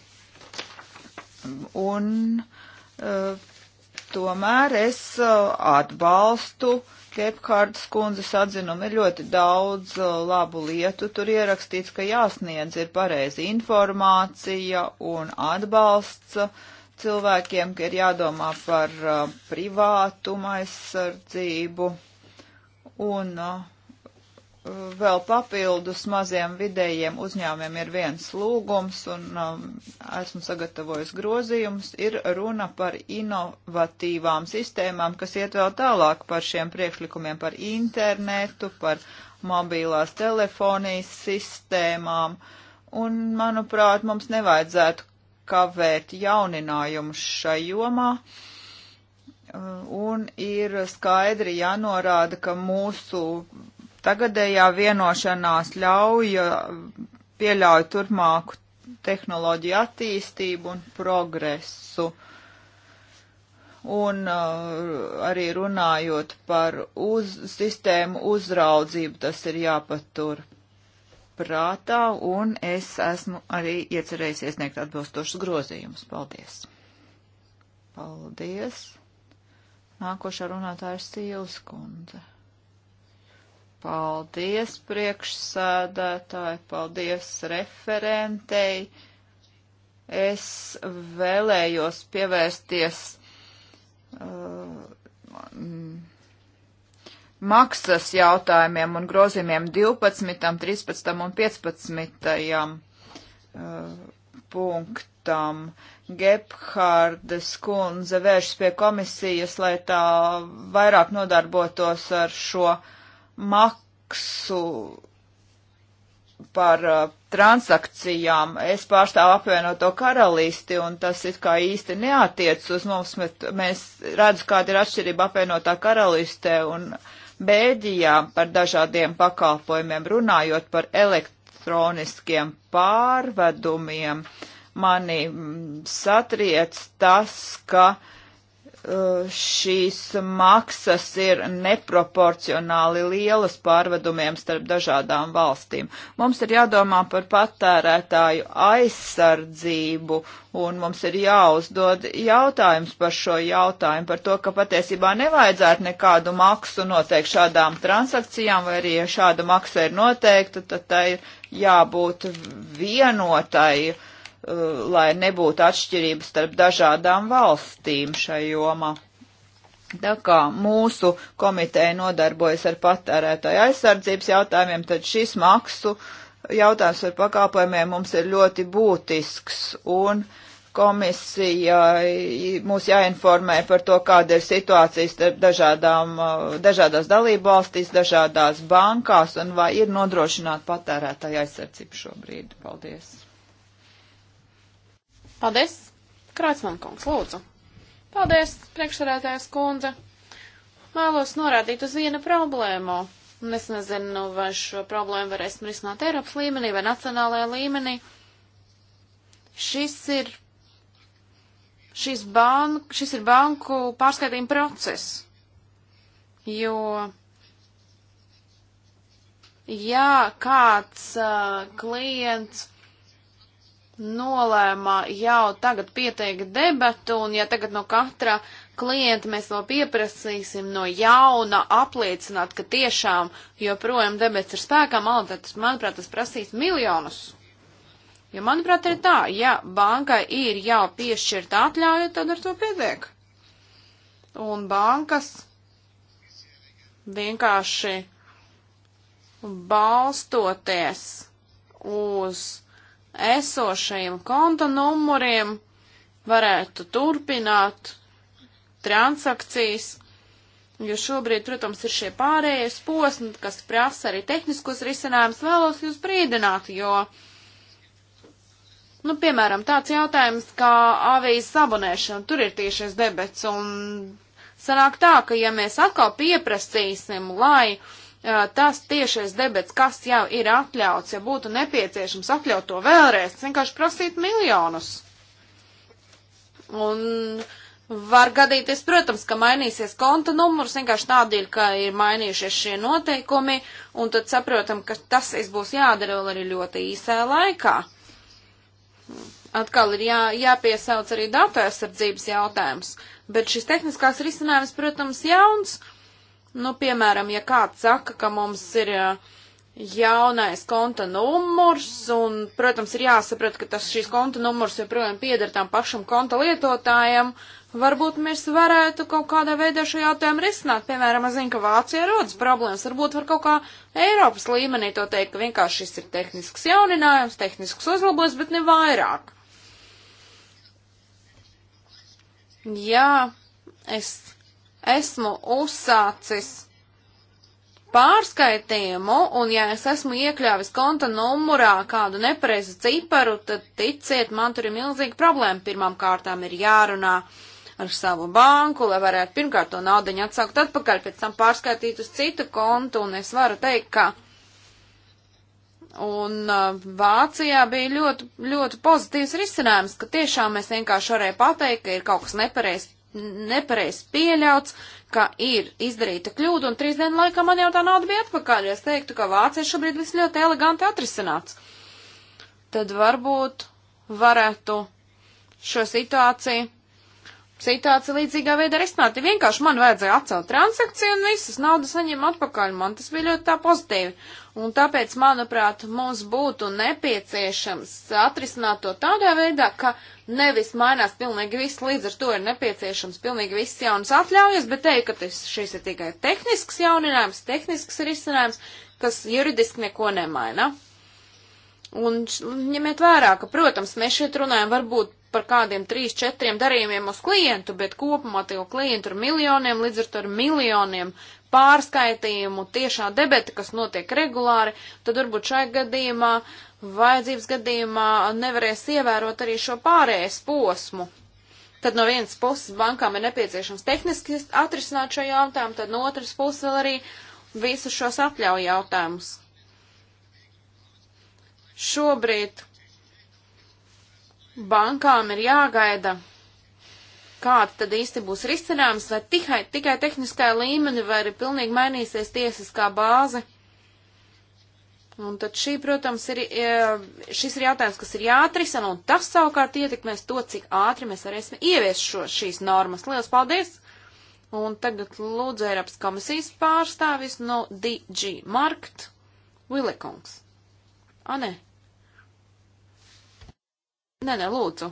Un uh, tomēr es uh, atbalstu uh, Gepkārdas kundzes atzinumi ir ļoti daudz uh, labu lietu. Tur ierakstīts, ka jāsniedz ir pareizi informācija un atbalsts cilvēkiem, ka ir jādomā par uh, privātuma aizsardzību un uh, vēl papildus maziem vidējiem uzņēmumiem ir viens lūgums, un um, esmu sagatavojis grozījums, ir runa par inovatīvām sistēmām, kas iet vēl tālāk par šiem priekšlikumiem par internetu, par mobilās telefonijas sistēmām, un, manuprāt, mums nevajadzētu kavēt jauninājumus šai jomā un ir skaidri jānorāda, ka mūsu Tagadējā vienošanās ļauj pieļauj turpmāku tehnoloģiju attīstību un progresu. Un uh, arī runājot par uz, sistēmu uzraudzību, tas ir jāpatur prātā, un es esmu arī iecerējis iesniegt atbilstošus grozījumus. Paldies! Paldies! Nākošā runātāja ir Sīles kundze. Paldies priekšsādātāji, paldies referentei. Es vēlējos pievērsties uh, maksas jautājumiem un grozījumiem 12, 13 un 15 uh, punktam. Gebhārdes kundze vēršas pie komisijas, lai tā vairāk nodarbotos ar šo uh, maksu par uh, transakcijām. Es pārstāvu apvienoto karalisti, un tas it kā īsti neatiec uz mums, bet mēs redz, kāda ir atšķirība apvienotā karalistē un Bēģijā par dažādiem pakalpojumiem, runājot par elektroniskiem pārvedumiem. Mani mm, satriec tas, ka uh, Eh, šīs maksas ir neproporcionāli lielas pārvedumiem starp dažādām valstīm. Mums ir jādomā par patērētāju aizsardzību un mums ir jāuzdod jautājums par šo jautājumu, par to, ka patiesībā nevajadzētu nekādu maksu noteikt šādām transakcijām, vai arī ja šāda maksa ir noteikta, tad tai ir jābūt vienotai uh, Uh, lai nebūtu atšķirības starp dažādām valstīm šai jomā. Tā kā mūsu komiteja nodarbojas ar patērētāju aizsardzības jautājumiem, tad šis maksu jautājums par pakāpojumiem mums ir ļoti būtisks un komisijai mūs jāinformē par to, kāda ir situācija starp dažādām, uh, dažādās dalību valstīs, dažādās bankās un vai ir nodrošināta patērētāja aizsardzība šobrīd. Paldies! Paldies! Krācman kungs, lūdzu! Paldies, priekšsarētājas kundze! Vēlos norādīt uz vienu problēmu. Un es nezinu, nu, vai šo problēmu varēsim risināt Eiropas līmenī vai nacionālajā līmenī. Šis ir, šis bank, šis ir banku pārskaitījuma process, jo ja kāds uh, klients nolēma jau tagad pieteikt debatu, un ja tagad no katra klienta mēs vēl pieprasīsim no jauna apliecināt, ka tiešām joprojām debats ir spēkā, manuprāt, tas, manuprāt, tas prasīs miljonus. Jo, manuprāt, ir tā, ja bankai ir jau piešķirta atļauja, tad ar to pietiek. Un bankas vienkārši balstoties uz esošajiem konta numuriem varētu turpināt transakcijas, jo šobrīd, protams, ir šie pārējais posmi, kas prasa arī tehniskos risinājumus, vēlos jūs brīdināt, jo, nu, piemēram, tāds jautājums kā avīzes abonēšana, tur ir tiešais debets, un sanāk tā, ka ja mēs atkal pieprasīsim, lai uh, tas tiešais debets, kas jau ir atļauts, ja būtu nepieciešams atļaut to vēlreiz, vienkārši prasīt miljonus. Un var gadīties, protams, ka mainīsies konta numurs vienkārši tādēļ, ka ir mainījušies šie noteikumi, un tad saprotam, ka tas būs jādara vēl arī ļoti īsā laikā. Atkal ir jā, jāpiesauc arī datu aizsardzības jautājums, bet šis tehniskās risinājums, protams, jauns, uh, Nu, piemēram, ja kāds saka, ka mums ir jaunais konta numurs, un, protams, ir jāsaprot, ka tas šīs konta numurs joprojām pieder tam pašam konta lietotājam, varbūt mēs varētu kaut kādā veidā šo jautājumu risināt. Piemēram, es zinu, ka Vācija rodas problēmas, varbūt var kaut kā Eiropas līmenī to teikt, ka vienkārši šis ir tehnisks jauninājums, tehnisks uzlabos, bet ne vairāk. Jā, es esmu uzsācis pārskaitījumu, un ja es esmu iekļāvis konta numurā kādu nepareizu ciparu, tad ticiet, man tur ir milzīga problēma. Pirmām kārtām ir jārunā ar savu banku, lai varētu pirmkārt to naudiņu atsaukt atpakaļ, pēc tam pārskaitīt uz citu kontu, un es varu teikt, ka. Un uh, Vācijā bija ļoti, ļoti pozitīvs risinājums, ka tiešām mēs vienkārši varēja pateikt, ka ir kaut kas nepareizi nepareiz pieļauts, ka ir izdarīta kļūda, un trīs dienu laikā man jau tā nauda bija atpakaļ. Es teiktu, ka Vācija šobrīd viss ļoti eleganti atrisināts. Tad varbūt varētu šo situāciju situācija līdzīgā veidā risināt. Vienkārši man vajadzēja atcelt transakciju un visas naudas saņem atpakaļ. Man tas bija ļoti tā pozitīvi. Un tāpēc, manuprāt, mums būtu nepieciešams atrisināt to tādā veidā, ka nevis mainās pilnīgi viss, līdz ar to ir nepieciešams pilnīgi viss jaunas atļaujas, bet teikt, ka tas, šis ir tikai tehnisks jauninājums, tehnisks risinājums, kas juridiski neko nemaina. Un ņemiet vērā, ka, protams, mēs šeit runājam varbūt par kādiem 3-4 darījumiem uz klientu, bet kopumā tie klientu ir miljoniem, līdz ar to ir miljoniem pārskaitījumu tiešā debeta, kas notiek regulāri, tad varbūt šai gadījumā, vajadzības gadījumā nevarēs ievērot arī šo pārējais posmu. Tad no vienas puses bankām ir nepieciešams tehniski atrisināt šo jautājumu, tad no otras puses vēl arī visus šos atļauju jautājumus. Šobrīd bankām ir jāgaida, kāds tad īsti būs risinājums, vai tikai, tikai tehniskā līmenī, vai arī pilnīgi mainīsies tiesiskā bāze. Un tad šī, protams, ir, e, šis ir jautājums, kas ir jāatrisina, un tas savukārt ietekmēs to, cik ātri mēs varēsim ieviest šo, šīs normas. Lielas paldies! Un tagad lūdzu Eiropas komisijas pārstāvis no DG Markt Vilekungs. A, nē, Nē, nē, lūdzu.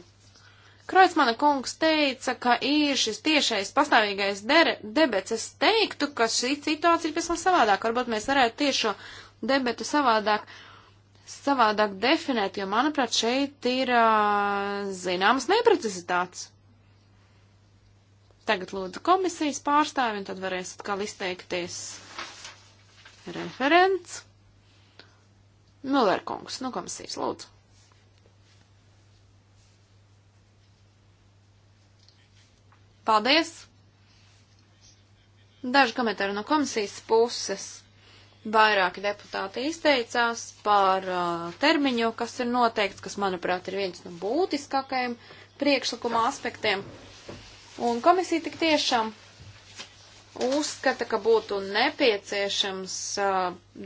Kreutzmana kungs teica, ka ir šis tiešais pastāvīgais dere, debets. Es teiktu, ka šī situācija ir pēc tam savādāk. Varbūt mēs varētu tiešo debetu savādāk, savādāk definēt, jo, manuprāt, šeit ir uh, zināmas neprecizitātes. Tagad lūdzu komisijas pārstāvi, un tad varēs atkal izteikties referents. Miller kungs, nu komisijas lūdzu. Paldies! Daži komentāri no komisijas puses. Vairāki deputāti izteicās par uh, termiņu, kas ir noteikts, kas, manuprāt, ir viens no būtiskākajiem priekšlikuma aspektiem. Un komisija tik tiešām uzskata, ka būtu nepieciešams uh,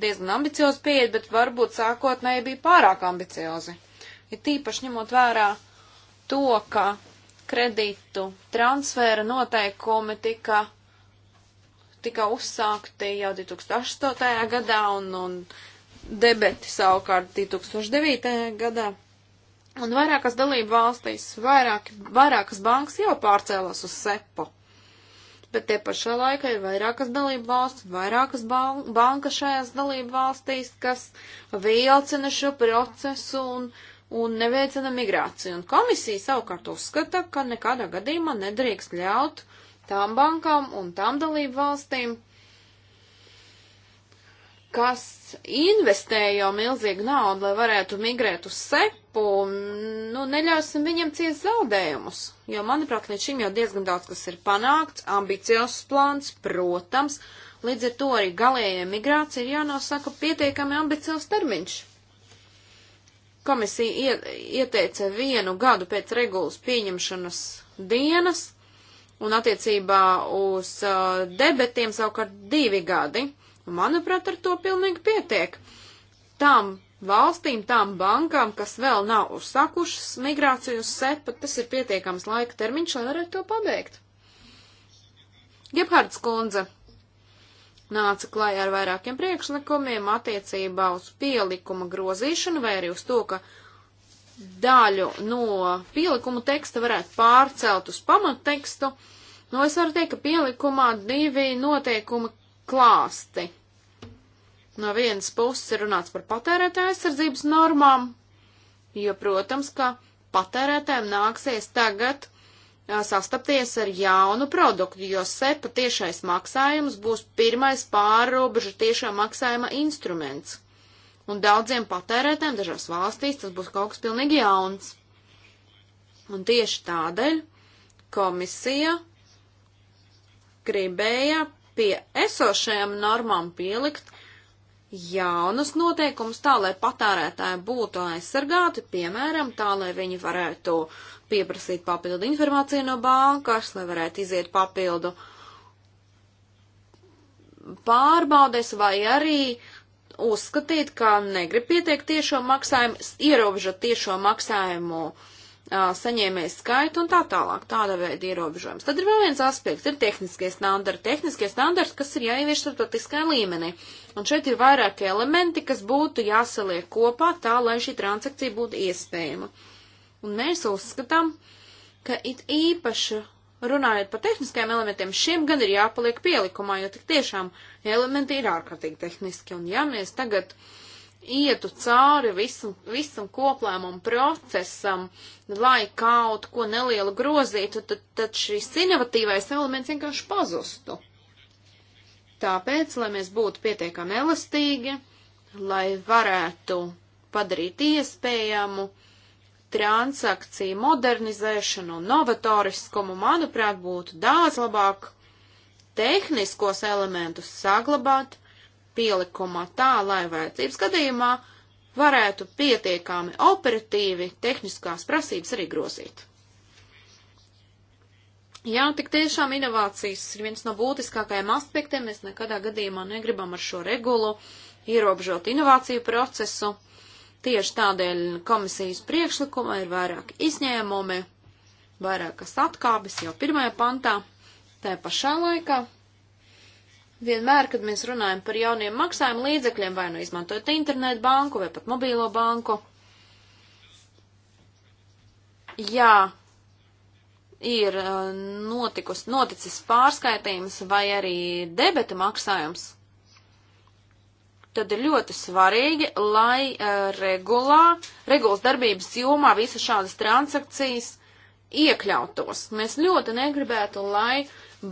diezgan ambiciozi pieeja, bet varbūt sākotnēji bija pārāk ambiciozi. Ir ja tīpaši ņemot vērā to, ka kredītu transfēra noteikumi tika, tika uzsākti jau 2008. gadā un, un debeti savukārt 2009. gadā. Un vairākas dalību valstīs, vairāk, vairākas bankas jau pārcēlās uz SEPO. Bet te pašā laikā ir vairākas dalību valsts, vairākas bankas šajās dalību valstīs, kas vilcina šo procesu un uh, un neveicina migrāciju. Un komisija savukārt uzskata, ka nekādā gadījumā nedrīkst ļaut tām bankām un tām dalību valstīm, kas investē jau milzīgu naudu, lai varētu migrēt uz sepu, nu, neļausim viņiem ciest zaudējumus. Jo, manuprāt, līdz šim jau diezgan daudz kas ir panākts, ambiciozs plāns, protams, līdz ar to arī galējai migrācija ir jānosaka pietiekami ambiciozs termiņš. Komisija ieteica vienu gadu pēc regulas pieņemšanas dienas, un attiecībā uz uh, debetiem savukārt divi gadi. Manuprāt, ar to pilnīgi pietiek. Tām valstīm, tām bankām, kas vēl nav uzsākušas migrāciju uz sepa, tas ir pietiekams laika termiņš, lai varētu to pabeigt. Gebhards Kunze, nāca klajā ar vairākiem priekšlikumiem attiecībā uz pielikuma grozīšanu vai arī uz to, ka daļu no pielikumu teksta varētu pārcelt uz pamattekstu. Nu, es varu teikt, ka pielikumā divi noteikumi klāsti. No vienas puses ir runāts par patērētāju aizsardzības normām, jo, protams, ka patērētājiem nāksies tagad sastapties ar jaunu produktu, jo SEPA tiešais maksājums būs pirmais pārrobežu tiešā maksājuma instruments. Un daudziem patērētēm dažās valstīs tas būs kaut kas pilnīgi jauns. Un tieši tādēļ komisija gribēja pie esošajām normām pielikt jaunus noteikumus tā, lai patērētāji būtu aizsargāti, piemēram, tā, lai viņi varētu pieprasīt papildu informāciju no bankas, lai varētu iziet papildu pārbaudes vai arī uzskatīt, ka negrib pieteikt tiešo maksājumu, ierobežot tiešo maksājumu uh, saņēmēju skaitu un tā tālāk, tāda veida ierobežojums. Tad ir vēl viens aspekts, ir tehniskie standarti, tehniskie standarti, kas ir jāievieš starptautiskā līmenī. Un šeit ir vairāki elementi, kas būtu jāsaliek kopā tā, lai šī transakcija būtu iespējama. Uh, Un mēs uzskatām, ka it īpaši runājot par tehniskajiem elementiem, šiem gan ir jāpaliek pielikumā, jo tik tiešām elementi ir ārkārtīgi tehniski. Un ja mēs tagad ietu cauri visam, visam koplēmumu procesam, lai kaut ko nelielu grozītu, tad, tad šis inovatīvais elements vienkārši pazustu. Tāpēc, lai mēs būtu pietiekami elastīgi, lai varētu padarīt iespējamu, uh, transakciju modernizēšanu un novatoriskumu, manuprāt, būtu daudz labāk tehniskos elementus saglabāt pielikumā tā, lai vajadzības gadījumā varētu pietiekami operatīvi tehniskās prasības arī grozīt. Jā, tik tiešām inovācijas ir viens no būtiskākajiem aspektiem. Mēs nekadā gadījumā negribam ar šo regulu ierobežot inovāciju procesu. Uh, Tieši tādēļ komisijas priekšlikumā ir vairāk izņēmumi, vairākas atkāpes jau pirmajā pantā. Tā pašā laikā vienmēr, kad mēs runājam par jauniem maksājumu līdzekļiem, vai nu izmantojot internetu banku vai pat mobīlo banku, jā, ir uh, notikus, noticis pārskaitījums vai arī debeta maksājums, tad ir ļoti svarīgi, lai uh, regulā, regulas darbības jomā visas šādas transakcijas iekļautos. Mēs ļoti negribētu, lai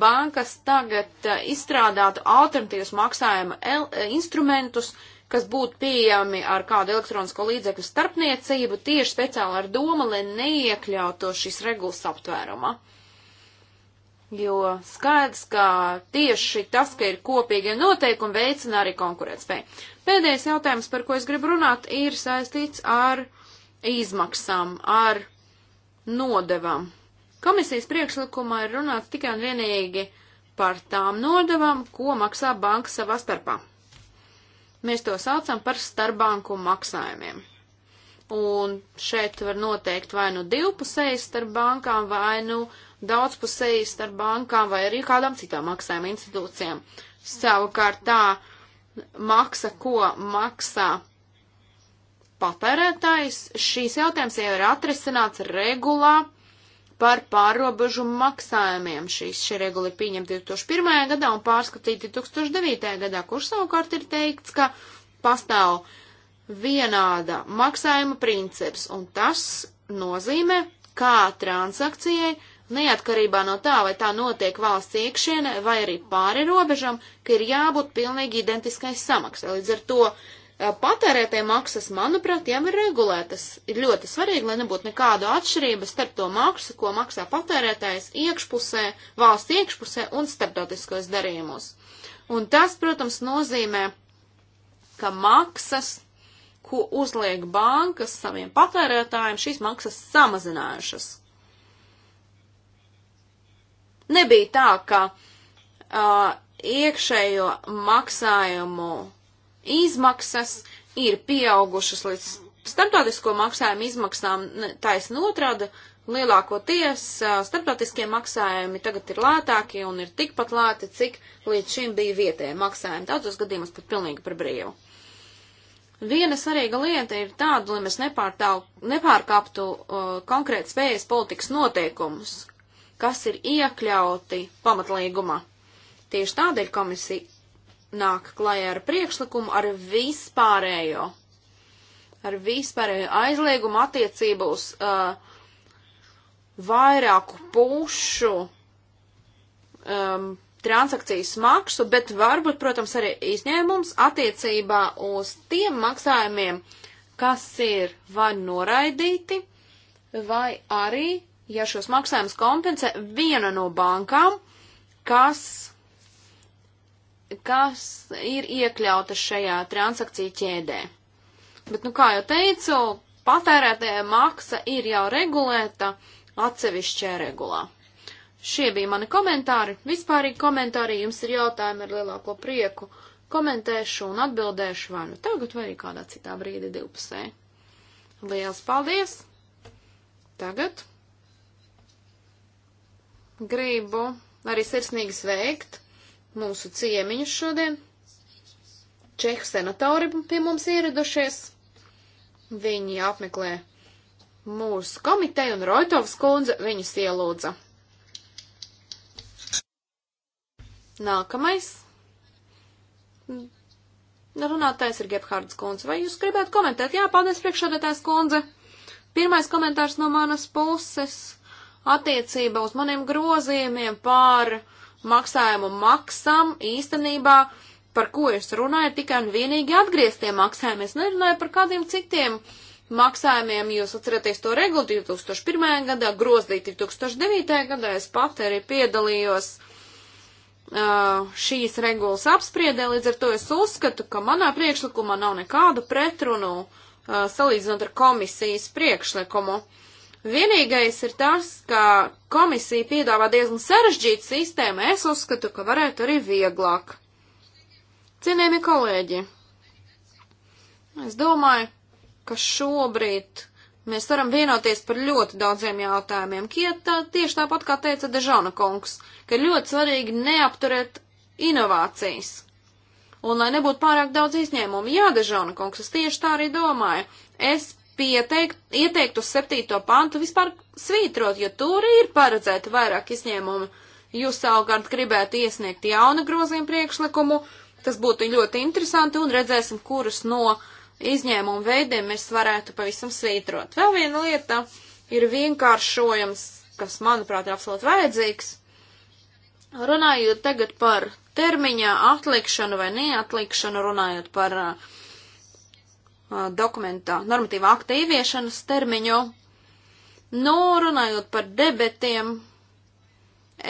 bankas tagad uh, izstrādātu alternatīvas maksājuma el, instrumentus, kas būtu pieejami ar kādu elektronisko līdzekļu starpniecību, tieši speciāli ar domu, lai neiekļautu šīs regulas aptvērumā. Uh, jo skaidrs, ka tieši tas, ka ir kopīgie noteikumi, veicina arī konkurētspēju. Pēdējais jautājums, par ko es gribu runāt, ir saistīts ar izmaksām, ar nodevam. Komisijas priekšlikumā ir runāts tikai un vienīgi par tām nodevām, ko maksā banka savā starpā. Mēs to saucam par starpbanku maksājumiem. Un šeit var noteikt vai nu divpusējas starp bankām, vai nu uh, daudzpusēji starp bankām vai arī kādām citām maksājuma institūcijām. Savukārt tā maksa, ko maksā patērētājs, šīs jautājums jau ir atrisināts regulā par pārobežu maksājumiem. Šīs šie reguli ir pieņemti 2001. gadā un pārskatīti 2009. gadā, kurš savukārt ir teikts, ka pastāv vienāda maksājuma princips, un tas nozīmē, kā transakcijai uh, neatkarībā no tā, vai tā notiek valsts iekšienē vai arī pāri robežam, ka ir jābūt pilnīgi identiskai samaksai. Līdz ar to eh, patērētē maksas, manuprāt, jau ir regulētas. Ir ļoti svarīgi, lai nebūtu nekāda atšķirība starp to maksu, ko maksā patērētājs iekšpusē, valsts iekšpusē un starptautiskos darījumos. Un tas, protams, nozīmē, ka maksas, ko uzliek bankas saviem patērētājiem, šīs maksas samazinājušas. Nebija tā, ka uh, iekšējo maksājumu izmaksas ir pieaugušas līdz starptautisko maksājumu izmaksām taisn otrāda. Lielākoties uh, starptautiskie maksājumi tagad ir lētāki un ir tikpat lēti, cik līdz šim bija vietējie maksājumi. Daudzos gadījumos pat pilnīgi par brīvu. Viena svarīga lieta ir tāda, lai mēs nepārtāv, nepārkāptu uh, konkrētas vējas politikas noteikumus, kas ir iekļauti pamatlīgumā. Tieši tādēļ komisija nāk klajā ar priekšlikumu ar vispārējo, ar vispārējo aizliegumu attiecību uz uh, vairāku pušu um, transakcijas maksu, bet varbūt, protams, arī izņēmums attiecībā uz tiem maksājumiem, kas ir vai noraidīti, vai arī ja šos maksājumus kompensē viena no bankām, kas, kas ir iekļauta šajā transakciju ķēdē. Bet, nu, kā jau teicu, patērētāja maksa ir jau regulēta atsevišķajā regulā. Šie bija mani komentāri. Vispārīgi komentāri jums ir jautājumi ar lielāko prieku. Komentēšu un atbildēšu vai nu tagad, vai arī kādā citā brīdī divpusē. Lielas paldies! Tagad gribu arī sirsnīgi sveikt mūsu ciemiņus šodien. Čehu senatori pie mums ieradušies. Viņi apmeklē mūsu komiteju un Roitovs kundze viņus ielūdza. Nākamais. Runātājs ir Gebhards kundze. Vai jūs gribētu komentēt? Jā, paldies priekšādātājs kundze. Pirmais komentārs no manas puses attiecībā uz maniem grozījumiem par maksājumu maksam īstenībā, par ko es runāju, tikai un vienīgi atgrieztie maksājumi. Es nerunāju par kādiem citiem maksājumiem, jūs atceraties to regulu 2001. gadā, grozdīt 2009. gadā, es pati arī piedalījos šīs regulas apspriedē, līdz ar to es uzskatu, ka manā priekšlikumā nav nekādu pretrunu salīdzinot ar komisijas priekšlikumu. Uh, Vienīgais ir tas, ka komisija piedāvā diezgan sarežģītu sistēmu. Es uzskatu, ka varētu arī vieglāk. Cienījami kolēģi, es domāju, ka šobrīd mēs varam vienoties par ļoti daudziem jautājumiem. Kiet tā, tieši tāpat kā teica Dežana kungs, ka ir ļoti svarīgi neapturēt inovācijas. Un lai nebūtu pārāk daudz izņēmumu, jā, Dežona kungs, es tieši tā arī domāju. Es pieteikt, ieteikt uz septīto pantu vispār svītrot, jo tur ir paredzēti vairāk izņēmumu. Jūs savukārt gribētu iesniegt jaunu grozījumu priekšlikumu, tas būtu ļoti interesanti un redzēsim, kurus no izņēmumu veidiem mēs varētu pavisam svītrot. Vēl viena lieta ir vienkāršojums, kas, manuprāt, ir absolūti vajadzīgs. Runājot tagad par termiņā atlikšanu vai neatlikšanu, runājot par uh, dokumentā normatīvā akta ieviešanas termiņu. Nu, runājot par debetiem,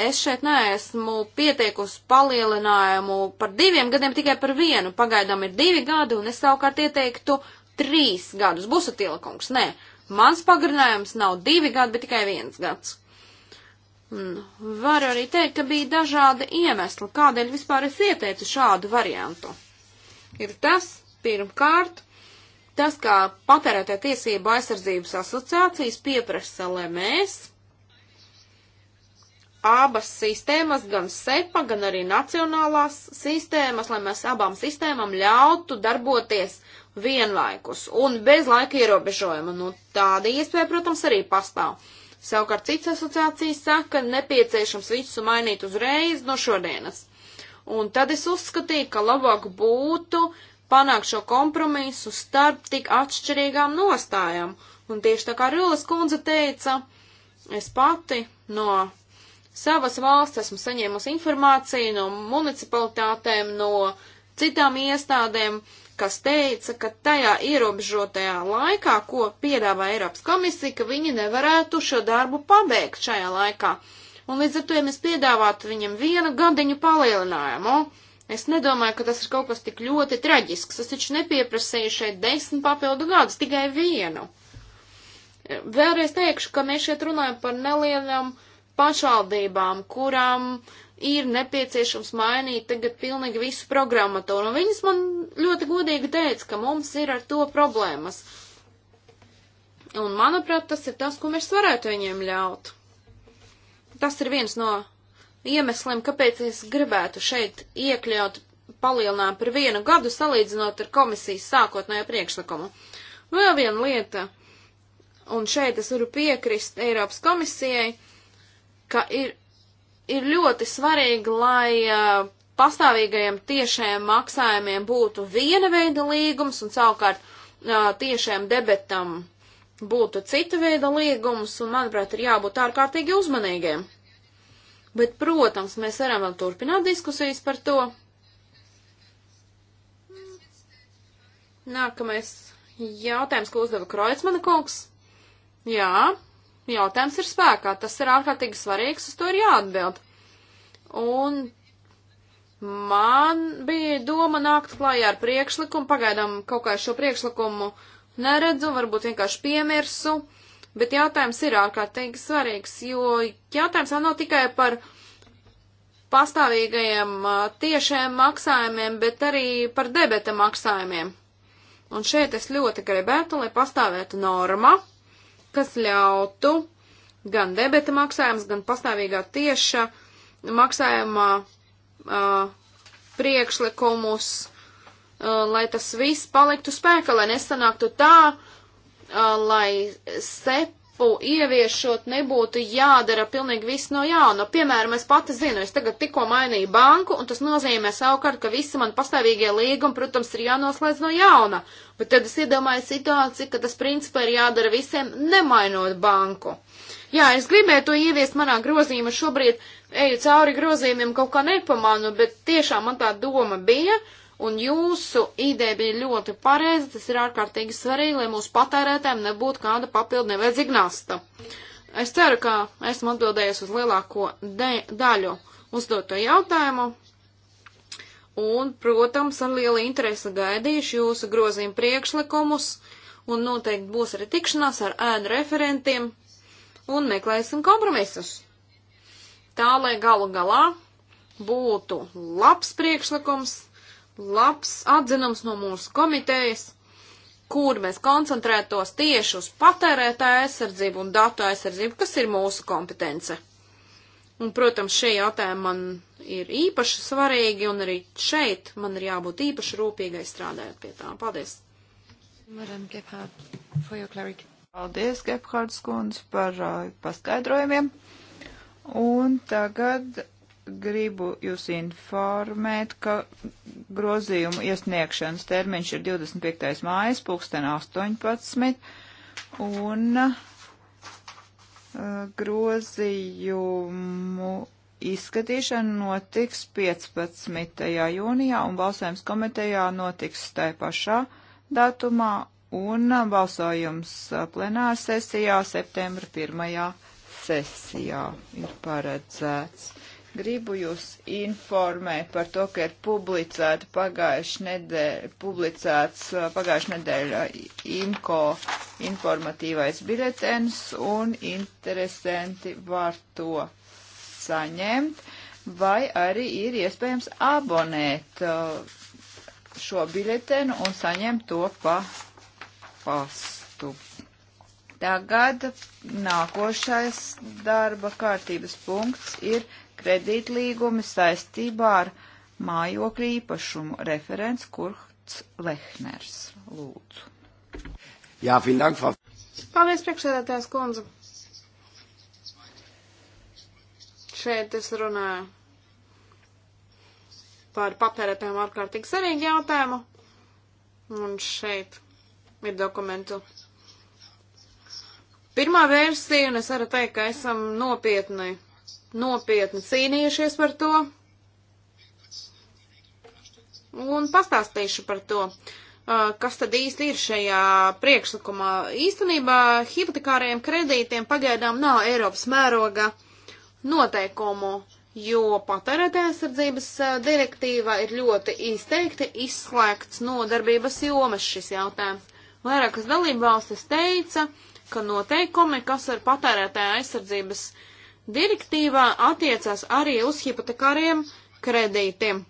es šeit neesmu pietiekusi palielinājumu par diviem gadiem, tikai par vienu. Pagaidām ir divi gadi, un es savukārt ieteiktu trīs gadus. Būsat ielakums, nē. Mans pagarinājums nav divi gadi, bet tikai viens gads. Varu arī teikt, ka bija dažādi iemesli, kādēļ vispār es ieteicu šādu variantu. Ir tas, pirmkārt, Tas, kā patērētā tiesība aizsardzības asociācijas pieprasa, lai mēs abas sistēmas, gan SEPA, gan arī nacionālās sistēmas, lai mēs abām sistēmām ļautu darboties vienlaikus un bez laika ierobežojuma. Nu, tāda iespēja, protams, arī pastāv. Savukārt cits asociācijas saka, nepieciešams visu mainīt uzreiz no šodienas. Un tad es uzskatīju, ka labāk būtu uh, panākt šo kompromisu starp tik atšķirīgām nostājām. Un tieši tā kā Rīles kundze teica, es pati no savas valsts esmu saņēmusi informāciju no municipalitātēm, no citām iestādēm, kas teica, ka tajā ierobežotajā laikā, ko piedāvā Eiropas komisija, ka viņi nevarētu šo darbu pabeigt šajā laikā. Un līdz ar to, ja mēs piedāvātu viņam vienu gadiņu palielinājumu, Es nedomāju, ka tas ir kaut kas tik ļoti traģisks. Es taču nepieprasīju šeit desmit papildu gadus, tikai vienu. Vēlreiz teikšu, ka mēs šeit runājam par nelielām pašvaldībām, kurām ir nepieciešams mainīt tagad pilnīgi visu programmatūru. Un viņas man ļoti godīgi teica, ka mums ir ar to problēmas. Un, manuprāt, tas ir tas, ko mēs varētu viņiem ļaut. Tas ir viens no iemesliem, kāpēc es gribētu šeit iekļaut palielinājumu par vienu gadu, salīdzinot ar komisijas sākotnējo priekšlikumu. Nu, vēl viena lieta, un šeit es varu piekrist Eiropas komisijai, ka ir, ir ļoti svarīgi, lai uh, pastāvīgajiem tiešajiem maksājumiem būtu viena veida līgums, un savukārt uh, tiešajam debetam būtu cita veida līgums, un, manuprāt, ir jābūt ārkārtīgi uzmanīgiem. Bet, protams, mēs varam vēl turpināt diskusijas par to. Nākamais jautājums, ko uzdeva Kroicmana kungs. Jā, jautājums ir spēkā. Tas ir ārkārtīgi svarīgs, uz to ir jāatbild. Un man bija doma nākt klājā ar priekšlikumu, pagaidām kaut kā šo priekšlikumu neredzu, varbūt vienkārši piemirsu. Uh, bet jautājums ir ārkārtīgi svarīgs, jo jautājums nav tikai par pastāvīgajiem tiešiem maksājumiem, bet arī par debeta maksājumiem. Un šeit es ļoti gribētu, lai pastāvētu norma, kas ļautu gan debeta maksājums, gan pastāvīgā tieša maksājumā uh, priekšlikumus, uh, lai tas viss paliktu spēkā, lai nesanāktu tā, uh, Uh, lai sepu ieviešot nebūtu jādara pilnīgi viss no jauna. Piemēram, es pati zinu, es tagad tikko mainīju banku, un tas nozīmē savukārt, ka visi man pastāvīgie līgumi, protams, ir jānoslēdz no jauna. Bet tad es iedomāju situāciju, ka tas principā ir jādara visiem, nemainot banku. Jā, es gribēju to ieviest manā grozījumā šobrīd, eju cauri grozījumiem, kaut kā nepamanu, bet tiešām man tā doma bija, Un jūsu ideja bija ļoti pareiza, tas ir ārkārtīgi svarīgi, lai mūsu patērētājiem nebūtu kāda papildu nevajadzīga nasta. Es ceru, ka esmu atbildējusi uz lielāko daļu uzdoto jautājumu. Un, protams, ar lielu interesi gaidīšu jūsu grozījumu priekšlikumus, un noteikti būs arī tikšanās ar ēnu referentiem, un meklēsim kompromisus. Tā, lai galu galā būtu labs priekšlikums, labs atzinums no mūsu komitejas, kur mēs koncentrētos tieši uz patērētāju aizsardzību un datu aizsardzību, kas ir mūsu kompetence. Un, protams, šie jautājumi man ir īpaši svarīgi, un arī šeit man ir jābūt īpaši rūpīgai strādājot pie tām. Paldies! Madam Gebhard, for your clarity. Paldies, Gebhards kundz, par uh, paskaidrojumiem. Un tagad gribu jūs informēt, ka grozījumu iesniegšanas termiņš ir 25. mājas, pulksten 18, un eh, grozījumu izskatīšana notiks 15. jūnijā, un balsojums komitejā notiks tajā pašā datumā, un balsojums eh, plenāra sesijā septembra 1. sesijā ir paredzēts. Gribu jūs informēt par to, ka ir publicēta pagājuši nedēļ, publicēts pagājuši nedēļa IMCO informatīvais biletens un interesanti var to saņemt, vai arī ir iespējams abonēt šo biletenu un saņemt to pa pastu. Tagad nākošais darba kārtības punkts ir kredītlīgumi saistībā ar mājokļu īpašumu. Referents Kurts Lehners. Lūdzu. Jā, Dank, Frau... Paldies, priekšsēdētājs kundze. Šeit es runāju par patērētājiem ārkārtīgi svarīgu jautājumu. Un šeit ir dokumentu pirmā versija, un es varu teikt, ka esam nopietni nopietni cīnījušies par to. Un pastāstīšu par to, kas tad īsti ir šajā priekšlikumā. Īstenībā hipotekāriem kredītiem pagaidām nav Eiropas mēroga noteikumu, jo patērētājsardzības direktīva ir ļoti izteikti izslēgts no darbības jomas šis jautājums. Vairākas dalībvalstis teica, ka noteikumi, kas ar patērētāja aizsardzības direktīvu, direktīvā attiecās arī uz hipotekāriem kredītiem.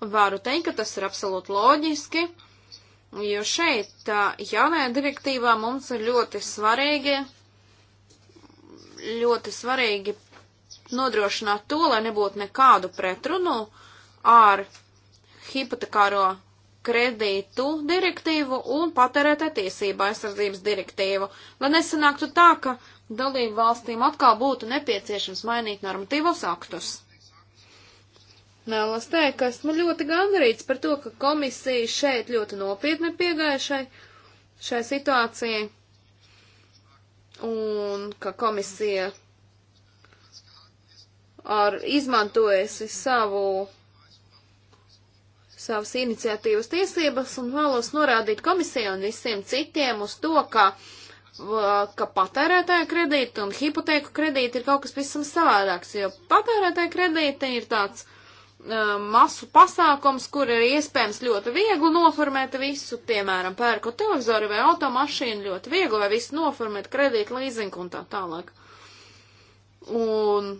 Varu teikt, ka tas ir absolūti loģiski, jo šeit jaunajā direktīvā mums ir ļoti svarīgi, ļoti svarīgi nodrošināt to, lai nebūtu nekādu pretrunu ar hipotekāro kredītu direktīvu un patērētā tiesība aizsardzības direktīvu, lai nesanāktu tā, ka dalību valstīm atkal būtu nepieciešams mainīt normatīvos aktus. Vēlos teikt, ka esmu ļoti gandarīts par to, ka komisija šeit ļoti nopietni piegāja šai, šai situācijai un ka komisija ar izmantojusi savu savas iniciatīvas tiesības un vēlos norādīt komisijai un visiem citiem uz to, ka uh, ka patērētāja kredīti un hipotēku kredīti ir kaut kas pavisam savādāks, jo patērētāja kredīti ir tāds uh, masu pasākums, kur ir iespējams ļoti viegli noformēt visu, piemēram, pērkot televizoru vai automašīnu, ļoti viegli vai visu noformēt kredīt līzingu un tā tālāk. Un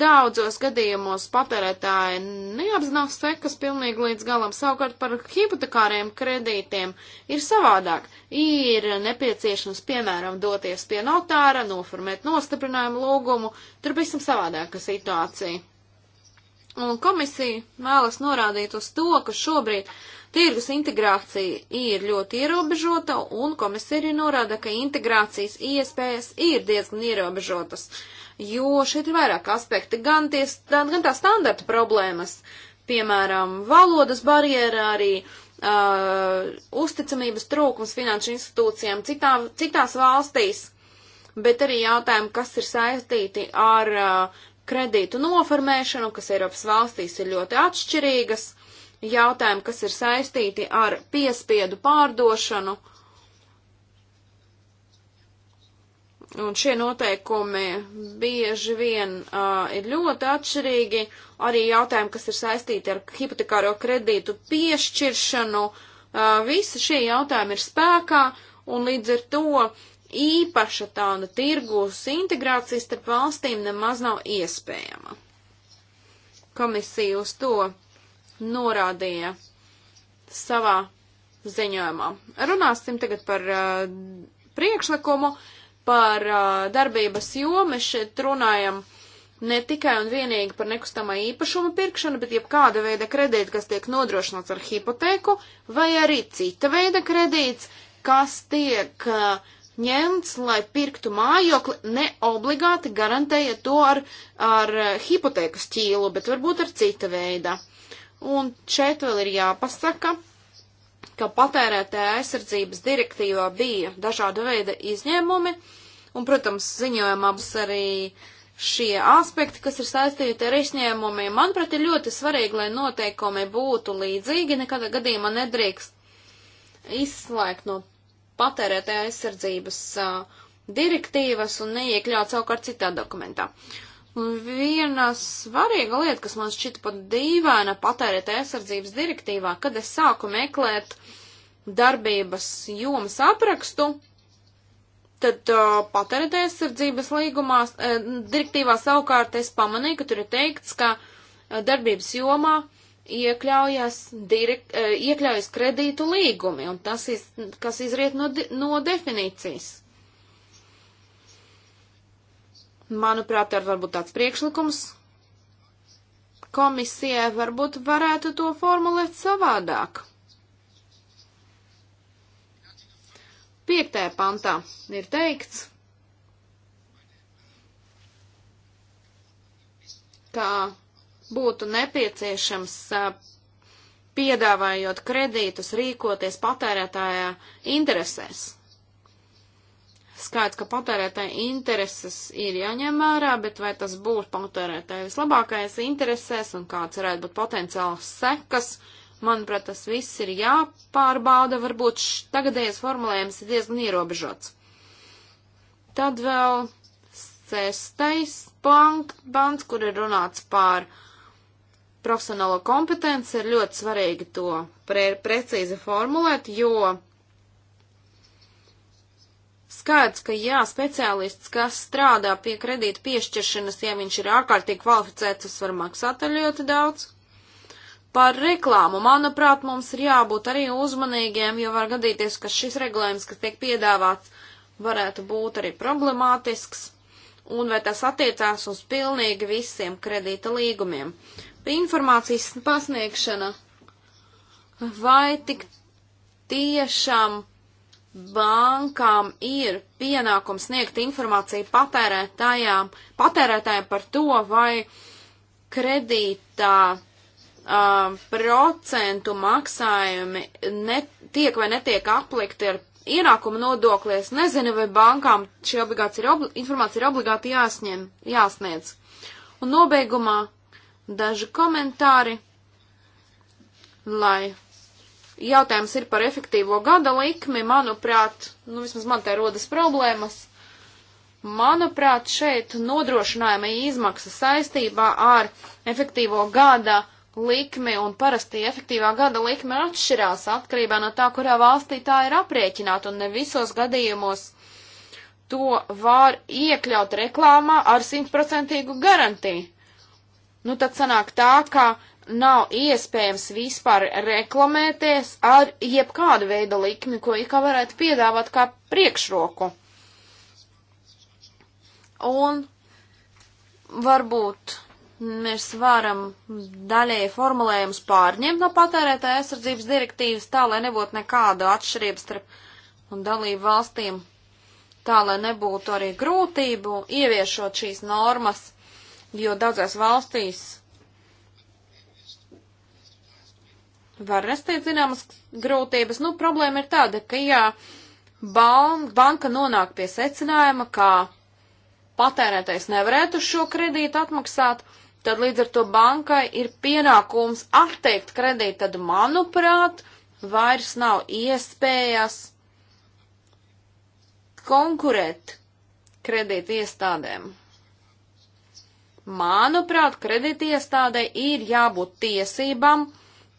Daudzos gadījumos patērētāji neapzinās sekas pilnīgi līdz galam. Savukārt par hipotekāriem kredītiem ir savādāk. Ir nepieciešams, piemēram, doties pie notāra, noformēt nostiprinājumu lūgumu. Tur visam savādāka situācija. Un komisija vēlas norādīt uz to, ka šobrīd tirgus integrācija ir ļoti ierobežota, un komisija arī norāda, ka integrācijas iespējas ir diezgan ierobežotas. Uh, jo šeit ir vairāk aspekti, gan, tie, gan, gan tā standarta problēmas, piemēram, valodas barjera arī, uh, uzticamības trūkums finanšu institūcijām citā, citās valstīs, bet arī jautājumi, kas ir saistīti ar uh, kredītu noformēšanu, kas Eiropas valstīs ir ļoti atšķirīgas, jautājumi, kas ir saistīti ar piespiedu pārdošanu, uh, Un šie noteikumi bieži vien uh, ir ļoti atšķirīgi. Arī jautājumi, kas ir saistīti ar hipotekāro kredītu piešķiršanu, uh, visi šie jautājumi ir spēkā, un līdz ar to īpaša tāda tirgus integrācija starp valstīm nemaz nav iespējama. Komisija uz to norādīja savā ziņojumā. Runāsim tagad par uh, priekšlikumu. Uh, par uh, darbības jomu, mēs šeit runājam ne tikai un vienīgi par nekustamā īpašuma pirkšanu, bet jebkāda veida kredīti, kas tiek nodrošināts ar hipotēku, vai arī cita veida kredīts, kas tiek uh, ņemts, lai pirktu mājokli, ne obligāti garantēja to ar, ar hipotēku šķīlu, bet varbūt ar cita veida. Un šeit vēl ir jāpasaka, ka patērētāja aizsardzības direktīvā bija dažāda veida izņēmumi, uh, Un, protams, ziņojumā būs arī šie aspekti, kas ir saistīti ar izņēmumiem. Manuprāt, ir ļoti svarīgi, lai noteikumi būtu līdzīgi, nekādā gadījumā nedrīkst izslēgt no patērētāja aizsardzības uh, direktīvas un neiekļaut savukārt citā dokumentā. Un viena svarīga lieta, kas man šķita pat dīvaina patērētāja aizsardzības direktīvā, kad es sāku meklēt darbības jomas aprakstu, Tad uh, patērētājsardzības līgumā, uh, direktīvā savukārt es pamanīju, ka tur ir teikts, ka uh, darbības jomā iekļaujas, direkt, uh, iekļaujas kredītu līgumi, un tas, iz, kas izriet no, no definīcijas. Manuprāt, ir varbūt tāds priekšlikums. Komisijai varbūt varētu to formulēt savādāk. 5. pantā ir teikts, ka būtu nepieciešams piedāvājot kredītus rīkoties patērētājā interesēs. Skaidrs, ka patērētāja intereses ir jāņem vērā, bet vai tas būs patērētāja vislabākais interesēs un kāds varētu būt potenciāls sekas, uh, Manuprāt, tas viss ir jāpārbauda, varbūt tagadējais formulējums ir diezgan ierobežots. Tad vēl sestais pants, kur ir runāts pār profesionālo kompetenci, ir ļoti svarīgi to pre precīzi formulēt, jo skaidrs, ka jā, speciālists, kas strādā pie kredīta piešķiršanas, ja viņš ir ārkārtīgi kvalificēts, tas var maksāt ļoti daudz. Par reklāmu, manuprāt, mums ir jābūt arī uzmanīgiem, jo var gadīties, ka šis regulējums, kas tiek piedāvāts, varētu būt arī problemātisks, un vai tas attiecās uz pilnīgi visiem kredīta līgumiem. Pie informācijas pasniegšana, vai tik tiešām bankām ir pienākums sniegt informāciju patērētājām, patērētājiem par to, vai kredītā uh, procentu maksājumi netiek vai netiek aplikti ar ienākuma nodokli. Es nezinu, vai bankām šī ir informācija ir obligāti jāsņem, jāsniedz. Un nobeigumā daži komentāri, lai jautājums ir par efektīvo gada likmi. Manuprāt, nu vismaz man te rodas problēmas. Manuprāt, šeit nodrošinājuma izmaksas saistībā ar efektīvo gada likme un parasti efektīvā gada likme atšķirās atkarībā no tā, kurā valstī tā ir aprēķināta, un ne visos gadījumos to var iekļaut reklāmā ar simtprocentīgu garantiju. Nu, tad sanāk tā, ka nav iespējams vispār reklamēties ar jebkādu veidu likmi, ko IKA varētu piedāvāt kā priekšroku. Un varbūt Mēs varam daļēji formulējumus pārņemt no patērētāja aizsardzības direktīvas tā, lai nebūtu nekāda atšķirība starp dalību valstīm, tā, lai nebūtu arī grūtību ieviešot šīs normas, jo daudzās valstīs var rastīt zināmas grūtības. Nu, problēma ir tāda, ka jā, ban banka nonāk pie secinājuma, ka patērētais nevarētu šo kredītu atmaksāt, tad līdz ar to bankai ir pienākums atteikt kredītu, tad, manuprāt, vairs nav iespējas konkurēt kredītu iestādēm. Manuprāt, kredītiestādē ir jābūt tiesībām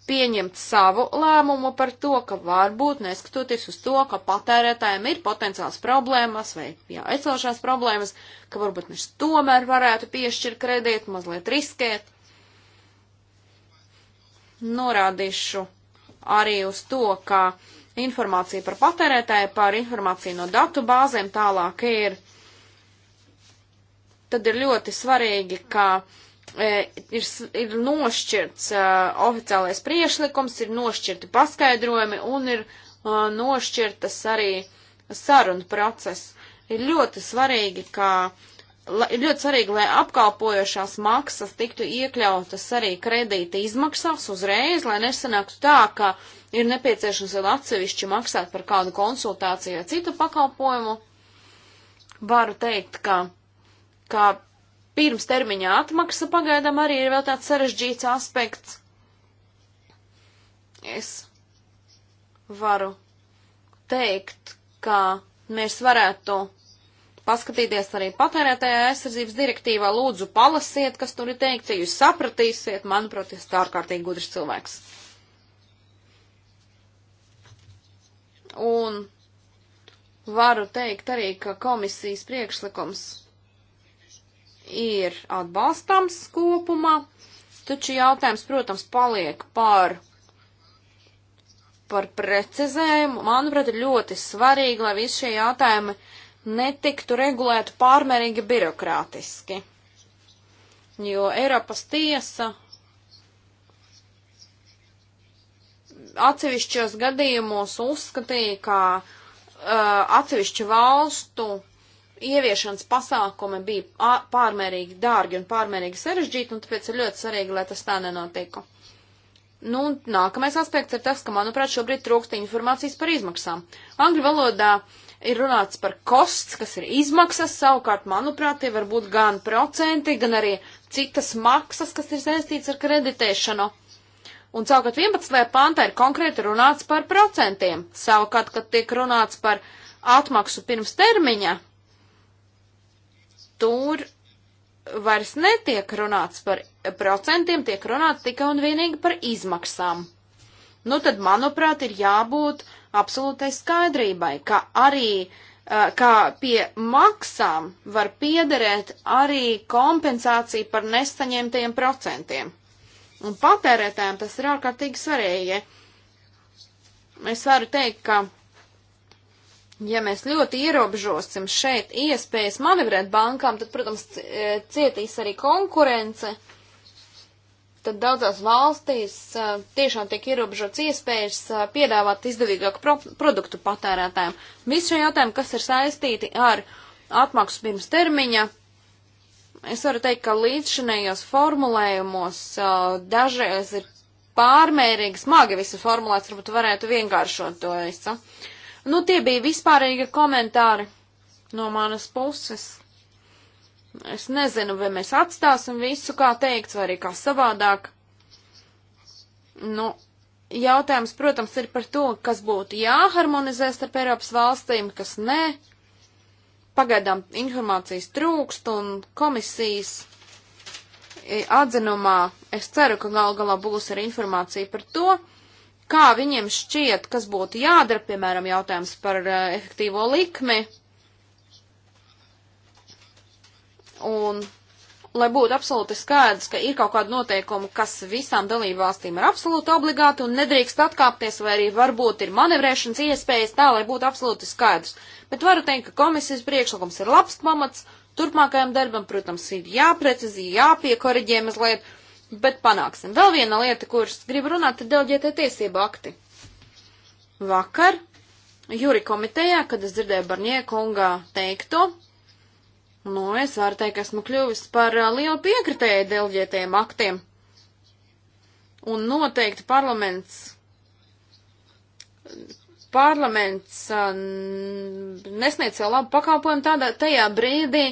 pieņemt savu lēmumu par to, ka varbūt neskatoties uz to, ka patērētājiem ir potenciāls problēmas vai jā, aizcelšanās problēmas, ka varbūt viņš tomēr varētu piešķirt kredītu, mazliet riskēt. Norādīšu arī uz to, ka informācija par patērētāju, par informāciju no datu bāzēm tālāk ir. Tad ir ļoti svarīgi, ka E, ir, ir nošķirts uh, oficiālais priešlikums, ir nošķirti paskaidrojumi un ir uh, nošķirtas arī sarunu process. Ir ļoti svarīgi, ka ir ļoti svarīgi, lai apkalpojošās maksas tiktu iekļautas arī kredīta izmaksās uzreiz, lai nesanāktu tā, ka ir nepieciešams vēl atsevišķi maksāt par kādu konsultāciju vai citu pakalpojumu. Varu teikt, ka, ka Pirms termiņa atmaksa pagaidām arī ir vēl tāds sarežģīts aspekts. Es varu teikt, ka mēs varētu paskatīties arī patērētājā aizsardzības direktīvā. Lūdzu, palasiet, kas tur ir teikts, ja jūs sapratīsiet. Manuprāt, es tā ārkārtīgi gudrs cilvēks. Un varu teikt arī, ka komisijas priekšlikums ir atbalstams kopumā, taču jautājums, protams, paliek par, par precizējumu. Manuprāt, ir ļoti svarīgi, lai visi šie jautājumi netiktu regulēti pārmērīgi birokrātiski. Jo Eiropas tiesa atsevišķos gadījumos uzskatīja, ka uh, atsevišķu valstu ieviešanas pasākumi bija pārmērīgi dārgi un pārmērīgi sarežģīti, un tāpēc ir ļoti svarīgi, lai tas tā nenotiku. Nu, nākamais aspekts ir tas, ka, manuprāt, šobrīd trūkst informācijas par izmaksām. Angļu valodā ir runāts par kosts, kas ir izmaksas, savukārt, manuprāt, tie var būt gan procenti, gan arī citas maksas, kas ir saistīts ar kreditēšanu. Un savukārt 11. pāntā ir konkrēti runāts par procentiem. Savukārt, kad tiek runāts par atmaksu pirms termiņa, tur vairs netiek runāts par procentiem, tiek runāts tikai un vienīgi par izmaksām. Nu tad, manuprāt, ir jābūt absolūtai skaidrībai, ka arī eh, kā pie maksām var piederēt arī kompensācija par nesaņemtajiem procentiem. Un patērētājiem tas ir ārkārtīgi svarīgi. Es varu teikt, ka ja mēs ļoti ierobežosim šeit iespējas manevrēt bankām, tad, protams, e, cietīs arī konkurence. Tad daudzās valstīs e, tiešām tiek ierobežots iespējas e, piedāvāt izdevīgāku pro produktu patērētājiem. Visi šie jautājumi, kas ir saistīti ar atmaksu pirms termiņa, es varu teikt, ka līdzšinējos formulējumos dažreiz ir pārmērīgi smagi visi formulēts, varbūt varētu vienkāršot to visu. Ja? Nu, tie bija vispārīgi komentāri no manas puses. Es nezinu, vai mēs atstāsim visu, kā teikts, vai arī kā savādāk. Nu, jautājums, protams, ir par to, kas būtu jāharmonizē starp Eiropas valstīm, kas nē. Pagaidām informācijas trūkst un komisijas e, atzinumā es ceru, ka gal galā būs arī informācija par to, kā viņiem šķiet, kas būtu jādara, piemēram, jautājums par uh, efektīvo likmi. Un, lai būtu absolūti skaidrs, ka ir kaut kāda noteikuma, kas visām dalībvalstīm ir absolūti obligāti un nedrīkst atkāpties, vai arī varbūt ir manevrēšanas iespējas tā, lai būtu absolūti skaidrs. Bet varu teikt, ka komisijas priekšlikums ir labs pamats turpmākajam darbam, protams, ir jāprecizī, jāpiekoriģē mazliet, bet panāksim. Vēl viena lieta, kuras gribu runāt, ir delģētie tiesību akti. Vakar jūri komitejā, kad es dzirdēju Barnie kungā teikto, nu, es varu teikt, ka esmu kļuvis par lielu piekritēju delģētiem aktiem. Un noteikti parlaments, parlaments nesniedz jau labu pakalpojumu tādā, tajā brīdī,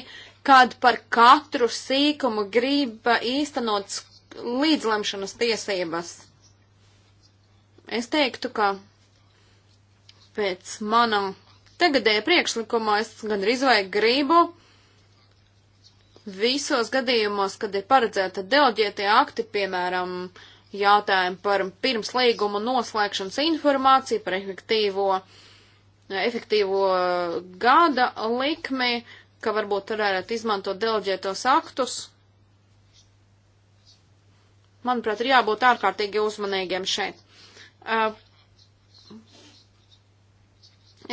kad par katru sīkumu grib īstenot līdzlemšanas tiesības. Es teiktu, ka pēc manam tagadēja priekšlikumā es gandrīz vai gribu visos gadījumos, kad ir paredzēta delģētie akti, piemēram, jautājumi par pirms līguma noslēgšanas informāciju, par efektīvo, efektīvo gada likmi, ka varbūt varētu izmantot delģētos aktus, Manuprāt, ir jābūt ārkārtīgi uzmanīgiem šeit. Uh,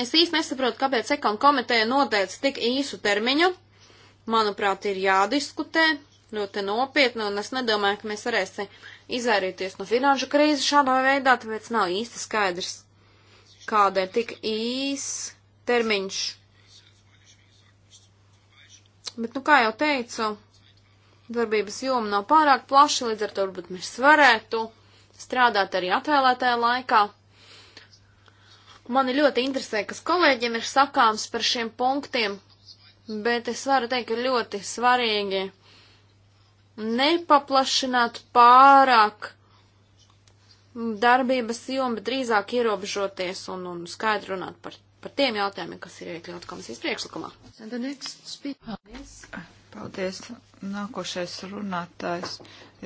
es īsti nesaprotu, kāpēc ekon komiteja noteica tik īsu termiņu. Manuprāt, ir jādiskutē ļoti nopietni, un es nedomāju, ka mēs varēsim izvairīties no finanšu krīzes šādā veidā, tāpēc nav īsti skaidrs, kādēļ tik īs termiņš. Bet, nu, kā jau teicu, darbības joma nav pārāk plaša, līdz ar to varbūt mēs varētu strādāt arī atvēlētajā laikā. Mani ļoti interesē, kas kolēģiem ir sakāms par šiem punktiem, bet es varu teikt, ka ļoti svarīgi nepaplašināt pārāk darbības jomu, bet drīzāk ierobežoties un, un skaidri runāt par, par tiem jautājumiem, kas ir iekļauts komisijas priekšlikumā. Paldies. Paldies. Nākošais runātājs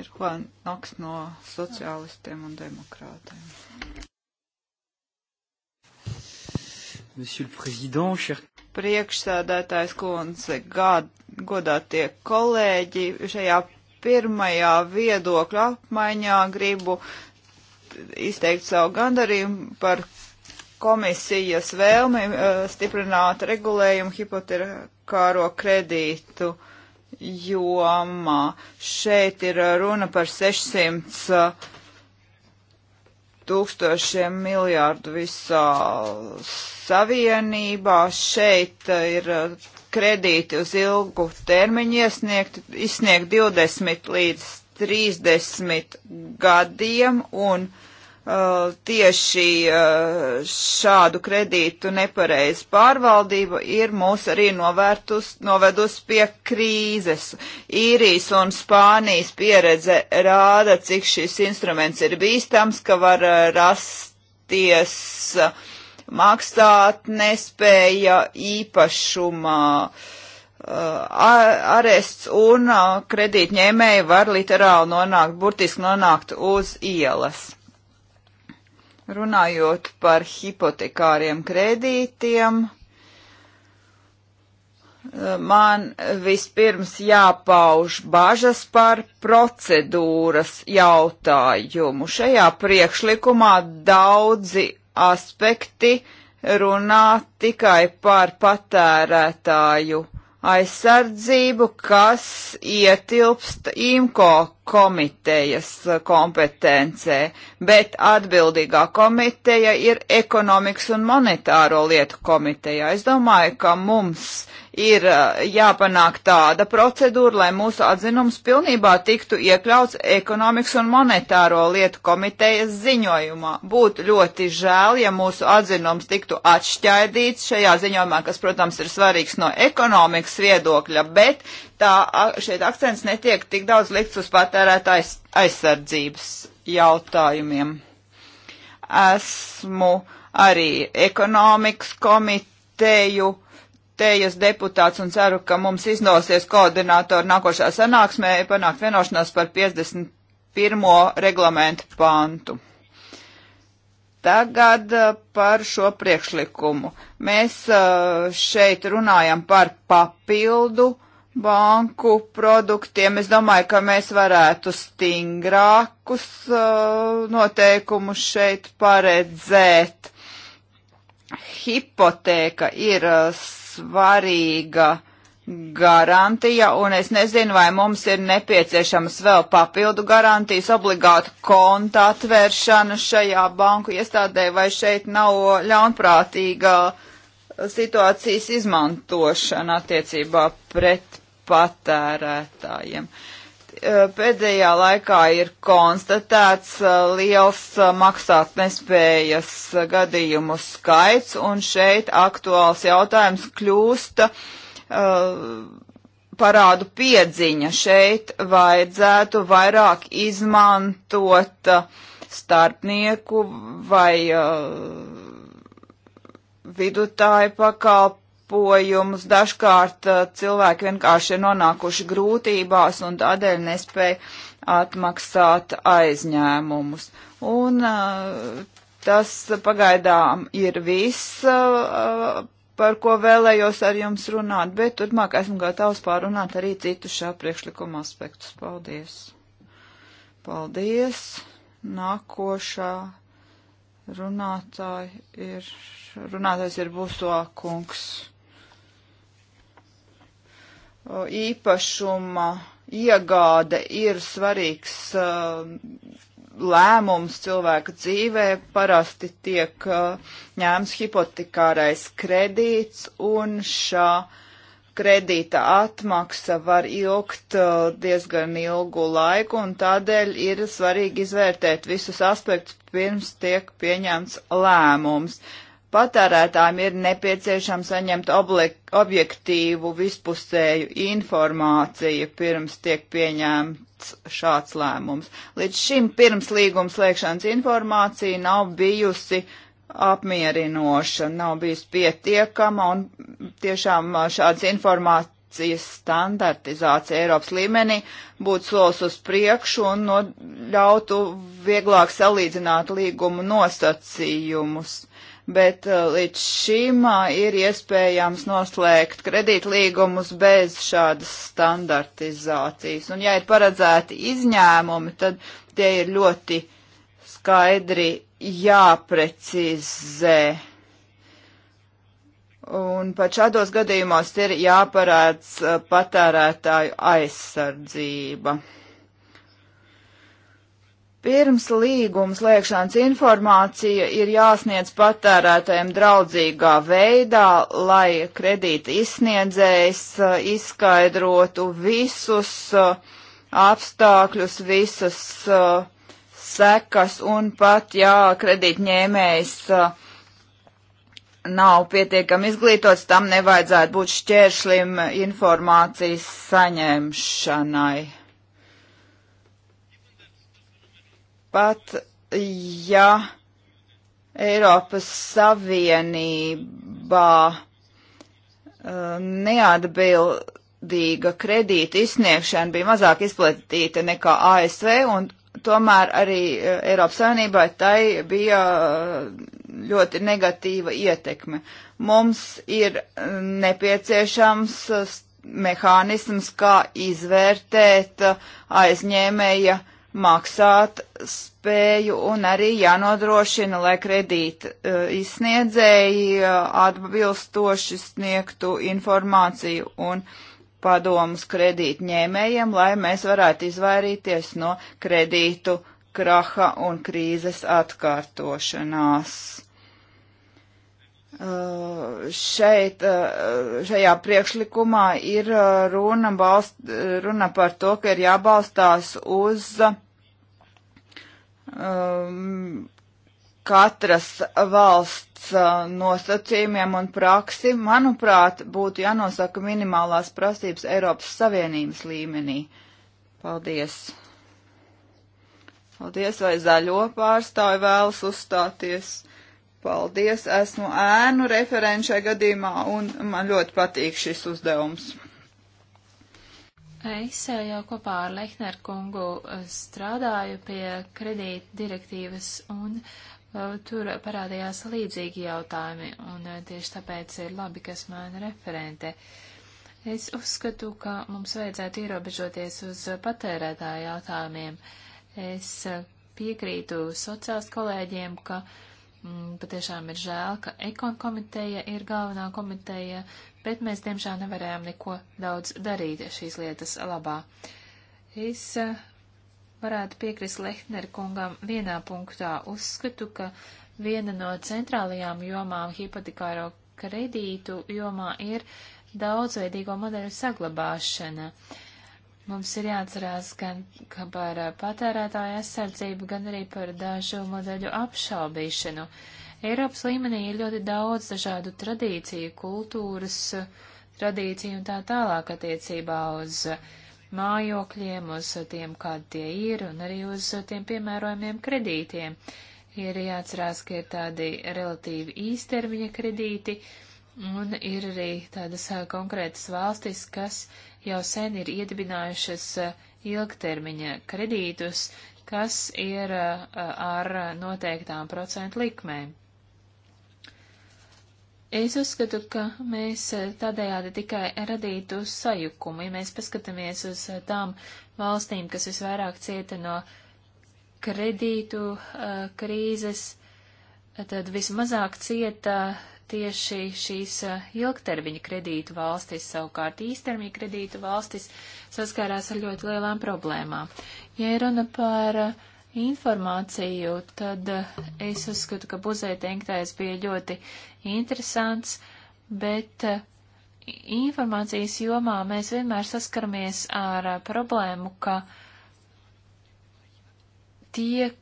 ir Juan Noks no sociālistiem un demokrātiem. Monsieur le Président, cher... Priekšsēdētājs kundze, godātie kolēģi, šajā pirmajā viedokļa apmaiņā gribu izteikt savu gandarījumu par komisijas vēlmi eh, stiprināt regulējumu hipotekāro kredītu uh, jomā. Šeit ir runa par 600 eh, tūkstošiem miljārdu visā savienībā. Šeit eh, ir eh, kredīti uz ilgu termiņu iesniegt, izsniegt 20 līdz 30 gadiem un Uh, tieši uh, šādu kredītu nepareiz pārvaldību ir mūs arī novērtus, novedus pie krīzes. Īrijas un Spānijas pieredze rāda, cik šis instruments ir bīstams, ka var uh, rasties maksāt nespēja īpašumā. Arests un kredītņēmēji var literāli nonākt, burtiski nonākt uz ielas. Runājot par hipotekāriem kredītiem, man vispirms jāpauž bažas par procedūras jautājumu. Šajā priekšlikumā daudzi aspekti runā tikai par patērētāju aizsardzību, kas ietilpst IMCO komitejas eh, kompetencē, bet atbildīgā komiteja ir ekonomikas un monetāro lietu komiteja. Es domāju, ka mums ir eh, jāpanāk tāda procedūra, lai mūsu atzinums pilnībā tiktu iekļauts ekonomikas un monetāro lietu komitejas ziņojumā. Būtu ļoti žēl, ja mūsu atzinums tiktu atšķaidīts šajā ziņojumā, kas, protams, ir svarīgs no ekonomikas viedokļa, bet tā šeit akcents netiek tik daudz likts uz patērētājs aizsardzības jautājumiem. Esmu arī ekonomikas komiteju tejas deputāts un ceru, ka mums iznosies koordinātori nākošā sanāksmē panākt vienošanos par 51. reglamentu pantu. Tagad par šo priekšlikumu. Mēs šeit runājam par papildu uh, banku produktiem. Es domāju, ka mēs varētu stingrākus uh, noteikumus šeit paredzēt. Hipotēka ir uh, svarīga garantija, un es nezinu, vai mums ir nepieciešams vēl papildu garantijas, obligāta konta atvēršana šajā banku iestādē, vai šeit nav ļaunprātīga situācijas izmantošana attiecībā pret patērētājiem. Eh, pēdējā laikā ir konstatēts eh, liels eh, maksātnespējas gadījumu skaits, un šeit aktuāls jautājums kļūst parādu piedziņa. Šeit vajadzētu vairāk izmantot starpnieku vai uh, vidutāju pakalp, pakalpojumus. Dažkārt uh, cilvēki vienkārši ir nonākuši grūtībās un tādēļ nespēja atmaksāt aizņēmumus. Un uh, tas pagaidām ir viss, uh, par ko vēlējos ar jums runāt, bet turpmāk esmu gatavs pārunāt arī citus šā priekšlikuma aspektus. Paldies! Paldies! Nākošā runātāja ir, runātājs ir Busokungs. kungs īpašuma iegāde ir svarīgs lēmums cilvēka dzīvē parasti tiek uh, ņēmts hipotekārais kredīts, un šā kredīta atmaksa var ilgt uh, diezgan ilgu laiku, un tādēļ ir svarīgi izvērtēt visus aspektus pirms tiek pieņemts lēmums. Uh, patērētājiem ir nepieciešams saņemt objektīvu vispusēju informāciju pirms tiek pieņemts šāds lēmums. Līdz šim pirms līgums slēgšanas informācija nav bijusi apmierinoša, nav bijusi pietiekama un tiešām šādas informācijas standartizācija Eiropas līmenī būtu solis uz priekšu un no, ļautu vieglāk salīdzināt līgumu nosacījumus bet uh, līdz šim uh, ir iespējams noslēgt kredītlīgumus bez šādas standartizācijas. Un ja ir paredzēti izņēmumi, tad tie ir ļoti skaidri jāprecizē. Un pat šādos gadījumos ir jāparāds uh, patērētāju aizsardzība. Pirms līguma slēgšanas informācija ir jāsniedz patērētājiem draudzīgā veidā, lai kredīta izsniedzējs uh, izskaidrotu visus uh, apstākļus, visas uh, sekas un pat, ja kredītņēmējs nav pietiekami izglītots, tam nevajadzētu būt šķēršlim informācijas saņemšanai pat ja Eiropas Savienībā uh, neatbildīga kredīta izsniegšana bija mazāk izplatīta nekā ASV, un tomēr arī uh, Eiropas Savienībai tai bija uh, ļoti negatīva ietekme. Mums ir nepieciešams mehānisms, kā izvērtēt aizņēmēja uh, maksāt spēju un arī jānodrošina, lai kredīta uh, e, izsniedzēji uh, atbilstoši sniegtu informāciju un padomus kredītņēmējiem, lai mēs varētu izvairīties no kredītu kraha un krīzes atkārtošanās šeit, šajā priekšlikumā ir uh, runa, balst, runa par to, ka ir jābalstās uz um, katras valsts uh, nosacījumiem un praksi, manuprāt, būtu jānosaka minimālās prasības Eiropas Savienības līmenī. Paldies! Paldies, vai zaļo pārstāvi vēlas uzstāties? Paldies, esmu ēnu referenčai gadījumā un man ļoti patīk šis uzdevums. Es eh, jau kopā ar Lehner kungu eh, strādāju pie kredīta direktīvas un uh, tur parādījās līdzīgi jautājumi un uh, tieši tāpēc ir labi, kas man referente. Es uzskatu, ka mums vajadzētu ierobežoties uz patērētāju jautājumiem. Es uh, piekrītu sociāls kolēģiem, ka uh, Mm, patiešām ir žēl, ka ekon komiteja ir galvenā komiteja, bet mēs diemžēl nevarējām neko daudz darīt šīs lietas labā. Es eh, varētu piekrist Lehner kungam vienā punktā. Uzskatu, ka viena no centrālajām jomām hipotekāro kredītu jomā ir daudzveidīgo modeļu saglabāšana. Uh, Mums ir jāatcerās gan par uh, patērētāju aizsardzību, gan arī par dažu modeļu apšaubīšanu. Eiropas līmenī ir ļoti daudz dažādu tradīciju, kultūras uh, tradīciju un tā tālāk attiecībā uz uh, mājokļiem, uz tiem, kādi tie ir, un arī uz tiem piemērojumiem kredītiem. Ir jāatcerās, ka ir tādi relatīvi īstermiņa kredīti, un ir arī tādas konkrētas valstis, kas jau sen ir iedibinājušas eh, ilgtermiņa kredītus, kas ir eh, ar noteiktām procentu likmēm. Es uzskatu, ka mēs eh, tādējādi tikai radītu sajukumu, ja mēs paskatāmies uz tām valstīm, kas visvairāk cieta no kredītu uh, krīzes, tad vismazāk cieta tieši šīs eh, ilgtermiņa kredītu valstis, savukārt īstermiņa kredītu valstis saskārās ar ļoti lielām problēmām. Ja runa par eh, informāciju, tad eh, es uzskatu, ka buzē teiktais bija ļoti interesants, bet informācijas jomā mēs vienmēr saskaramies ar problēmu, ka tie,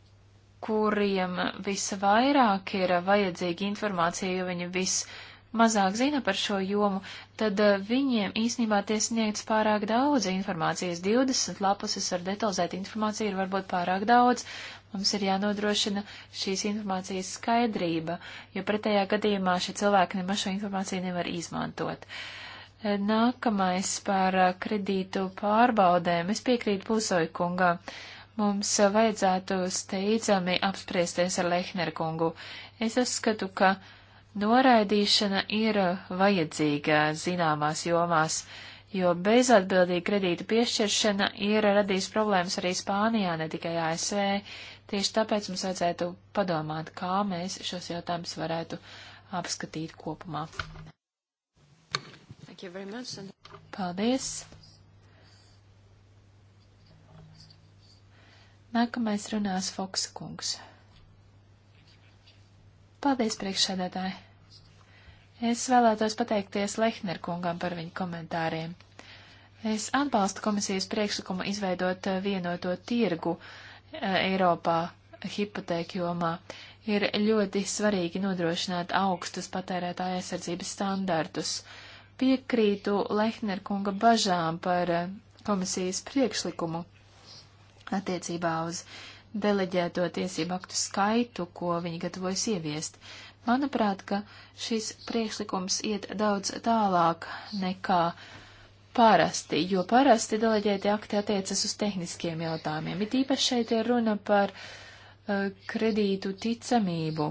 kuriem visvairāk ir vajadzīga informācija, jo viņi vismazāk zina par šo jomu, tad eh, viņiem īsnībā tie sniedz pārāk daudz informācijas. 20 lapuses ar detalizētu informāciju ir varbūt pārāk daudz. Mums ir jānodrošina šīs informācijas skaidrība, jo pretējā gadījumā šie cilvēki nemaz šo informāciju nevar izmantot. Eh, nākamais par eh, kredītu pārbaudēm. Es piekrītu Pusoju kungam Mums vajadzētu steidzami apspriesties ar Lehner kungu. Es uzskatu, ka noraidīšana ir vajadzīga zināmās jomās, jo bezatbildīga kredīta piešķiršana ir radījis problēmas arī Spānijā, ne tikai ASV. Tieši tāpēc mums vajadzētu padomāt, kā mēs šos jautājumus varētu apskatīt kopumā. Paldies! Nākamais runās Foksa kungs. Paldies, priekšsēdētāji! Es vēlētos pateikties Lehner kungam par viņu komentāriem. Es atbalstu komisijas priekšlikumu izveidot eh, vienoto tirgu eh, Eiropā hipotēku jomā. Ir ļoti svarīgi nodrošināt augstus patērētāja aizsardzības standartus. Piekrītu Lehner kunga bažām par eh, komisijas priekšlikumu attiecībā uz deleģēto tiesību aktu skaitu, ko viņi gatavojas ieviest. Manuprāt, ka šis priekšlikums iet daudz tālāk nekā parasti, jo parasti deleģēti akti attiecas uz tehniskiem jautājumiem, bet īpaši šeit ir runa par uh, kredītu ticamību,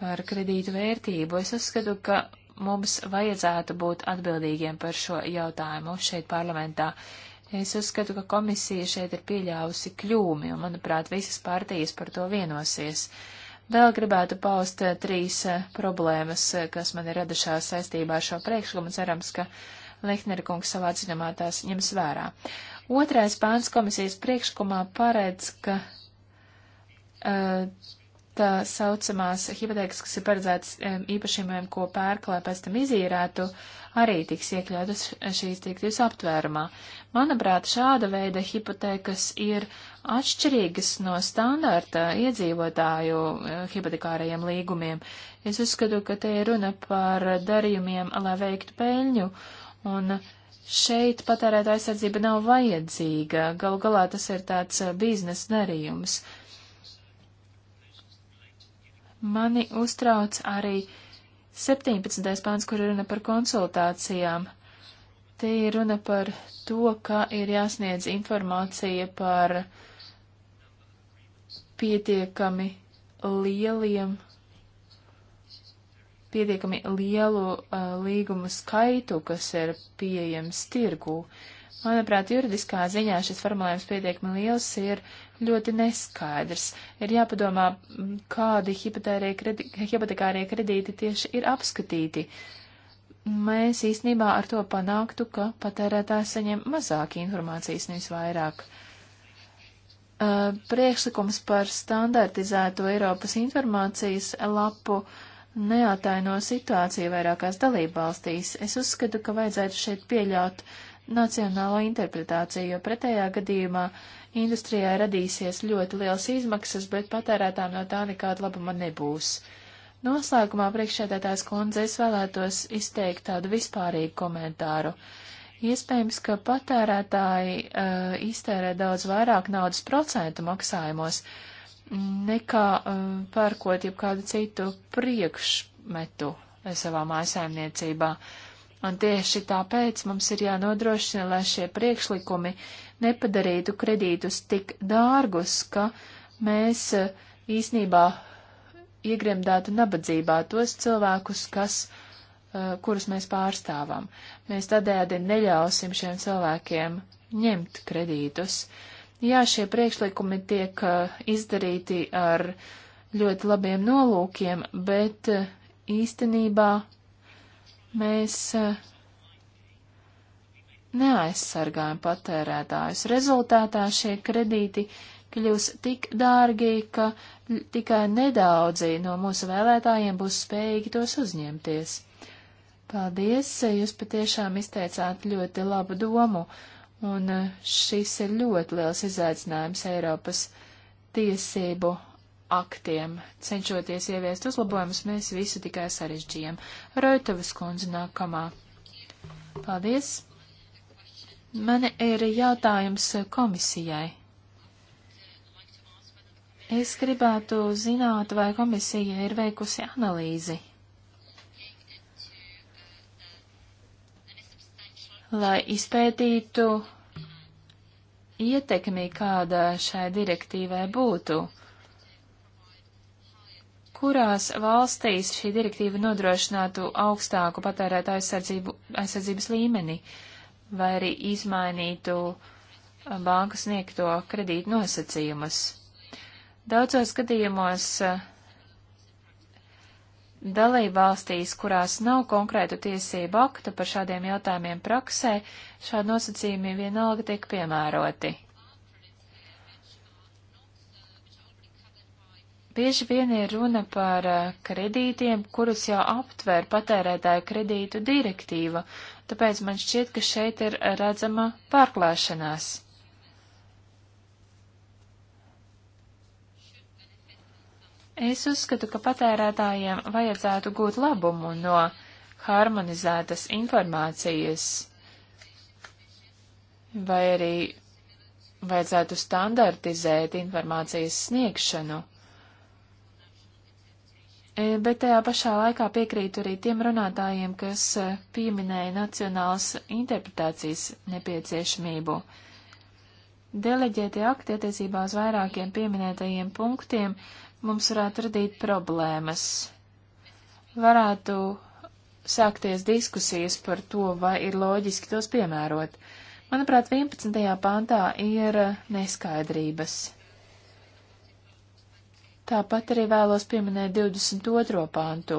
par kredītu vērtību. Es uzskatu, ka mums vajadzētu būt atbildīgiem par šo jautājumu šeit parlamentā. Es uzskatu, ka komisija šeit ir pieļāvusi kļūmi, un, manuprāt, visas partijas par to vienosies. Vēl gribētu paust eh, trīs eh, problēmas, eh, kas man ir radušās saistībā ar šo priekšlikumu, cerams, ka Lehnera kungs savā ziņamā tās ņems vērā. Otrais pāns komisijas priekšlikumā paredz, ka uh, tā saucamās hipotēkas, kas ir paredzētas īpašumiem, ko pērk, lai pēc tam izīrētu, arī tiks iekļautas šīs direktīvas aptvērumā. Manuprāt, šāda veida hipotēkas ir atšķirīgas no standarta iedzīvotāju eh, hipotekārajiem līgumiem. Es uzskatu, ka te ir runa par darījumiem, lai veiktu peļņu, un šeit patērēta aizsardzība nav vajadzīga. Galu galā tas ir tāds eh, biznesa darījums. Uh, Mani uztrauc arī 17. pāns, kur ir runa par konsultācijām. Te ir runa par to, ka ir jāsniedz informācija par pietiekami lieliem, pietiekami lielu uh, līgumu skaitu, kas ir pieejams tirgū. Manuprāt, juridiskā ziņā šis formulējums pietiekami liels ir uh, ļoti neskaidrs. Ir jāpadomā, kādi hipotekārie kredīti tieši ir apskatīti. Mēs īstenībā ar to panāktu, ka patērētājs saņem mazāk informācijas, nevis vairāk. Priekšlikums par standartizēto Eiropas informācijas lapu neataino situāciju vairākās dalībvalstīs. Es uzskatu, ka vajadzētu šeit pieļaut nacionālo interpretāciju, jo pretējā gadījumā uh, Industrijai radīsies ļoti liels izmaksas, bet patērētām no tā nekāda labuma nebūs. Noslēgumā priekšsēdētājs kundze es vēlētos izteikt tādu vispārīgu komentāru. Iespējams, ka patērētāji uh, iztērē daudz vairāk naudas procentu maksājumos, nekā uh, pērkot jebkādu citu priekšmetu eh, savā mājasēmniecībā. Un tieši tāpēc mums ir jānodrošina, lai šie priekšlikumi nepadarītu kredītus tik dārgus, ka mēs e, īsnībā iegremdētu nabadzībā tos cilvēkus, kas, e, kurus mēs pārstāvam. Mēs tādējādi neļausim šiem cilvēkiem ņemt kredītus. Jā, šie priekšlikumi tiek e, izdarīti ar ļoti labiem nolūkiem, bet īstenībā mēs neaizsargājam patērētājus. Rezultātā šie kredīti kļūs tik dārgi, ka tikai nedaudzi no mūsu vēlētājiem būs spējīgi tos uzņemties. Paldies, jūs patiešām izteicāt ļoti labu domu, un e, šis ir ļoti liels izaicinājums Eiropas tiesību aktiem. Cenšoties ieviest uzlabojumus, mēs visu tikai sarežģījām. Roitavas kundze nākamā. Paldies! Man ir jautājums komisijai. Es gribētu zināt, vai komisija ir veikusi analīzi, lai izpētītu ietekmi, kāda šai direktīvai būtu, kurās valstīs šī direktīva nodrošinātu augstāku patērētu aizsardzību, aizsardzības līmeni. Uh, vai arī izmainītu uh, bankas sniegto kredītu nosacījumus. Daudzos gadījumos uh, dalībvalstīs, kurās nav konkrētu tiesību aktu par šādiem jautājumiem praksē, šādi nosacījumi vienalga tiek piemēroti. Bieži vien ir runa par uh, kredītiem, kurus jau aptver patērētāju kredītu direktīva, tāpēc man šķiet, ka šeit ir redzama pārklāšanās. Es uzskatu, ka patērētājiem vajadzētu gūt labumu no harmonizētas informācijas, vai arī vajadzētu standartizēt informācijas sniegšanu. E, bet tajā pašā laikā piekrītu arī tiem runātājiem, kas e, pieminēja nacionālas interpretācijas nepieciešamību. Deleģētie akti attiecībā uz vairākiem pieminētajiem punktiem mums varētu radīt problēmas. Varētu sākties diskusijas par to, vai ir loģiski tos piemērot. Manuprāt, 11. pāntā ir e, neskaidrības. Tāpat arī vēlos pieminēt 22. pantu.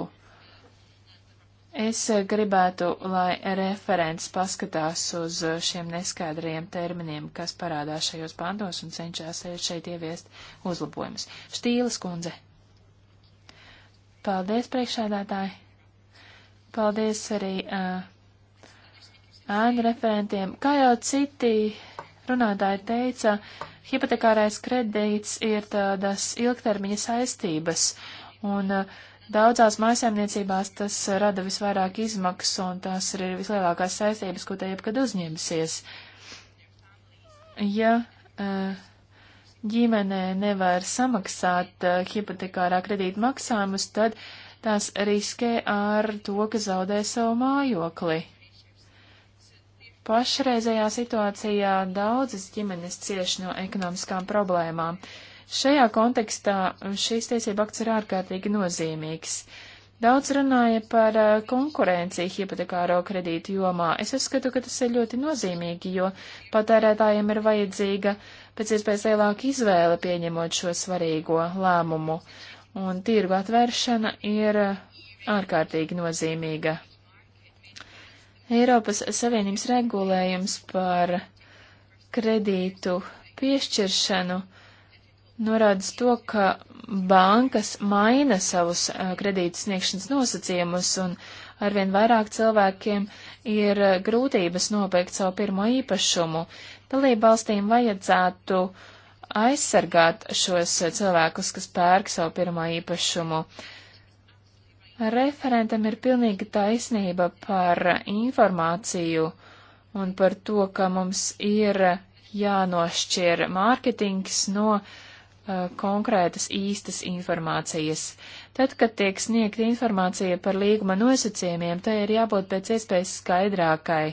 Es eh, gribētu, lai referents paskatās uz eh, šiem neskaidriem terminiem, kas parādās šajos pantos un cenšas šeit ieviest uzlabojumus. Štīles kundze. Paldies, priekšādātāji. Paldies arī uh, ēnu referentiem. Kā jau citi runātāji teica, hipotekārais kredīts ir tādas ilgtermiņa saistības, un uh, daudzās mājasēmniecībās tas rada visvairāk izmaksu, un tās ir vislielākās saistības, ko te jebkad uzņemsies. Ja uh, ģimene nevar samaksāt uh, hipotekārā kredīta maksājumus, tad tās riskē ar to, ka zaudē savu mājokli. Pašreizējā situācijā daudzas ģimenes cieš no ekonomiskām problēmām. Šajā kontekstā šīs tiesība akts ir ārkārtīgi nozīmīgs. Daudz runāja par eh, konkurenciju hipotekāro kredītu jomā. Es uzskatu, ka tas ir ļoti nozīmīgi, jo patērētājiem ir vajadzīga pēc iespējas lielāka izvēle pieņemot šo svarīgo lēmumu. Un tirgu atvēršana ir ārkārtīgi nozīmīga. Eiropas Savienības regulējums par kredītu piešķiršanu norādas to, ka bankas maina savus kredītu sniegšanas nosacījumus un arvien vairāk cilvēkiem ir grūtības nopirkt savu pirmo īpašumu. Dalību valstīm vajadzētu aizsargāt šos cilvēkus, kas pērk savu pirmo īpašumu. Uh, Referentam ir pilnīga taisnība par informāciju un par to, ka mums ir jānošķir mārketings no uh, konkrētas īstas informācijas. Tad, kad tiek sniegta informācija par līguma nosacījumiem, tai ir jābūt pēc iespējas skaidrākai,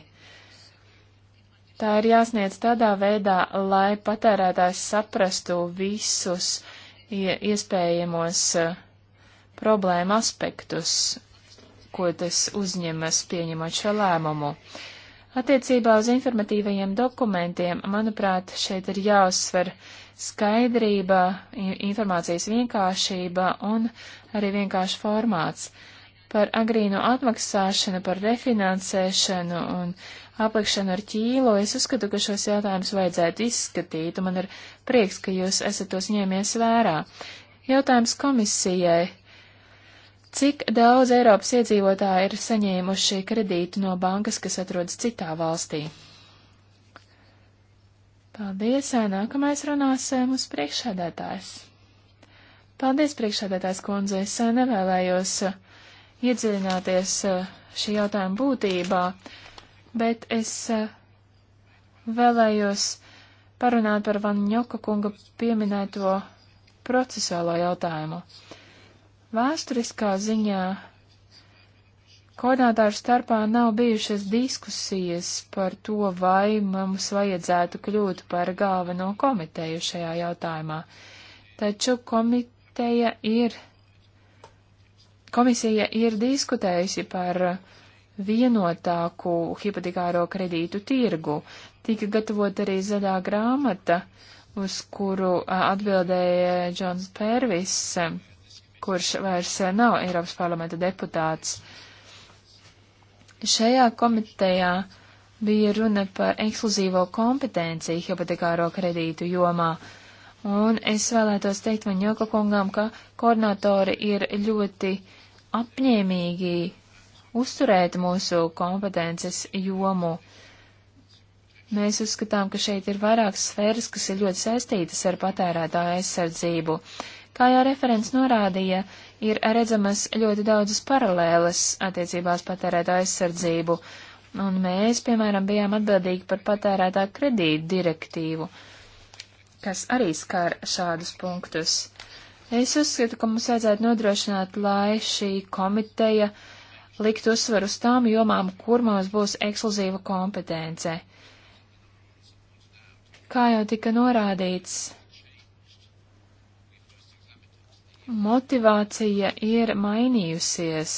Tā ir jāsniedz tādā veidā, lai patērētājs saprastu visus iespējamos uh, problēma aspektus, ko tas uzņemas pieņemot šo lēmumu. Attiecībā uz informatīvajiem dokumentiem, manuprāt, šeit ir jāuzsver skaidrība, informācijas vienkāršība un arī vienkārši formāts. Par agrīnu atmaksāšanu, par refinansēšanu un aplikšanu ar ķīlu es uzskatu, ka šos jautājumus vajadzētu izskatīt, un man ir prieks, ka jūs esat tos ņēmies vērā. Jautājums komisijai Cik daudz Eiropas iedzīvotāji ir saņēmuši kredītu no bankas, kas atrodas citā valstī? Paldies, nākamais runās eh, mūsu priekšsēdētājs. Paldies, priekšsēdētājs kundze, es eh, nevēlējos eh, iedziļināties šī jautājuma būtībā, bet es vēlējos parunāt par Van Ņoka kunga pieminēto procesuālo jautājumu. Uh, Vēsturiskā ziņā koordinātāru starpā nav bijušas diskusijas par to, vai mums vajadzētu kļūt par galveno komiteju šajā jautājumā. Taču komiteja ir, komisija ir diskutējusi par vienotāku hipotekāro kredītu tirgu. Tika gatavot arī zaļā grāmata, uz kuru atbildēja Džons Pērvis kurš vairs eh, nav Eiropas parlamenta deputāts. Šajā komitejā bija runa par ekskluzīvo kompetenciju hipotekāro kredītu jomā. Un es vēlētos teikt man Joka kungam, ka koordinatori ir ļoti apņēmīgi uzturēt mūsu kompetences jomu. Mēs uzskatām, ka šeit ir vairākas sfēras, kas ir ļoti saistītas ar patērētāju aizsardzību. Kā jau referents norādīja, ir redzamas ļoti daudzas paralēles attiecībās patērētāju aizsardzību, un mēs, piemēram, bijām atbildīgi par patērētāju kredītu direktīvu, kas arī skar šādus punktus. Es uzskatu, ka mums vajadzētu nodrošināt, lai šī komiteja likt uzsvaru uz tām jomām, kur mums būs ekskluzīva kompetence. Kā jau tika norādīts, Motivācija ir mainījusies.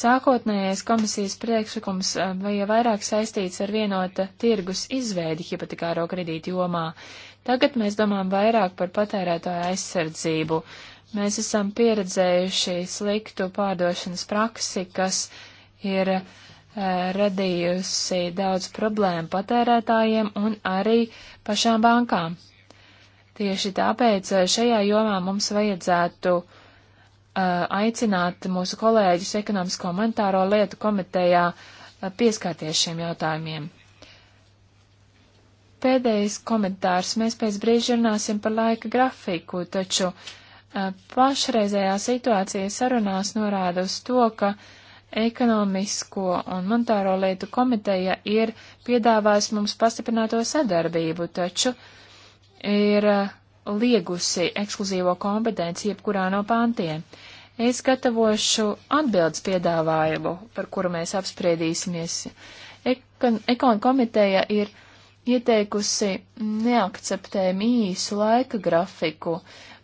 Sākotnējais komisijas priekšlikums bija eh, vairāk saistīts ar vienota tirgus izveidi hipotekāro kredītu jomā. Tagad mēs domājam vairāk par patērētāju aizsardzību. Mēs esam pieredzējuši sliktu pārdošanas praksi, kas ir e, radījusi daudz problēmu patērētājiem un arī pašām bankām. Tieši tāpēc eh, šajā jomā mums vajadzētu uh, aicināt mūsu kolēģus ekonomisko monetāro lietu komitejā uh, eh, pieskārties šiem jautājumiem. Pēdējais komentārs. Mēs pēc brīža runāsim par laika grafiku, taču uh, pašreizējā situācija sarunās norāda uz to, ka ekonomisko un monetāro lietu komiteja ir piedāvājusi mums pastiprināto sadarbību, taču uh, ir eh, liegusi ekskluzīvo kompetenci jebkurā no pāntiem. Es gatavošu atbildes piedāvājumu, par kuru mēs apspriedīsimies. Ekon, ekon komiteja ir ieteikusi neakceptējami īsu laika grafiku.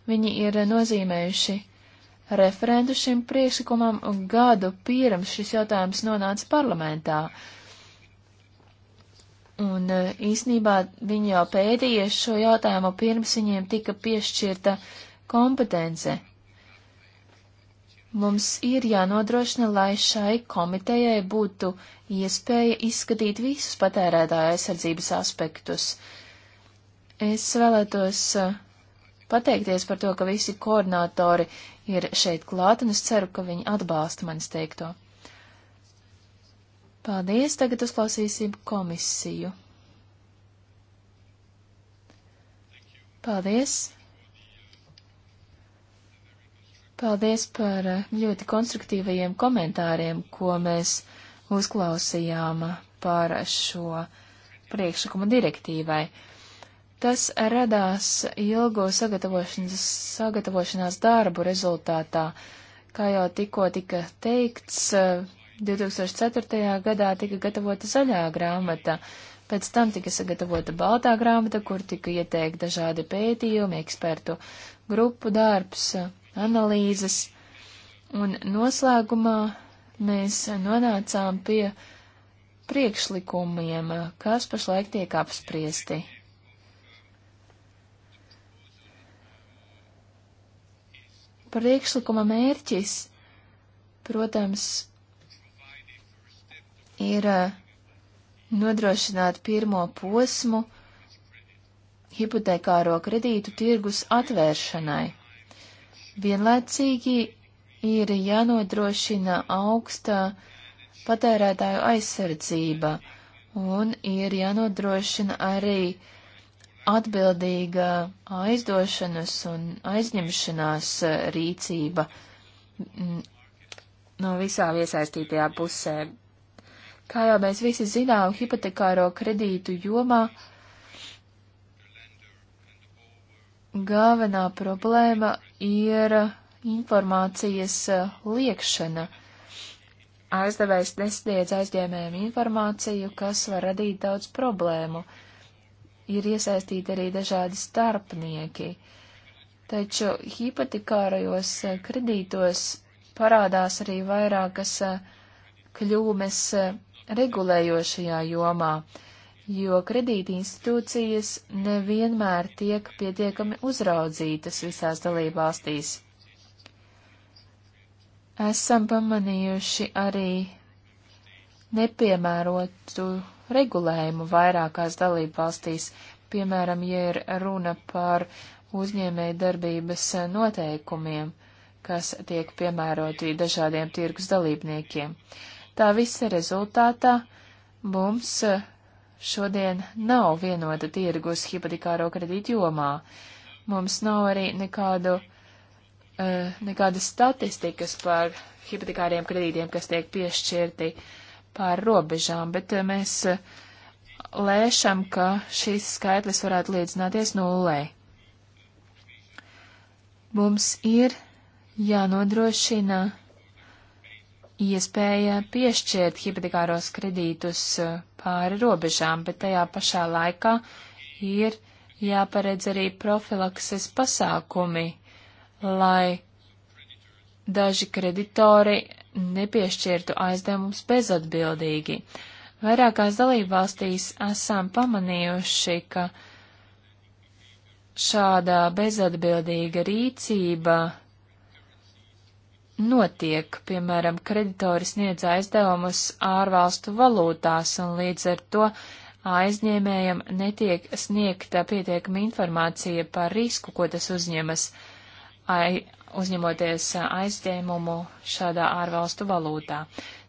Viņi ir nozīmējuši referendu šim priekšlikumam gadu pirms šis jautājums nonāca parlamentā. Uh, Un e, īsnībā viņi jau pētīja šo jautājumu pirms viņiem tika piešķirta kompetence. Mums ir jānodrošina, lai šai komitejai būtu iespēja izskatīt visus patērētāju aizsardzības aspektus. Es vēlētos e, pateikties par to, ka visi koordinātori ir šeit klāt, un es ceru, ka viņi atbalsta manis teikto. Paldies, tagad uzklausīsim komisiju. Paldies! Paldies par ļoti konstruktīvajiem komentāriem, ko mēs uzklausījām par šo priekšlikumu direktīvai. Tas radās ilgo sagatavošanas, sagatavošanās darbu rezultātā. Kā jau tikko tika teikts, 2004. gadā tika gatavota zaļā grāmata, pēc tam tika sagatavota baltā grāmata, kur tika ieteikti dažādi pētījumi, ekspertu grupu darbs, analīzes, un noslēgumā mēs nonācām pie priekšlikumiem, kas pašlaik tiek apspriesti. Priekšlikuma mērķis, protams, ir eh, nodrošināt pirmo posmu hipotekāro kredītu tirgus atvēršanai. Vienlaicīgi ir jānodrošina augsta patērētāju aizsardzība un ir jānodrošina arī atbildīga aizdošanas un aizņemšanās eh, rīcība mm, no visām iesaistītajām pusēm. Kā jau mēs visi zinām, hipotekāro kredītu jomā galvenā problēma ir informācijas uh, liekšana. Aizdevējs nesniedz aizņēmējiem informāciju, kas var radīt daudz problēmu. Ir iesaistīti arī dažādi starpnieki. Taču hipotekārajos uh, kredītos parādās arī vairākas uh, kļūmes regulējošajā jomā, jo kredīti institūcijas nevienmēr tiek pietiekami uzraudzītas visās dalībvalstīs. Esam pamanījuši arī nepiemērotu regulējumu vairākās dalībvalstīs, piemēram, ja ir runa par uzņēmēja darbības noteikumiem, kas tiek piemēroti dažādiem tirgus dalībniekiem. Tā visa rezultātā mums e, šodien nav vienota tirgus hipotekāro kredītu jomā. Mums nav arī nekādu, e, nekādas statistikas par hipotekāriem kredītiem, kas tiek piešķirti pār robežām, bet e, mēs lēšam, ka šis skaitlis varētu līdzināties nullei. Mums ir jānodrošina iespēja piešķirt hipotekāros kredītus eh, pāri robežām, bet tajā pašā laikā ir jāparedz arī profilakses pasākumi, lai daži kreditori nepiešķirtu aizdevumus bezatbildīgi. Vairākās dalībvalstīs esam pamanījuši, ka šāda bezatbildīga rīcība notiek, piemēram, kreditori sniedz aizdevumus ārvalstu valūtās, un līdz ar to aizņēmējam netiek sniegta pietiekama informācija par risku, ko tas uzņemas, ai, uzņemoties aizņēmumu šādā ārvalstu valūtā.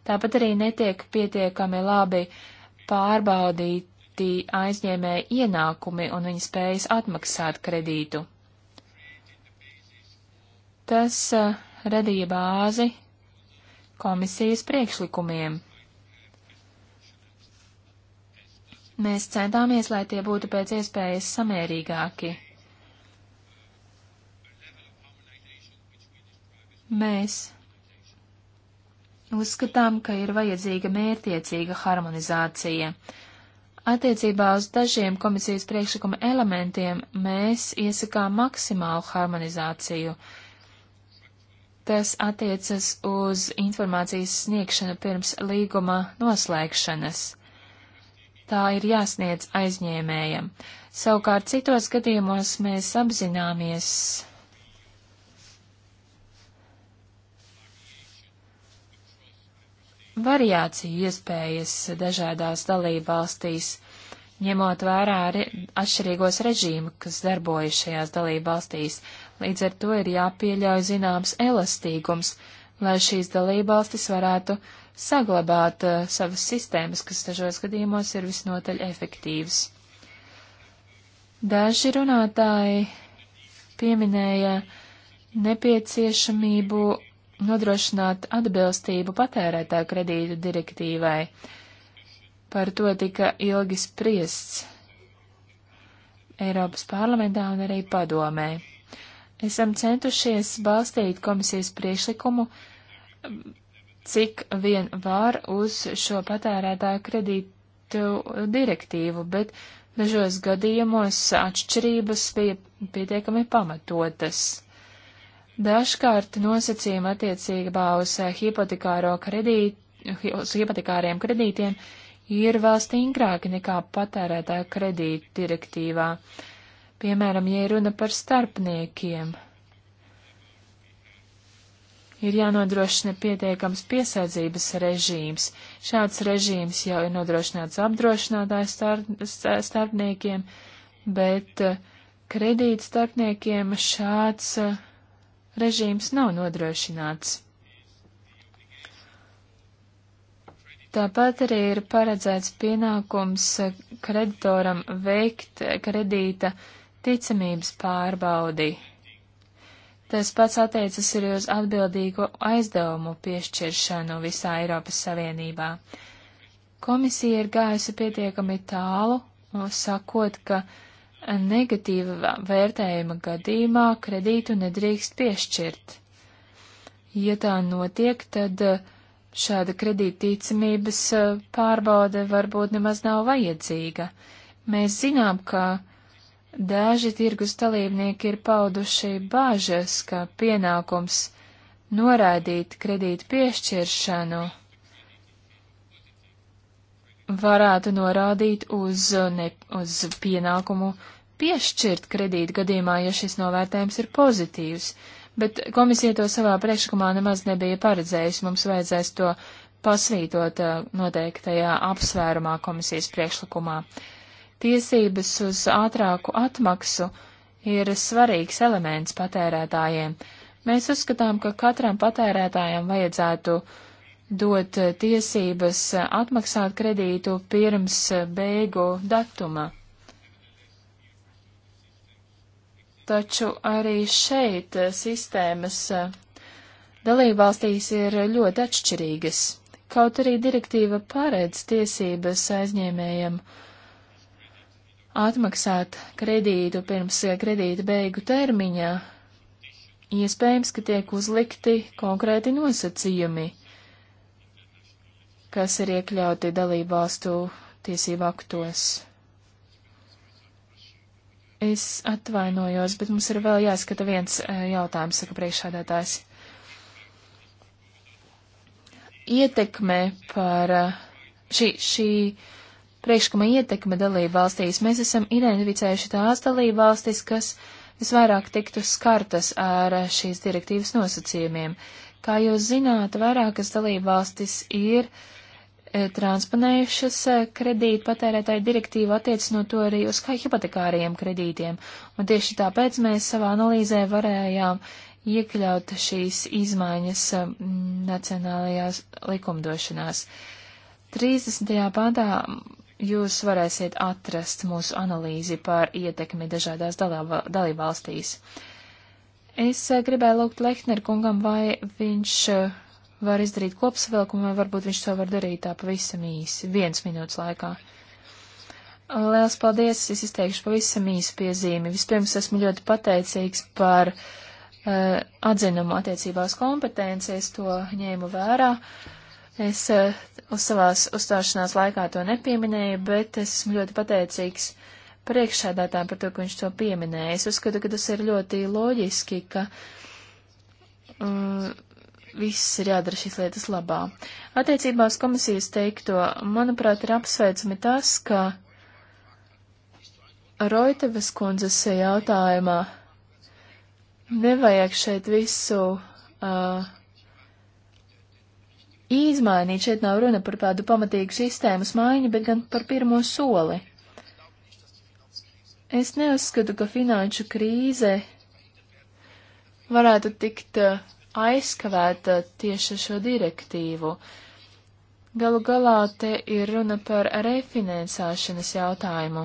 Tāpat arī netiek pietiekami labi pārbaudīti aizņēmēji ienākumi un viņa spējas atmaksāt kredītu. Tas uh, radīja bāzi komisijas priekšlikumiem. Mēs centāmies, lai tie būtu pēc iespējas samērīgāki. Mēs uzskatām, ka ir vajadzīga mērtiecīga harmonizācija. Attiecībā uz dažiem komisijas priekšlikuma elementiem mēs iesakām maksimālu harmonizāciju. Uh, Tas attiecas uz informācijas sniegšanu pirms līguma noslēgšanas. Tā ir jāsniedz aizņēmējam. Savukārt citos gadījumos mēs apzināmies variāciju iespējas dažādās dalībvalstīs, ņemot vērā re atšķirīgos režīmu, kas darbojas šajās dalībvalstīs, līdz ar to ir jāpieļauj zināms elastīgums, lai šīs dalībvalstis varētu saglabāt uh, savas sistēmas, kas dažos gadījumos ir visnotaļ efektīvas. Daži runātāji pieminēja nepieciešamību nodrošināt atbilstību patērētāju kredītu direktīvai. Par to tika ilgi spriests Eiropas parlamentā un arī padomē esam centušies balstīt komisijas priešlikumu, cik vien var uz šo patērētāju kredītu direktīvu, bet dažos gadījumos atšķirības bija pietiekami pamatotas. Dažkārt nosacījuma attiecībā uz hipotekāro kredītu, uz hipotekāriem kredītiem ir vēl stingrāki nekā patērētāja kredīta direktīvā. Uh, Piemēram, ja runa par starpniekiem, ir jānodrošina pietiekams piesardzības režīms. Šāds režīms jau ir nodrošināts apdrošinātāju starp, starpniekiem, bet eh, kredīt starpniekiem šāds eh, režīms nav nodrošināts. Tāpat arī ir paredzēts pienākums eh, kreditoram veikt kredīta uh, ticamības pārbaudi. Tas pats attiecas arī uz atbildīgo aizdevumu piešķiršanu visā Eiropas Savienībā. Komisija ir gājusi pietiekami tālu, sakot, ka negatīva vērtējuma gadījumā kredītu nedrīkst piešķirt. Ja tā notiek, tad uh, šāda kredīta ticamības uh, pārbaude varbūt nemaz nav vajadzīga. Mēs zinām, ka Daži tirgus dalībnieki ir pauduši bāžas, ka pienākums noraidīt kredītu piešķiršanu varētu norādīt uz, ne, uz pienākumu piešķirt kredītu gadījumā, ja šis novērtējums ir pozitīvs, bet komisija to savā priekšlikumā nemaz nebija paredzējusi, mums vajadzēs to pasvītot uh, noteiktajā apsvērumā komisijas priekšlikumā. Uh, Tiesības uz ātrāku atmaksu ir svarīgs elements patērētājiem. Mēs uzskatām, ka katram patērētājam vajadzētu dot tiesības atmaksāt kredītu pirms beigu datuma. Taču arī šeit sistēmas dalībvalstīs ir ļoti atšķirīgas. Kaut arī direktīva paredz tiesības aizņēmējiem uh, atmaksāt kredītu pirms eh, kredīta beigu termiņa, iespējams, ka tiek uzlikti konkrēti nosacījumi, kas ir iekļauti dalībvalstu tiesību aktos. Es atvainojos, bet mums ir vēl jāskata viens eh, jautājums, saka priekšādātājs. Ietekme par eh, šī, šī priekškuma ietekme dalību valstīs, mēs esam identificējuši tās dalību valstis, kas visvairāk tiktu skartas ar šīs direktīvas nosacījumiem. Kā jūs zināt, vairākas dalību valstis ir e, transponējušas e, kredītu patērētāju direktīvu attiecinot to arī uz hipotekāriem kredītiem, un tieši tāpēc mēs savā analīzē varējām iekļaut šīs izmaiņas e, nacionālajās likumdošanās. 30. pantā jūs varēsiet atrast mūsu analīzi par ietekmi dažādās dalībvalstīs. Es eh, gribēju lūgt Lehner kungam, vai viņš eh, var izdarīt kopsavilkumu, vai varbūt viņš to var darīt tā pavisam īsi, viens minūtes laikā. Liels paldies, es izteikšu pavisam īsu piezīmi. Vispirms esmu ļoti pateicīgs par uh, atzinumu attiecībās kompetenci, es to ņēmu vērā. Es uh, uz savās uzstāšanās laikā to nepieminēja, bet esmu ļoti pateicīgs priekšsēdētājiem par to, ka viņš to pieminēja. Es uzskatu, ka tas ir ļoti loģiski, ka um, viss ir jādara šīs lietas labā. Attiecībā uz komisijas teikto, manuprāt, ir apsveicami tas, ka Roitevas kundzes jautājumā nevajag šeit visu uh, izmainīt. Šeit nav runa par tādu pamatīgu sistēmas maiņu, bet gan par pirmo soli. Es neuzskatu, ka finanšu krīze varētu tikt eh, aizskavēta tieši ar šo direktīvu. Galu galā te ir runa par refinansēšanas jautājumu.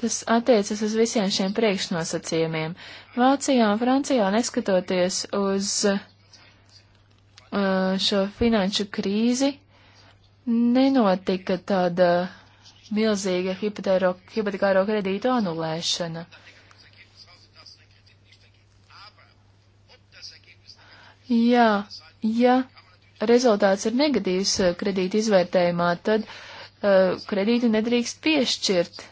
Tas attiecas uz visiem šiem priekšnosacījumiem. Vācijā un Francijā neskatoties uz uh, Uh, šo finanšu krīzi nenotika tāda milzīga hipotekāro kredītu anulēšana. Jā, ja rezultāts ir negatīvs kredīta izvērtējumā, tad uh, kredītu nedrīkst piešķirt.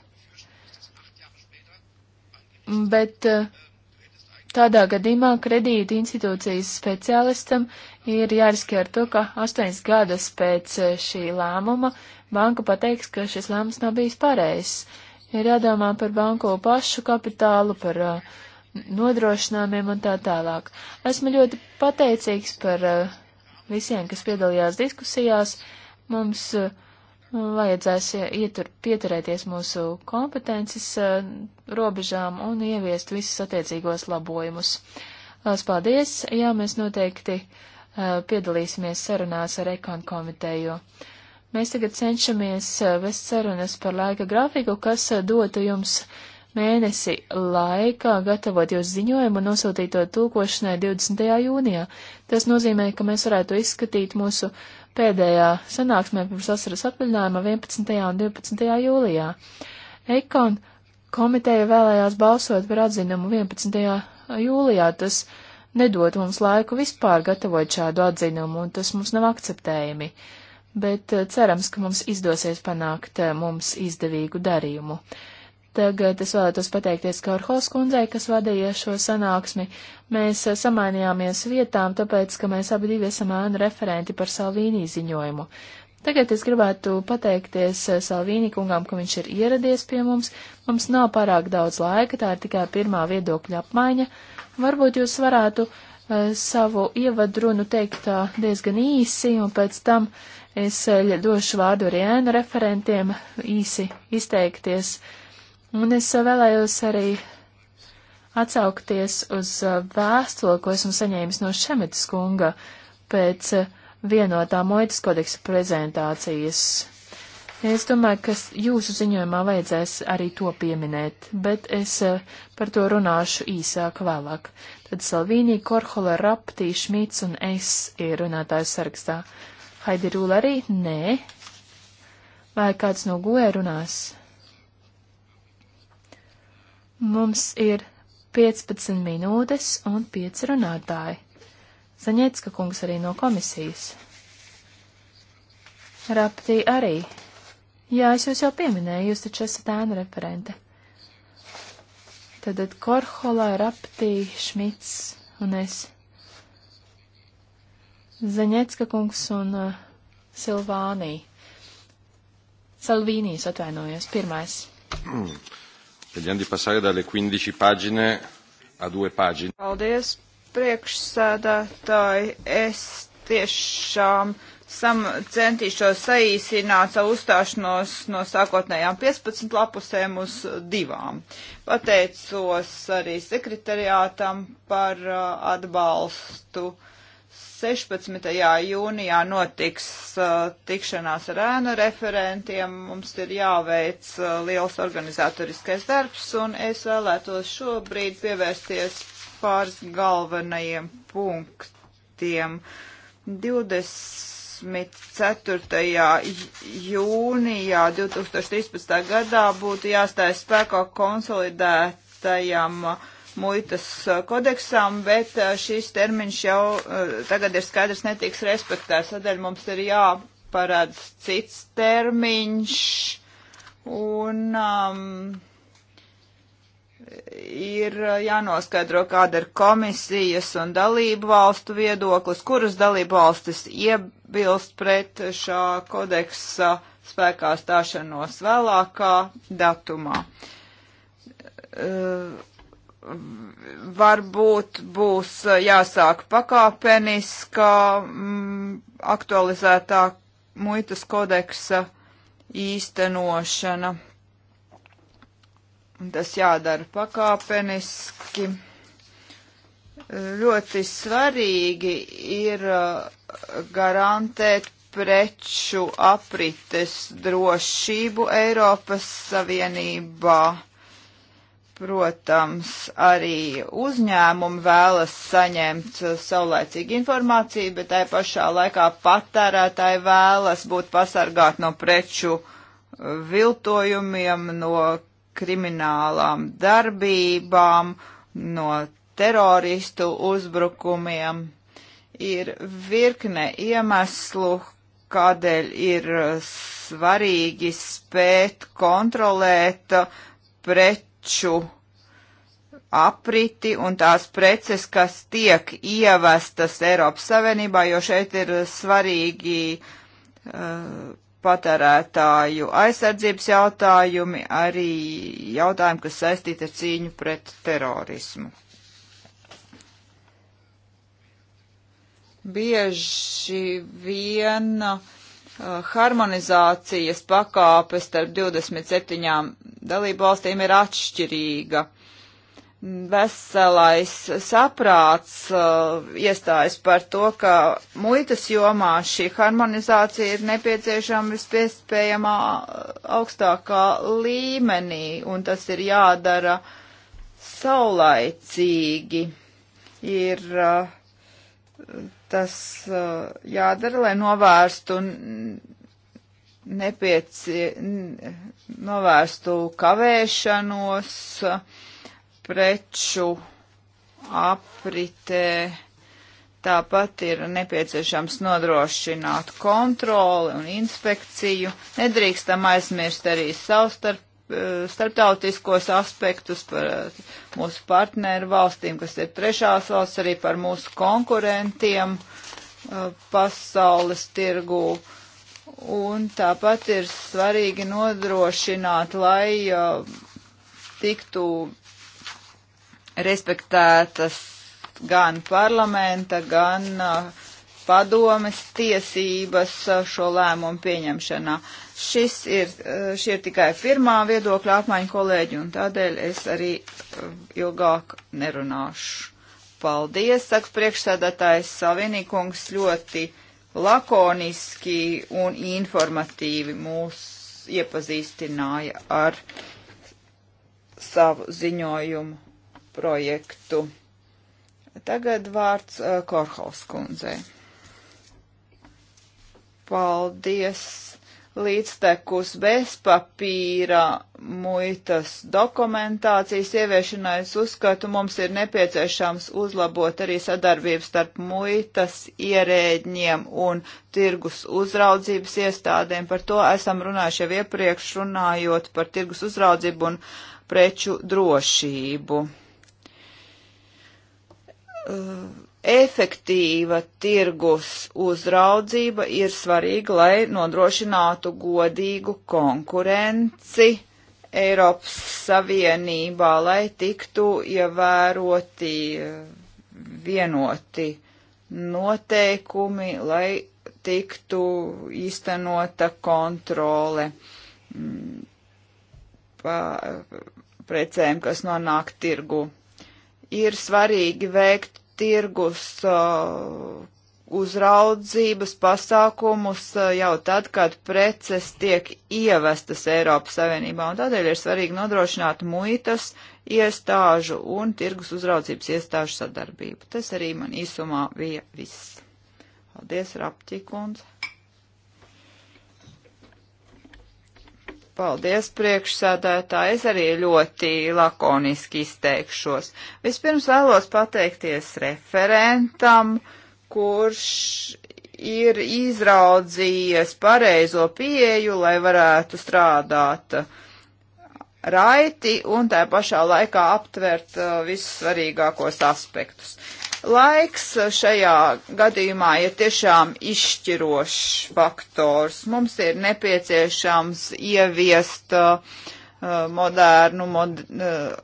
Bet uh, tādā gadījumā kredīta institūcijas speciālistam ir jāriskē ar to, ka astoņas gadus pēc eh, šī lēmuma banka pateiks, ka šis lēmums nav bijis pareizs. Ir jādomā par banku pašu kapitālu, par uh, nodrošinājumiem un tā tālāk. Esmu ļoti pateicīgs par uh, visiem, kas piedalījās diskusijās. Mums uh, vajadzēs ietur, pieturēties mūsu kompetences robežām un ieviest visus attiecīgos labojumus. Lās paldies, jā, mēs noteikti uh, Uh, piedalīsimies sarunās ar ekonu komiteju. Mēs tagad cenšamies uh, vest sarunas par laika grafiku, kas uh, dotu jums mēnesi laika gatavot jūs ziņojumu un nosūtīt to tulkošanai 20. jūnijā. Tas nozīmē, ka mēs varētu izskatīt mūsu pēdējā sanāksmē pirms vasaras atvaļinājuma 11. un 12. jūlijā. Ekon komiteja vēlējās balsot par atzinumu 11. jūlijā. Tas uh, nedod mums laiku vispār gatavot šādu atzinumu, un tas mums nav akceptējami. Bet eh, cerams, ka mums izdosies panākt eh, mums izdevīgu darījumu. Tagad es vēlētos pateikties Kārhos kundzei, kas vadīja šo sanāksmi. Mēs eh, samainījāmies vietām, tāpēc, ka mēs abi divi esam ēnu referenti par Salvīnī ziņojumu. Tagad es gribētu pateikties Salvīni kungam, ka viņš ir ieradies pie mums. Mums nav pārāk daudz laika, tā ir tikai pirmā viedokļa apmaiņa. Varbūt jūs varētu uh, savu ievadrunu teikt uh, diezgan īsi, un pēc tam es uh, došu vārdu arī ēnu referentiem īsi izteikties. Un es uh, vēlējos arī atsaukties uz uh, vēstuli, ko esmu saņēmis no Šemetas kunga pēc uh, vienotā moitas kodeksa prezentācijas Es domāju, ka jūsu ziņojumā vajadzēs arī to pieminēt, bet es eh, par to runāšu īsāk vēlāk. Tad Salvīnī, Korhola, Raptī, Šmīts un es ir runātājs sarakstā. Haidi Rūla arī? Nē. Vai kāds no goē e runās? Mums ir 15 minūtes un 5 runātāji. Zaņiecka kungs arī no komisijas. Raptī arī. Jā, es jūs jau pieminēju, jūs taču esat ēnu referente. Tad Korhola, Raptī, Šmits un es. Zaņecka kungs un uh, Silvānī. Salvīnijas atvainojos, pirmais. Vediamo di passare dalle 15 pagine a 2 pagine. Paldies, priekšsēdētāji. Es tiešām sam centīšos saīsināt savu uzstāšanos no sākotnējām 15 lapusēm uz divām. Pateicos arī sekretariātam par uh, atbalstu. 16. jūnijā notiks uh, tikšanās ar ēnu referentiem. Mums ir jāveic uh, liels organizatoriskais darbs, un es vēlētos šobrīd pievērsties pāris galvenajiem punktiem. 20. 24. jūnijā 2013. gadā būtu jāstāja spēkā konsolidētajam muitas kodeksam, bet eh, šis termiņš jau eh, tagad ir skaidrs netiks respektēts, tādēļ mums ir jāparāds cits termiņš. Un um, ir jānoskaidro, kāda ir komisijas un dalību valstu viedoklis, kuras dalību valstis iebilst pret šā kodeksa spēkā stāšanos vēlākā datumā. Varbūt būs jāsāk pakāpeniskā mm, aktualizētā muitas kodeksa īstenošana. Tas jādara pakāpeniski. Ļoti svarīgi ir uh, garantēt preču aprites drošību Eiropas Savienībā. Protams, arī uzņēmumi vēlas saņemt uh, saulēcīgu informāciju, bet tai pašā laikā patērētāji vēlas būt pasargāti no preču uh, viltojumiem, no kriminālām darbībām, no teroristu uzbrukumiem. Ir virkne iemeslu, kādēļ ir svarīgi spēt kontrolēt preču apriti un tās preces, kas tiek ievestas Eiropas Savienībā, jo šeit ir svarīgi uh, patērētāju aizsardzības jautājumi, arī jautājumi, kas saistīti ar cīņu pret terorismu. Bieži viena uh, harmonizācijas pakāpe starp 27 dalību valstīm ir atšķirīga veselais saprāts uh, iestājas par to, ka muitas jomā šī harmonizācija ir nepieciešama vispiespējamā uh, augstākā līmenī, un tas ir jādara saulaicīgi. Ir uh, tas uh, jādara, lai novērstu nepieci, novērstu kavēšanos, uh, preču apritē. Tāpat ir nepieciešams nodrošināt kontroli un inspekciju. Nedrīkstam aizmirst arī savstarp, eh, starptautiskos aspektus par eh, mūsu partneru valstīm, kas ir trešās valsts, arī par mūsu konkurentiem eh, pasaules tirgū. Un tāpat ir svarīgi nodrošināt, lai tiktu respektētas gan parlamenta, gan uh, padomes tiesības uh, šo lēmumu pieņemšanā. Šis ir, uh, šī ir tikai pirmā viedokļa apmaiņa kolēģi, un tādēļ es arī ilgāk nerunāšu. Paldies, saka priekšsēdētājs Savinīkungs, ļoti lakoniski un informatīvi mūs iepazīstināja ar savu ziņojumu projektu. Tagad vārds uh, Korhaus kundzei. Paldies! Līdztekus bez papīra muitas dokumentācijas ieviešanai es uzskatu, mums ir nepieciešams uzlabot arī sadarbību starp muitas ierēģiem un tirgus uzraudzības iestādēm. Par to esam runājuši jau iepriekš runājot par tirgus uzraudzību un preču drošību Uh, efektīva tirgus uzraudzība ir svarīga, lai nodrošinātu godīgu konkurenci Eiropas Savienībā, lai tiktu ievēroti uh, vienoti noteikumi, lai tiktu īstenota kontrole mm, pa precēm, kas nonāk tirgu ir svarīgi veikt tirgus uh, uzraudzības pasākumus uh, jau tad, kad preces tiek ievestas Eiropas Savienībā, un tādēļ ir svarīgi nodrošināt muitas iestāžu un tirgus uzraudzības iestāžu sadarbību. Tas arī man īsumā bija viss. Paldies, Rapķikundze! Paldies, priekšsādātāji. Es arī ļoti lakoniski izteikšos. Vispirms vēlos pateikties referentam, kurš ir izraudzījies pareizo pieeju, lai varētu strādāt raiti un tā pašā laikā aptvert uh, visus svarīgākos aspektus. Laiks šajā gadījumā ir tiešām izšķirošs faktors. Mums ir nepieciešams ieviest uh, modernu, mod, uh,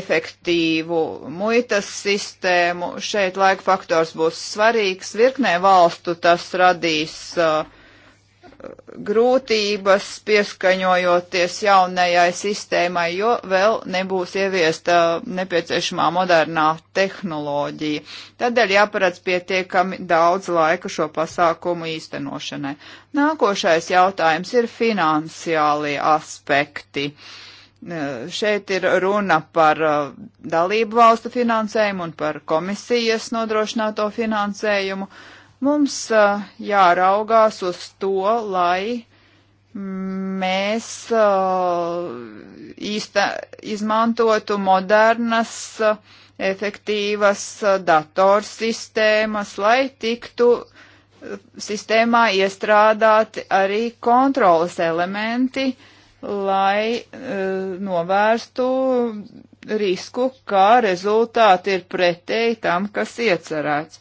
efektīvu muitas sistēmu. Šeit laika faktors būs svarīgs. Virknē valstu tas radīs uh, grūtības pieskaņojoties jaunajai sistēmai, jo vēl nebūs ieviesta nepieciešamā modernā tehnoloģija. Tādēļ jāparedz pietiekami daudz laika šo pasākumu īstenošanai. Nākošais jautājums ir finansiālie aspekti. E, šeit ir runa par e, dalību valstu finansējumu un par komisijas nodrošināto finansējumu. Uh, Mums uh, jāraugās uz to, lai mēs uh, īsta, izmantotu modernas, uh, efektīvas datorsistēmas, lai tiktu sistēmā iestrādāti arī kontrolas elementi, lai novērstu risku, kā rezultāti ir pretēji tam, kas iecerēts.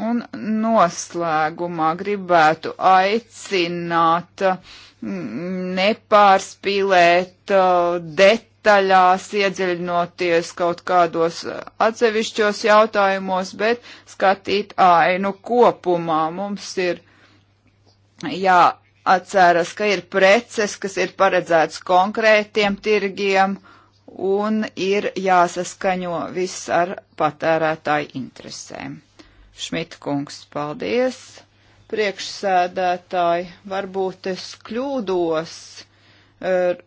Un noslēgumā gribētu aicināt mm, nepārspīlēt uh, detaļās, iedziļinoties kaut kādos uh, atsevišķos jautājumos, bet skatīt ainu kopumā. Mums ir jāatceras, ka ir preces, kas ir paredzētas konkrētiem tirgiem un ir jāsaskaņo viss ar patērētāju interesēm. Šmitkungs, paldies. Priekšsēdētāji, varbūt es kļūdos, er,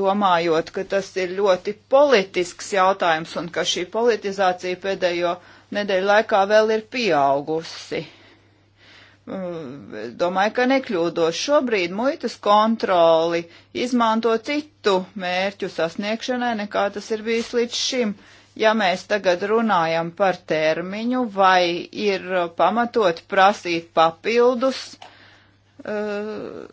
domājot, ka tas ir ļoti politisks jautājums un ka šī politizācija pēdējo nedēļu laikā vēl ir pieaugusi. Mm, domāju, ka nekļūdos. Šobrīd muitas kontroli izmanto citu mērķu sasniegšanai, nekā tas ir bijis līdz šim. Uh, ja mēs tagad runājam par termiņu, vai ir pamatot prasīt papildus uh,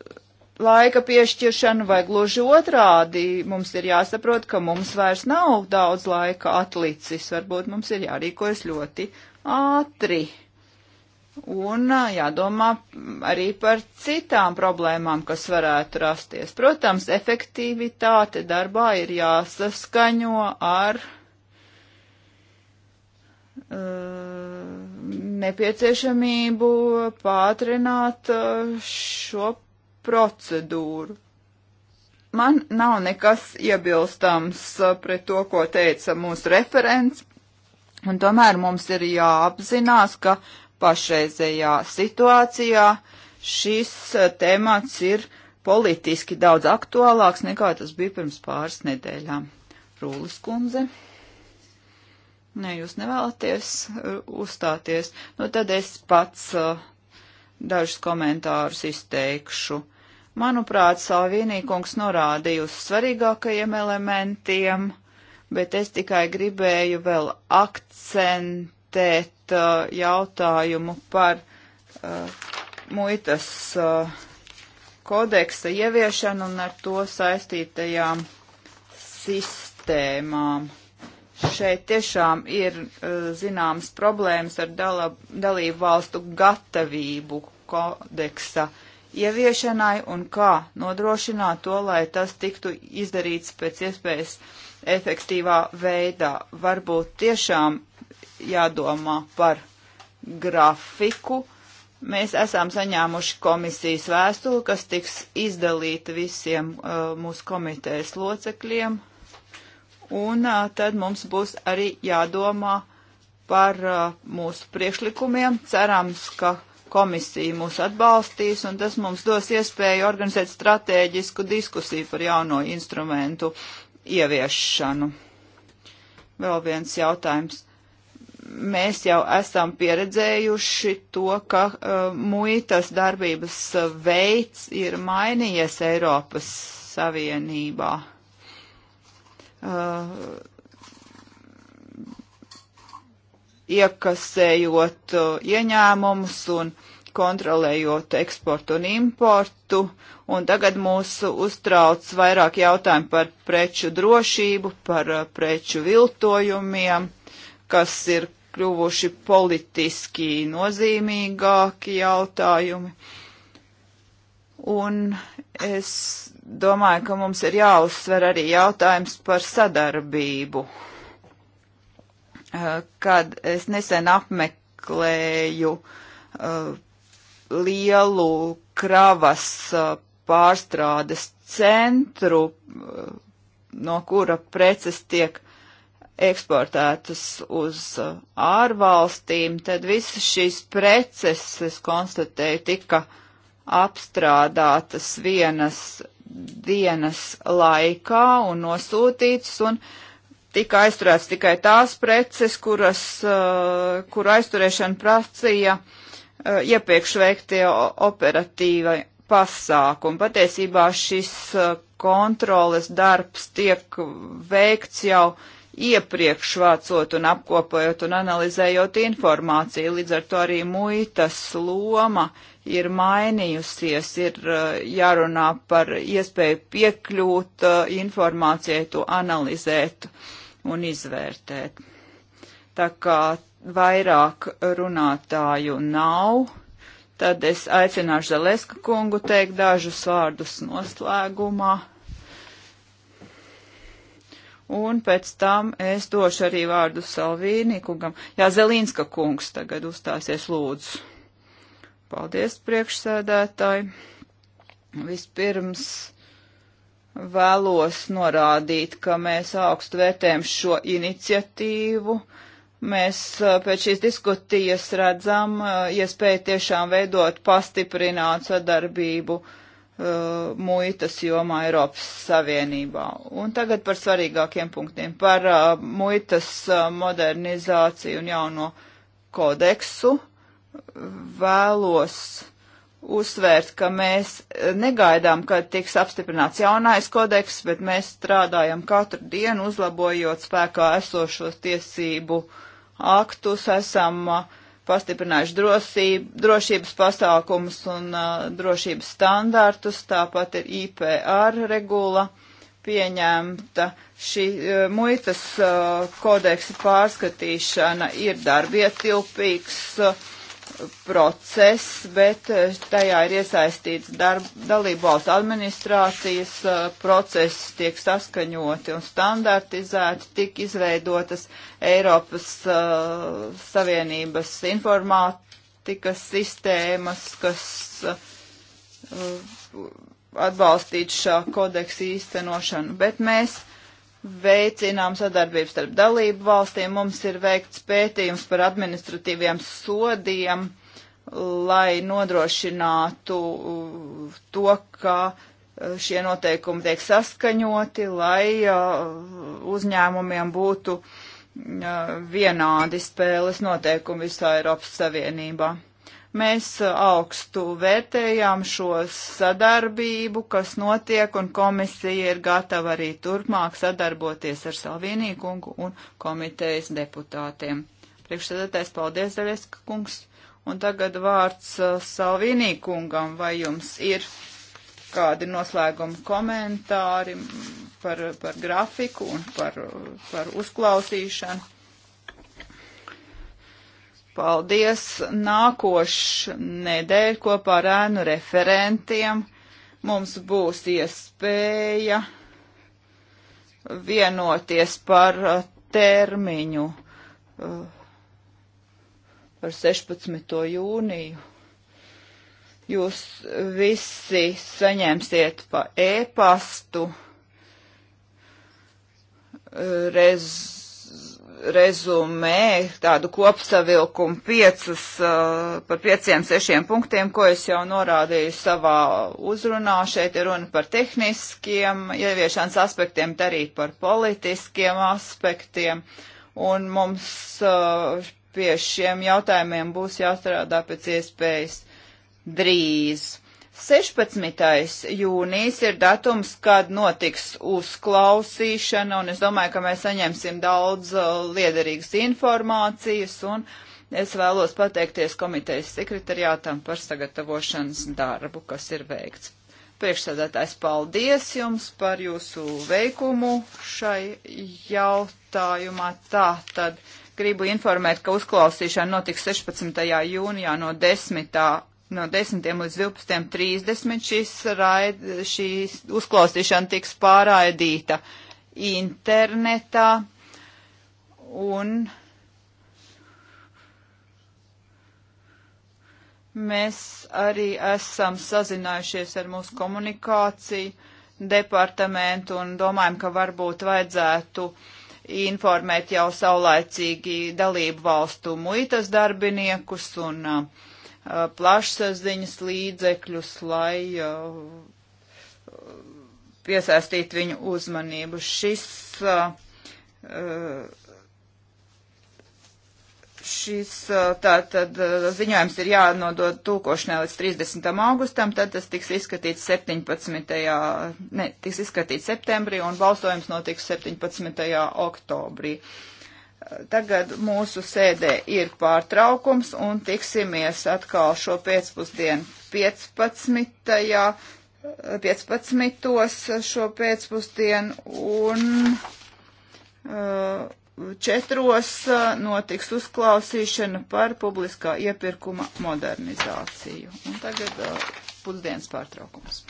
laika piešķiršanu, vai gluži otrādi mums ir jāsaprot, ka mums vairs nav daudz laika atlicis, varbūt mums ir jārīkojas ļoti ātri. Un eh, jādomā arī par citām problēmām, kas varētu rasties. Protams, efektivitāte darbā ir jāsaskaņo ar uh, Uh, nepieciešamību pātrināt uh, šo procedūru. Man nav nekas iebilstams uh, pret to, ko teica mūsu referents, un tomēr mums ir jāapzinās, ka pašreizējā situācijā šis temats ir politiski daudz aktuālāks nekā tas bija pirms pāris nedēļām. Rūlis kundze. Nē, jūs nevēlaties uh, uzstāties. Nu, tad es pats uh, dažus komentārus izteikšu. Manuprāt, Salvīnīkungs norādīja uz svarīgākajiem elementiem, bet es tikai gribēju vēl akcentēt uh, jautājumu par uh, muitas uh, kodeksa ieviešanu un ar to saistītajām sistēmām šeit tiešām ir eh, zināmas problēmas ar dala, dalību valstu gatavību kodeksa ieviešanai un kā nodrošināt to, lai tas tiktu izdarīts pēc iespējas efektīvā veidā. Varbūt tiešām jādomā par grafiku. Mēs esam saņēmuši komisijas vēstuli, kas tiks izdalīta visiem uh, mūsu komitejas locekļiem Un tad mums būs arī jādomā par mūsu priekšlikumiem. Cerams, ka komisija mūs atbalstīs, un tas mums dos iespēju organizēt stratēģisku diskusiju par jauno instrumentu ieviešanu. Vēl viens jautājums. Mēs jau esam pieredzējuši to, ka uh, muitas darbības veids ir mainījies Eiropas Savienībā. Uh, iekasējot uh, ieņēmumus un kontrolējot eksportu un importu, un tagad mūs uztrauc vairāk jautājumu par preču drošību, par uh, preču viltojumiem, kas ir kļuvuši politiski nozīmīgāki jautājumi. Un Es domāju, ka mums ir jāuzsver arī jautājums par sadarbību. Eh, kad es nesen apmeklēju uh, lielu kravas uh, pārstrādes centru, uh, no kura preces tiek eksportētas uz ārvalstīm, tad visas šīs preces, es konstatēju, tika uh, apstrādātas vienas dienas laikā un nosūtītas, un tika aizturēts tikai tās preces, kuras, eh, kuru aizturēšana prasīja eh, iepriekš veiktie operatīvai pasākumi. Patiesībā šis eh, kontroles darbs tiek veikts jau iepriekš vācot un apkopojot un analizējot informāciju, līdz ar to arī muitas loma ir mainījusies, ir eh, jārunā par iespēju piekļūt eh, informācijai, to analizēt un izvērtēt. Tā kā vairāk runātāju nav, tad es aicināšu Zaleska kungu teikt dažus vārdus noslēgumā. Un pēc tam es došu arī vārdu Salvīnī kungam. Jā, Zelīnska kungs tagad uzstāsies lūdzu. Paldies, priekšsēdētāji. Vispirms vēlos norādīt, ka mēs augstu vērtējam šo iniciatīvu. Mēs uh, pēc šīs diskutijas redzam uh, iespēju ja tiešām veidot pastiprinātu sadarbību uh, muitas jomā Eiropas Savienībā. Un tagad par svarīgākiem punktiem. Par uh, muitas uh, modernizāciju un jauno kodeksu. Uh, vēlos uzsvērt, ka mēs negaidām, kad tiks apstiprināts jaunais kodeks, bet mēs strādājam katru dienu, uzlabojot spēkā esošos tiesību aktus, esam uh, pastiprinājuši drosību, drošības pasākumus un uh, drošības standārtus, tāpat ir IPR regula pieņemta. Šī uh, muitas uh, kodeksa pārskatīšana ir darbietilpīgs. Uh, process, bet eh, tajā ir iesaistīts darb, dalību valstu administrācijas eh, process, tiek saskaņoti un standartizēti, tik izveidotas Eiropas uh, Savienības informātikas sistēmas, kas uh, atbalstītu šā kodeksa īstenošanu. Bet mēs uh, veicinām sadarbību starp dalību valstīm. Mums ir veikts pētījums par administratīviem sodiem, lai nodrošinātu uh, to, ka uh, šie noteikumi tiek saskaņoti, lai uh, uzņēmumiem būtu vienādi spēles noteikumi visā Eiropas Savienībā. Mēs uh, augstu vērtējām šo sadarbību, kas notiek, un komisija ir gatava arī turpmāk sadarboties ar Salvīnīkungu un komitejas deputātiem. Priekšsēdētājs paldies, Zaļieska kungs, un tagad vārds uh, Salvīnīkungam, vai jums ir kādi noslēguma komentāri par, par grafiku un par, par uzklausīšanu? Paldies! Nākošu nedēļu kopā ar ēnu referentiem mums būs iespēja vienoties par uh, termiņu uh, par 16. jūniju. Jūs visi saņemsiet pa e-pastu. Uh, rez rezumē tādu kopsavilkumu piecus, uh, eh, par pieciem, sešiem punktiem, ko es jau norādīju savā uzrunā. Šeit ir runa par tehniskiem ieviešanas aspektiem, bet arī par politiskiem aspektiem. Un mums uh, pie šiem jautājumiem būs jāstrādā pēc iespējas drīz. 16. jūnijas ir datums, kad notiks uzklausīšana, un es domāju, ka mēs saņemsim daudz uh, liederīgas informācijas, un es vēlos pateikties komitejas sekretariātam par sagatavošanas darbu, kas ir veikts. Priekšsēdētājs, paldies jums par jūsu veikumu šai jautājumā. Tā tad gribu informēt, ka uzklausīšana notiks 16. jūnijā no 10 no 10. līdz 12.30 šis raid, šī uzklausīšana tiks pārraidīta internetā un mēs arī esam sazinājušies ar mūsu komunikāciju departamentu un domājam, ka varbūt vajadzētu informēt jau saulaicīgi dalību valstu muitas darbiniekus un uh, Uh, plašsaziņas līdzekļus, lai uh, piesaistītu viņu uzmanību. Šis, uh, šis tātad ziņojums ir jānodod tūkošanai līdz 30. augustam, tad tas tiks izskatīts 17. ne, tiks izskatīts septembrī un balsojums notiks 17. oktobrī. Uh, Tagad mūsu sēdē ir pārtraukums un tiksimies atkal šo pēcpusdienu 15. 15. šo pēcpusdienu un uh, četros uh, notiks uzklausīšana par publiskā iepirkuma modernizāciju. Un tagad uh, pusdienas pārtraukums.